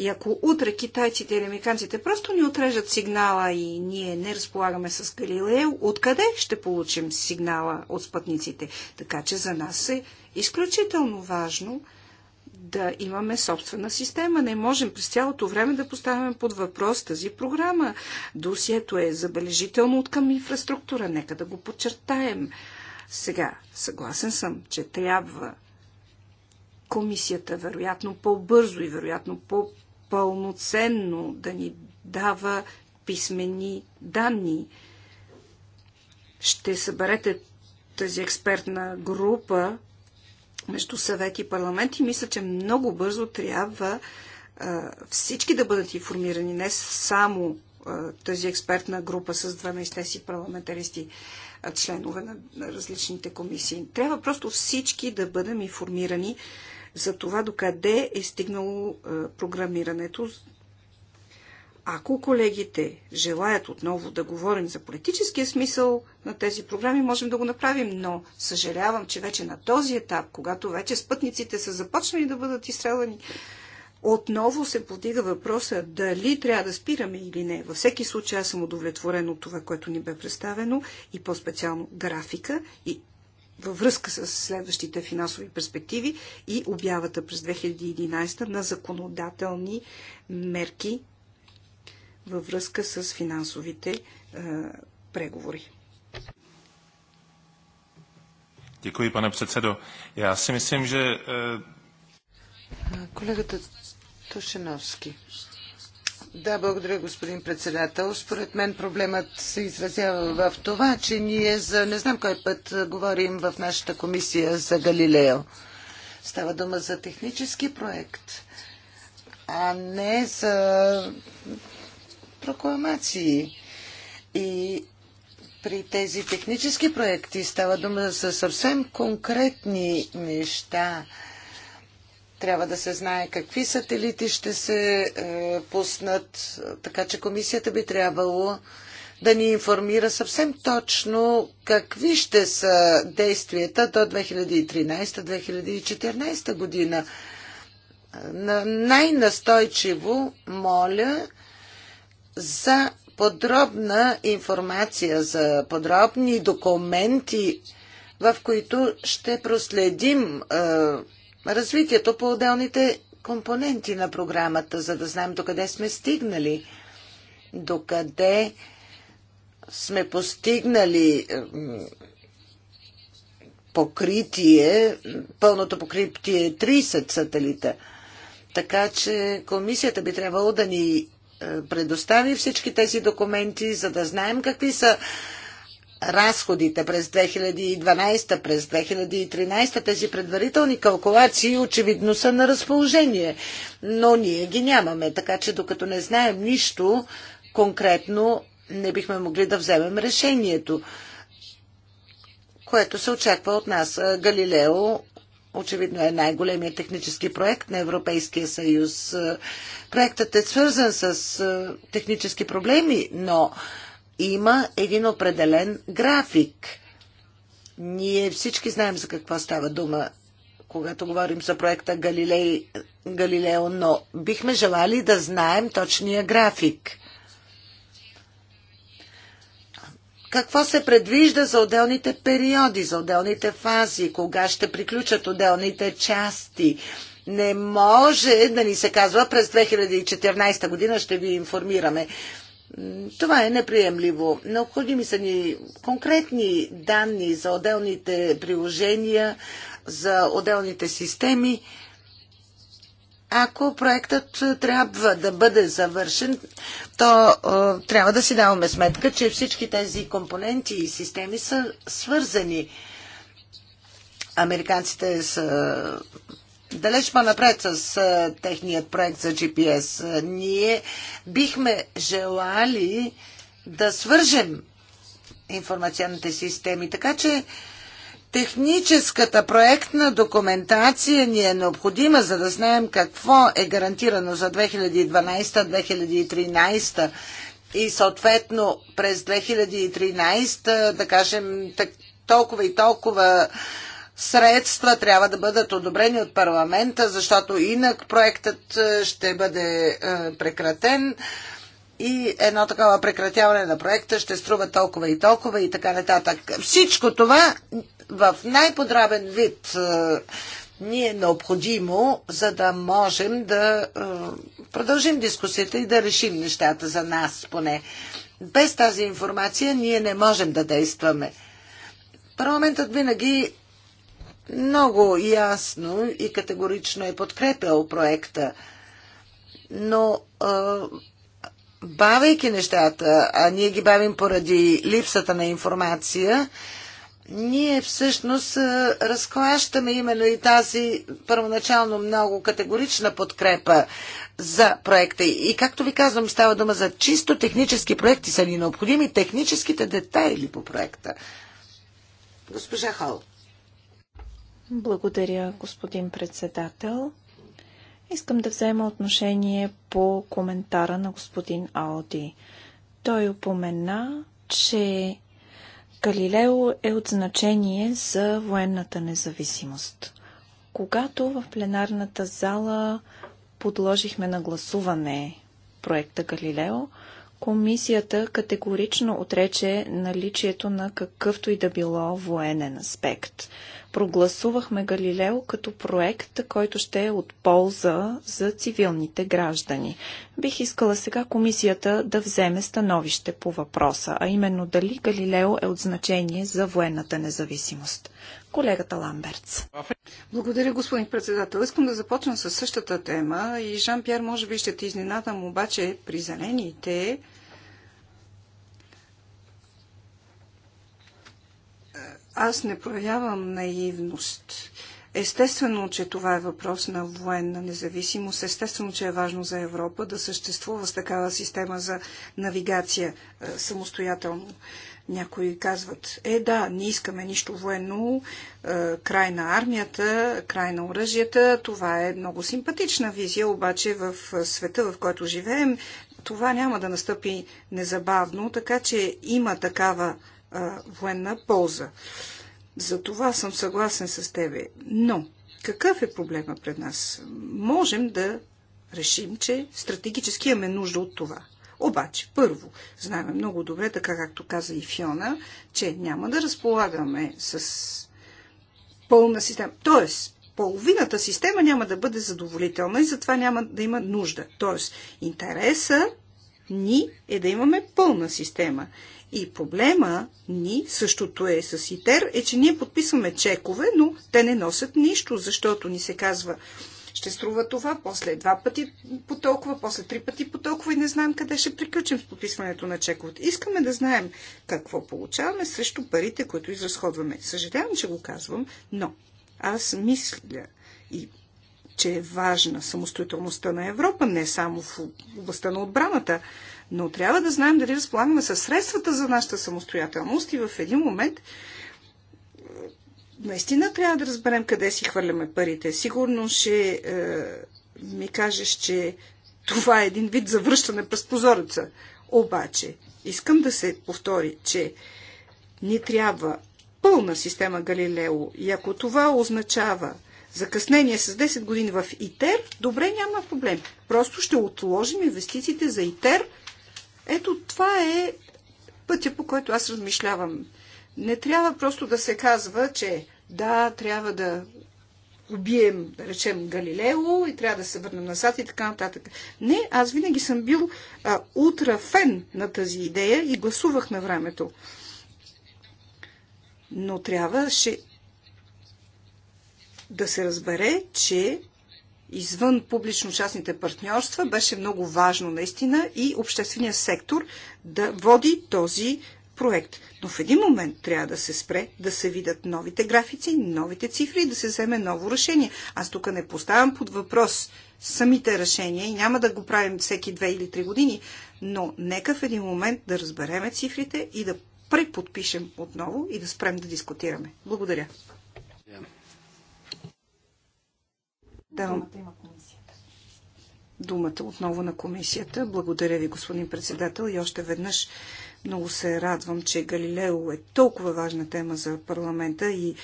и ако утре китайците или американците просто ни отрежат сигнала и ние не разполагаме с Галилео, откъде ще получим сигнала от спътниците? Така че за нас е изключително важно да имаме собствена система. Не можем през цялото време да поставяме под въпрос тази програма. Досието е забележително от към инфраструктура. Нека да го подчертаем. Сега, съгласен съм, че трябва комисията вероятно по-бързо и вероятно по пълноценно да ни дава писмени данни. Ще съберете тази експертна група между съвет и парламент и мисля, че много бързо трябва а, всички да бъдат информирани, не само а, тази експертна група с 12 си парламентаристи, членове на, на различните комисии. Трябва просто всички да бъдем информирани за това докъде е стигнало програмирането. Ако колегите желаят отново да говорим за политическия смисъл на тези програми, можем да го направим, но съжалявам, че вече на този етап, когато вече спътниците са започнали да бъдат изстрелани, отново се подига въпроса дали трябва да спираме или не. Във всеки случай аз съм удовлетворен от това, което ни бе представено и по-специално графика и във връзка с следващите финансови перспективи и обявата през 2011 на законодателни мерки във връзка с финансовите е, преговори. Děkuji, pane předsedo. Já si myslím, že... Е, Колегата Тушеновски. Да, благодаря, господин председател. Според мен проблемът се изразява в това, че ние за не знам кой път говорим в нашата комисия за Галилео. Става дума за технически проект, а не за прокламации. И при тези технически проекти става дума за съвсем конкретни неща – трябва да се знае какви сателити ще се е, пуснат, така че комисията би трябвало да ни информира съвсем точно какви ще са действията до 2013-2014 година. На най-настойчиво моля за подробна информация, за подробни документи, в които ще проследим е, развитието по отделните компоненти на програмата, за да знаем докъде сме стигнали, докъде сме постигнали покритие, пълното покритие е 30 сателита. Така че комисията би трябвало да ни е, предостави всички тези документи, за да знаем какви са разходите през 2012, през 2013, тези предварителни калкулации очевидно са на разположение, но ние ги нямаме, така че докато не знаем нищо конкретно, не бихме могли да вземем решението, което се очаква от нас. Галилео очевидно е най-големият технически проект на Европейския съюз. Проектът е свързан с е, технически проблеми, но има един определен график. Ние всички знаем за какво става дума, когато говорим за проекта Галилей, Галилео, но бихме желали да знаем точния график. Какво се предвижда за отделните периоди, за отделните фази, кога ще приключат отделните части? Не може да ни нали се казва през 2014 година ще ви информираме. Това е неприемливо. Необходими са ни конкретни данни за отделните приложения, за отделните системи. Ако проектът трябва да бъде завършен, то е, трябва да си даваме сметка, че всички тези компоненти и системи са свързани. Американците са далеч по-напред с а, техният проект за GPS. А, ние бихме желали да свържем информационните системи, така че техническата проектна документация ни е необходима, за да знаем какво е гарантирано за 2012-2013 и съответно през 2013, да кажем, толкова и толкова средства трябва да бъдат одобрени от парламента, защото инак проектът е, ще бъде е, прекратен и едно такова прекратяване на проекта ще струва толкова и толкова и така нататък. Всичко това в най-подробен вид е, ни е необходимо, за да можем да продължим дискусията и да решим нещата за нас поне. Без тази информация ние не можем да действаме. Парламентът винаги много ясно и категорично е подкрепял проекта. Но бавайки нещата, а ние ги бавим поради липсата на информация, ние всъщност разклащаме именно и тази първоначално много категорична подкрепа за проекта. И както ви казвам, става дума за чисто технически проекти. Са ни необходими техническите детайли по проекта. Госпожа Хол. Благодаря, господин председател. Искам да взема отношение по коментара на господин Ауди. Той упомена, че Галилео е от значение за военната независимост. Когато в пленарната зала подложихме на гласуване проекта Галилео, комисията категорично отрече наличието на какъвто и да било военен аспект – прогласувахме Галилео като проект, който ще е от полза за цивилните граждани. Бих искала сега комисията да вземе становище по въпроса, а именно дали Галилео е от значение за военната независимост. Колегата Ламберц. Благодаря, господин председател. Искам да започна с същата тема и Жан-Пьер, може би ще ти изненадам, обаче при зелените Аз не проявявам наивност. Естествено, че това е въпрос на военна независимост. Естествено, че е важно за Европа да съществува с такава система за навигация е, самостоятелно. Някои казват, е да, не искаме нищо военно, е, край на армията, край на оръжията. Това е много симпатична визия, обаче в е, света, в който живеем, това няма да настъпи незабавно, така че има такава а, военна полза. За това съм съгласен с тебе. Но, какъв е проблема пред нас? Можем да решим, че стратегически имаме нужда от това. Обаче, първо, знаем много добре, така както каза и Фиона, че няма да разполагаме с пълна система. Тоест, половината система няма да бъде задоволителна и затова няма да има нужда. Тоест, интереса ни е да имаме пълна система. И проблема ни, същото е с ИТЕР, е, че ние подписваме чекове, но те не носят нищо, защото ни се казва, ще струва това, после два пъти по толкова, после три пъти по толкова и не знаем къде ще приключим с подписването на чековете. Искаме да знаем какво получаваме срещу парите, които изразходваме. Съжалявам, че го казвам, но аз мисля и че е важна самостоятелността на Европа, не само в областта на отбраната, но трябва да знаем дали разполагаме със средствата за нашата самостоятелност и в един момент е, наистина трябва да разберем къде си хвърляме парите. Сигурно ще е, ми кажеш, че това е един вид завръщане през позореца. Обаче, искам да се повтори, че ни трябва пълна система Галилео и ако това означава закъснение с 10 години в ИТЕР, добре, няма проблем. Просто ще отложим инвестициите за ИТЕР ето това е пътя, по който аз размишлявам. Не трябва просто да се казва, че да, трябва да убием, да речем, Галилео и трябва да се върнем назад и така нататък. Не, аз винаги съм бил а, утрафен на тази идея и гласувах на времето. Но трябваше да се разбере, че извън публично-частните партньорства беше много важно наистина и обществения сектор да води този проект. Но в един момент трябва да се спре, да се видят новите графици, новите цифри и да се вземе ново решение. Аз тук не поставям под въпрос самите решения и няма да го правим всеки две или три години, но нека в един момент да разбереме цифрите и да преподпишем отново и да спрем да дискутираме. Благодаря. Да, думата отново на комисията. Благодаря ви, господин председател, и още веднъж много се радвам, че Галилео е толкова важна тема за парламента и е,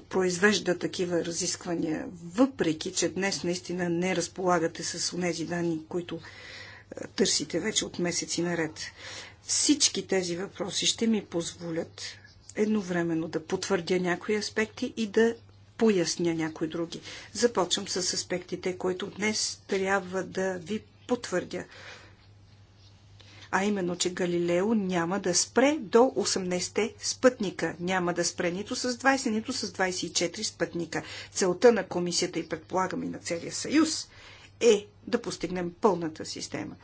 произвежда такива разисквания, въпреки, че днес наистина не разполагате с тези данни, които е, търсите вече от месеци наред. Всички тези въпроси ще ми позволят едновременно да потвърдя някои аспекти и да поясня някои други. Започвам с аспектите, които днес трябва да ви потвърдя. А именно, че Галилео няма да спре до 18-те спътника. Няма да спре нито с 20, нито с 24 спътника. Целта на комисията и предполагам и на целия съюз е да постигнем пълната система.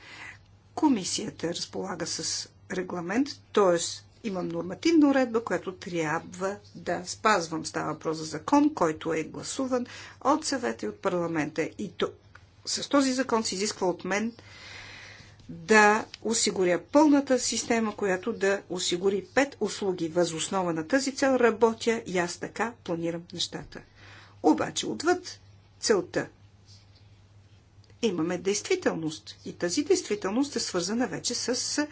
Комисията разполага с регламент, т.е. Имам нормативна уредба, която трябва да спазвам. Става въпрос за закон, който е гласуван от съвета и от парламента. И то, с този закон се изисква от мен да осигуря пълната система, която да осигури пет услуги. Възоснова на тази цел работя и аз така планирам нещата. Обаче отвъд целта имаме действителност. И тази действителност е свързана вече с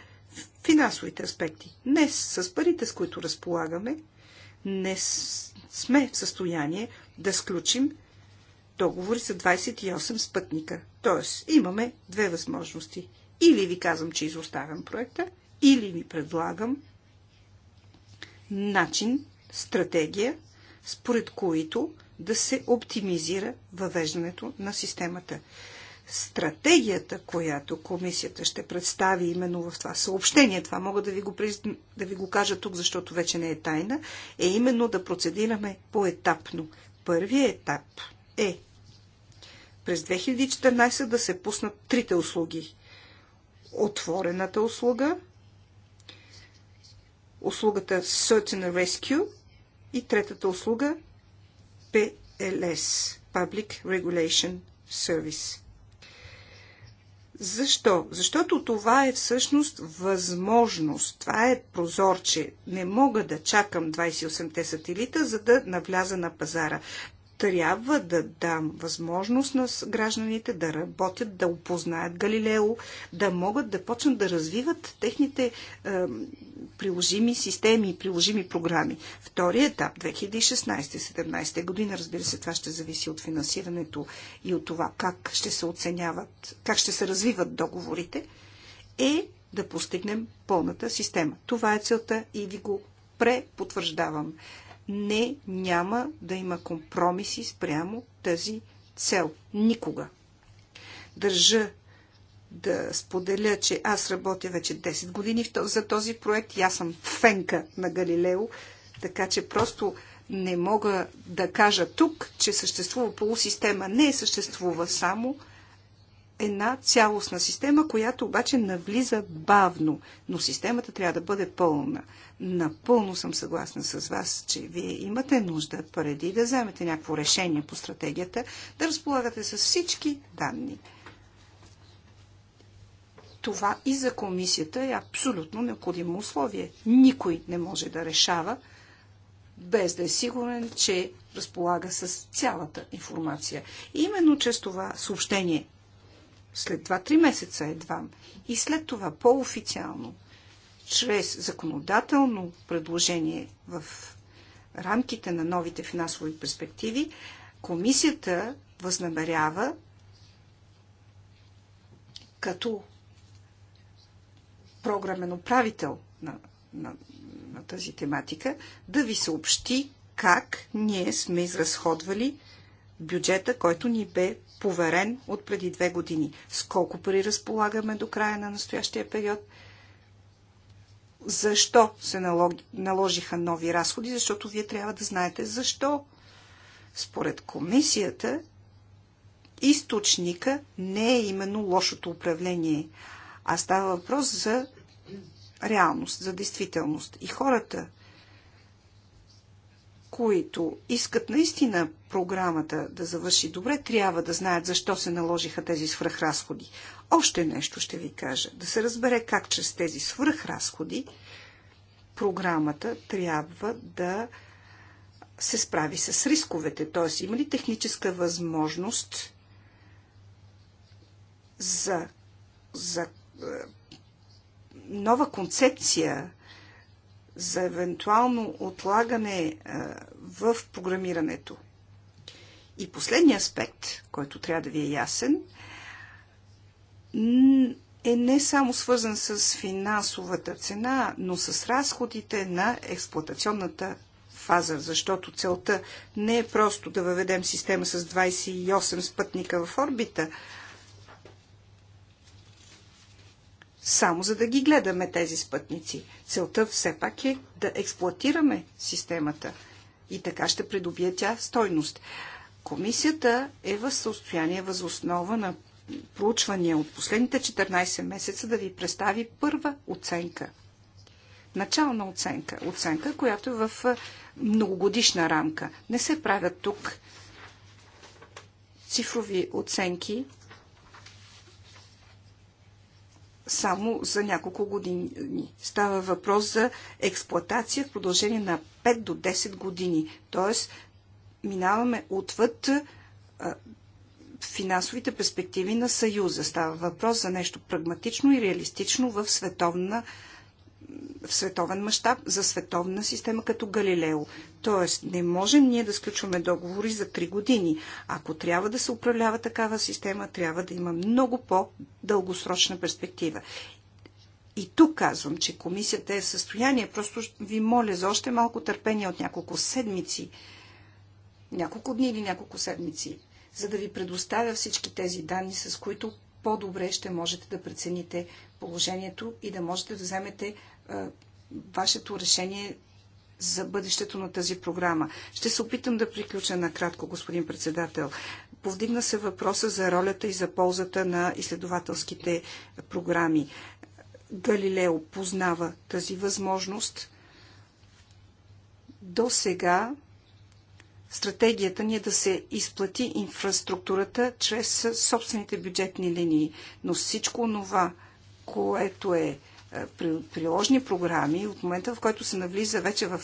финансовите аспекти. Днес с парите, с които разполагаме, не сме в състояние да сключим договори за 28 спътника. Тоест, имаме две възможности. Или ви казвам, че изоставям проекта, или ви предлагам начин, стратегия, според които да се оптимизира въвеждането на системата стратегията, която комисията ще представи именно в това съобщение, това мога да ви го, приз... да ви го кажа тук, защото вече не е тайна, е именно да процедираме поетапно. Първият етап е през 2014 да се пуснат трите услуги. Отворената услуга, услугата Search and Rescue и третата услуга PLS – Public Regulation Service. Защо? Защото това е всъщност възможност. Това е прозорче. Не мога да чакам 28-те сателита, за да навляза на пазара трябва да дам възможност на гражданите да работят, да опознаят Галилео, да могат да почнат да развиват техните е, приложими системи и приложими програми. Втори етап, 2016-2017 година, разбира се, това ще зависи от финансирането и от това как ще се оценяват, как ще се развиват договорите, е да постигнем пълната система. Това е целта и ви го препотвърждавам не няма да има компромиси спрямо тази цел. Никога. Държа да споделя, че аз работя вече 10 години за този проект и аз съм фенка на Галилео, така че просто не мога да кажа тук, че съществува полусистема. Не съществува само една цялостна система, която обаче навлиза бавно, но системата трябва да бъде пълна. Напълно съм съгласна с вас, че вие имате нужда, преди да вземете някакво решение по стратегията, да разполагате с всички данни. Това и за комисията е абсолютно необходимо условие. Никой не може да решава, без да е сигурен, че разполага с цялата информация. И именно чрез това съобщение след това 3 месеца едва, и след това по-официално, чрез законодателно предложение в рамките на новите финансови перспективи, комисията възнамерява като програмен управител на, на, на тази тематика да ви съобщи как ние сме изразходвали бюджета, който ни бе поверен от преди две години. С колко пари разполагаме до края на настоящия период? Защо се наложиха нови разходи? Защото вие трябва да знаете защо. Според комисията, източника не е именно лошото управление, а става въпрос за реалност, за действителност. И хората, които искат наистина програмата да завърши добре, трябва да знаят защо се наложиха тези свръхразходи. Още нещо ще ви кажа. Да се разбере как чрез тези свръхразходи програмата трябва да се справи с рисковете. Т.е. има ли техническа възможност за, за е, нова концепция за евентуално отлагане е, в програмирането. И последният аспект, който трябва да ви е ясен, е не само свързан с финансовата цена, но с разходите на експлуатационната фаза, защото целта не е просто да въведем система с 28 спътника в орбита – само за да ги гледаме тези спътници. Целта все пак е да експлуатираме системата и така ще придобие тя стойност. Комисията е в състояние възоснова на проучвания от последните 14 месеца да ви представи първа оценка. Начална оценка. Оценка, която е в многогодишна рамка. Не се правят тук цифрови оценки само за няколко години. Става въпрос за експлоатация в продължение на 5 до 10 години. Тоест, минаваме отвъд а, финансовите перспективи на Съюза. Става въпрос за нещо прагматично и реалистично в световна в световен мащаб за световна система като Галилео. Тоест, не можем ние да сключваме договори за 3 години. Ако трябва да се управлява такава система, трябва да има много по-дългосрочна перспектива. И тук казвам, че комисията е в състояние. Просто ви моля за още малко търпение от няколко седмици, няколко дни или няколко седмици, за да ви предоставя всички тези данни, с които по-добре ще можете да прецените положението и да можете да вземете е, вашето решение за бъдещето на тази програма. Ще се опитам да приключа накратко, господин председател. Повдигна се въпроса за ролята и за ползата на изследователските програми. Галилео познава тази възможност. До сега стратегията ни е да се изплати инфраструктурата чрез собствените бюджетни линии, но всичко това, което е е, приложни програми, от момента в който се навлиза вече в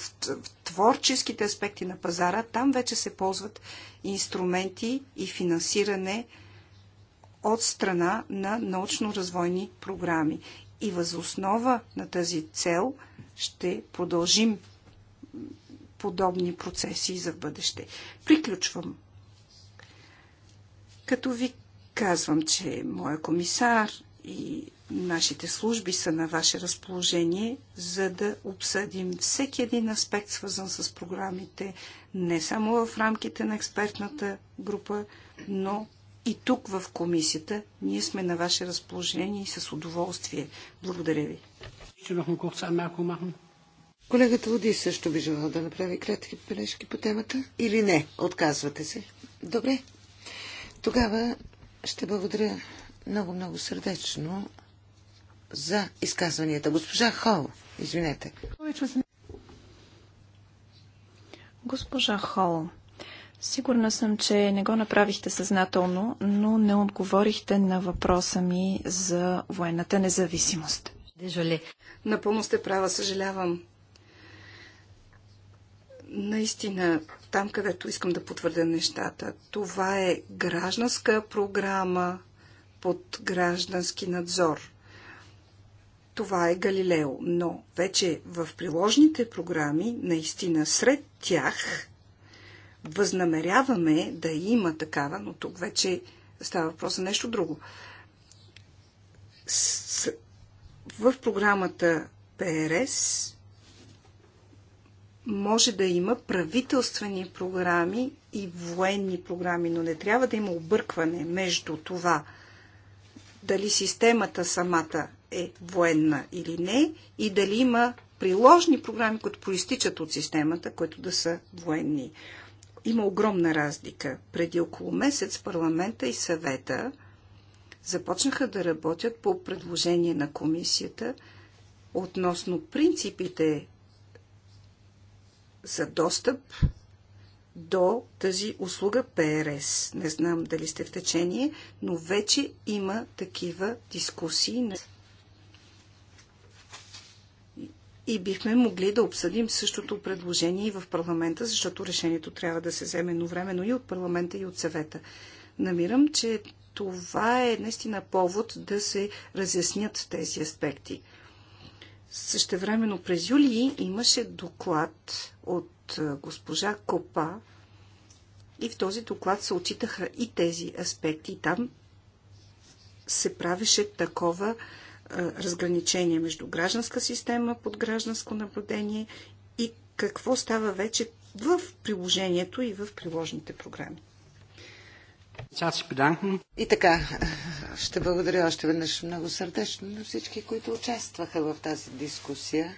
творческите аспекти на пазара, там вече се ползват инструменти и финансиране от страна на научно-развойни програми. И възоснова на тази цел ще продължим подобни процеси за бъдеще. Приключвам. Като ви казвам, че моя комисар и нашите служби са на ваше разположение, за да обсъдим всеки един аспект, свързан с програмите, не само в рамките на експертната група, но и тук в комисията. Ние сме на ваше разположение и с удоволствие. Благодаря ви. Колегата Води също би желал да направи кратки бележки по темата. Или не? Отказвате се. Добре. Тогава ще благодаря много-много сърдечно за изказванията. Госпожа Хол, извинете. Госпожа Хол, сигурна съм, че не го направихте съзнателно, но не отговорихте на въпроса ми за военната независимост. Дежоле. Напълно сте права, съжалявам. Наистина, там където искам да потвърдя нещата, това е гражданска програма, под граждански надзор. Това е Галилео, но вече в приложните програми, наистина сред тях, възнамеряваме да има такава, но тук вече става въпрос за нещо друго. С, в програмата ПРС може да има правителствени програми и военни програми, но не трябва да има объркване между това – дали системата самата е военна или не и дали има приложни програми, които проистичат от системата, които да са военни. Има огромна разлика. Преди около месец парламента и съвета започнаха да работят по предложение на комисията относно принципите за достъп до тази услуга ПРС. Не знам дали сте в течение, но вече има такива дискусии. И бихме могли да обсъдим същото предложение и в парламента, защото решението трябва да се вземе едновременно и от парламента, и от съвета. Намирам, че това е наистина повод да се разяснят тези аспекти. Същевременно през юли имаше доклад от госпожа Копа и в този доклад се отчитаха и тези аспекти. И там се правеше такова разграничение между гражданска система под гражданско наблюдение и какво става вече в приложението и в приложните програми. И така, ще благодаря още веднъж много сърдечно на всички, които участваха в тази дискусия.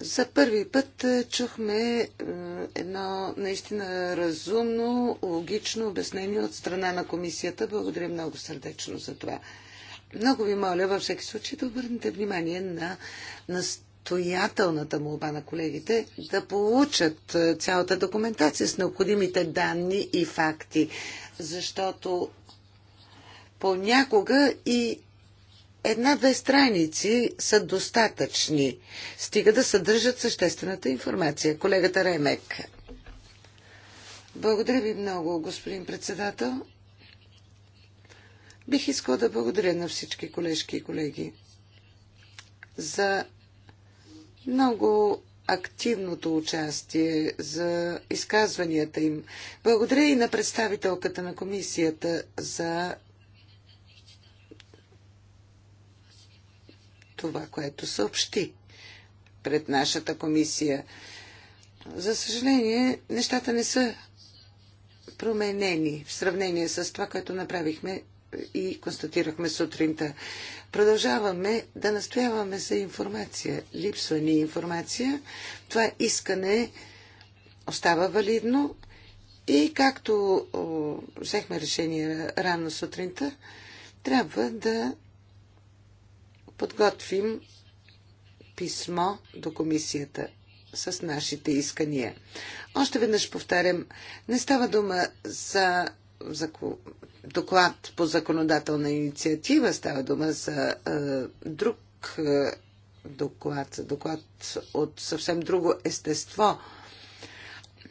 За първи път е, чухме е, едно наистина разумно, логично обяснение от страна на комисията. Благодаря много сърдечно за това. Много ви моля във всеки случай да обърнете внимание на настоятелната молба на колегите да получат е, цялата документация с необходимите данни и факти, защото понякога и една-две страници са достатъчни, стига да съдържат съществената информация. Колегата Ремек. Благодаря ви много, господин председател. Бих искал да благодаря на всички колежки и колеги за много активното участие, за изказванията им. Благодаря и на представителката на комисията за това, което съобщи пред нашата комисия. За съжаление, нещата не са променени в сравнение с това, което направихме и констатирахме сутринта. Продължаваме да настояваме за информация. Липсва ни информация. Това искане остава валидно и както взехме решение рано сутринта, трябва да подготвим писмо до комисията с нашите искания. Още веднъж повтарям, не става дума за, за доклад по законодателна инициатива, става дума за е, друг е, доклад, доклад от съвсем друго естество.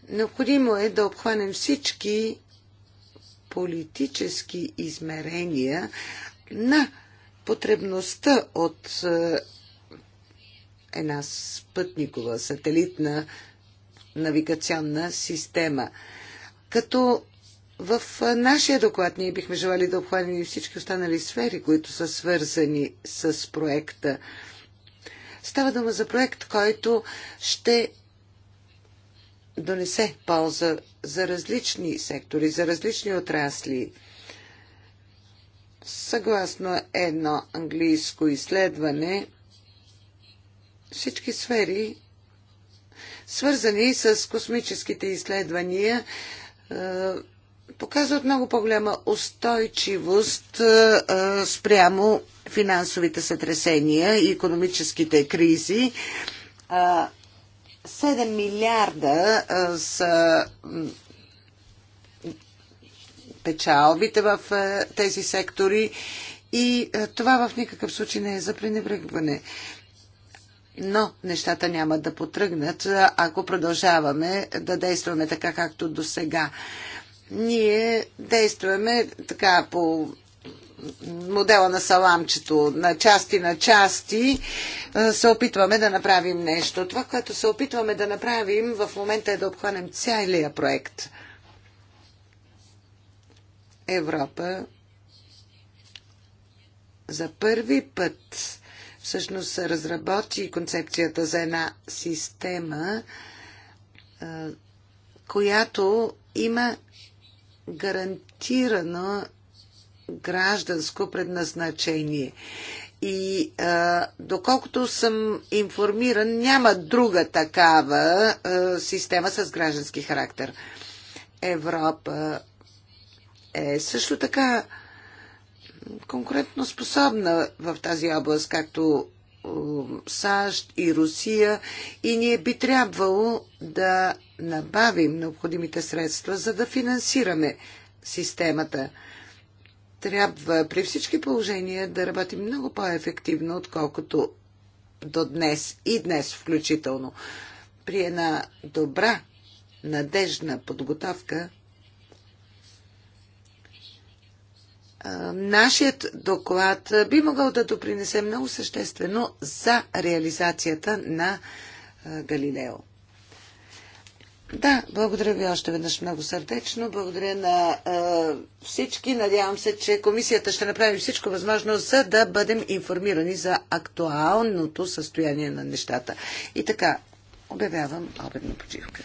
Необходимо е да обхванем всички политически измерения на потребността от е, една спътникова сателитна навигационна система. Като в е, нашия доклад ние бихме желали да обхванем и всички останали сфери, които са свързани с проекта. Става дума за проект, който ще донесе полза за различни сектори, за различни отрасли – Съгласно едно английско изследване, всички сфери, свързани с космическите изследвания, е, показват много по-голяма устойчивост е, е, спрямо финансовите сътресения и економическите кризи. 7 милиарда са печалбите в е, тези сектори и е, това в никакъв случай не е за пренебрегване. Но нещата няма да потръгнат, е, ако продължаваме да действаме така, както до сега. Ние действаме така по модела на саламчето, на части на части, се опитваме да направим нещо. Това, което се опитваме да направим в момента е да обхванем целия проект – Европа за първи път всъщност разработи концепцията за една система, която има гарантирано гражданско предназначение. И а, доколкото съм информиран, няма друга такава а, система с граждански характер. Европа е също така конкурентно способна в тази област, както е, САЩ и Русия и ние би трябвало да набавим необходимите средства, за да финансираме системата. Трябва при всички положения да работим много по-ефективно, отколкото до днес и днес включително. При една добра, надежна подготовка Нашият доклад би могъл да допринесе много съществено за реализацията на Галилео. Да, благодаря ви още веднъж много сърдечно. Благодаря на е, всички. Надявам се, че комисията ще направи всичко възможно, за да бъдем информирани за актуалното състояние на нещата. И така, обявявам обедна почивка.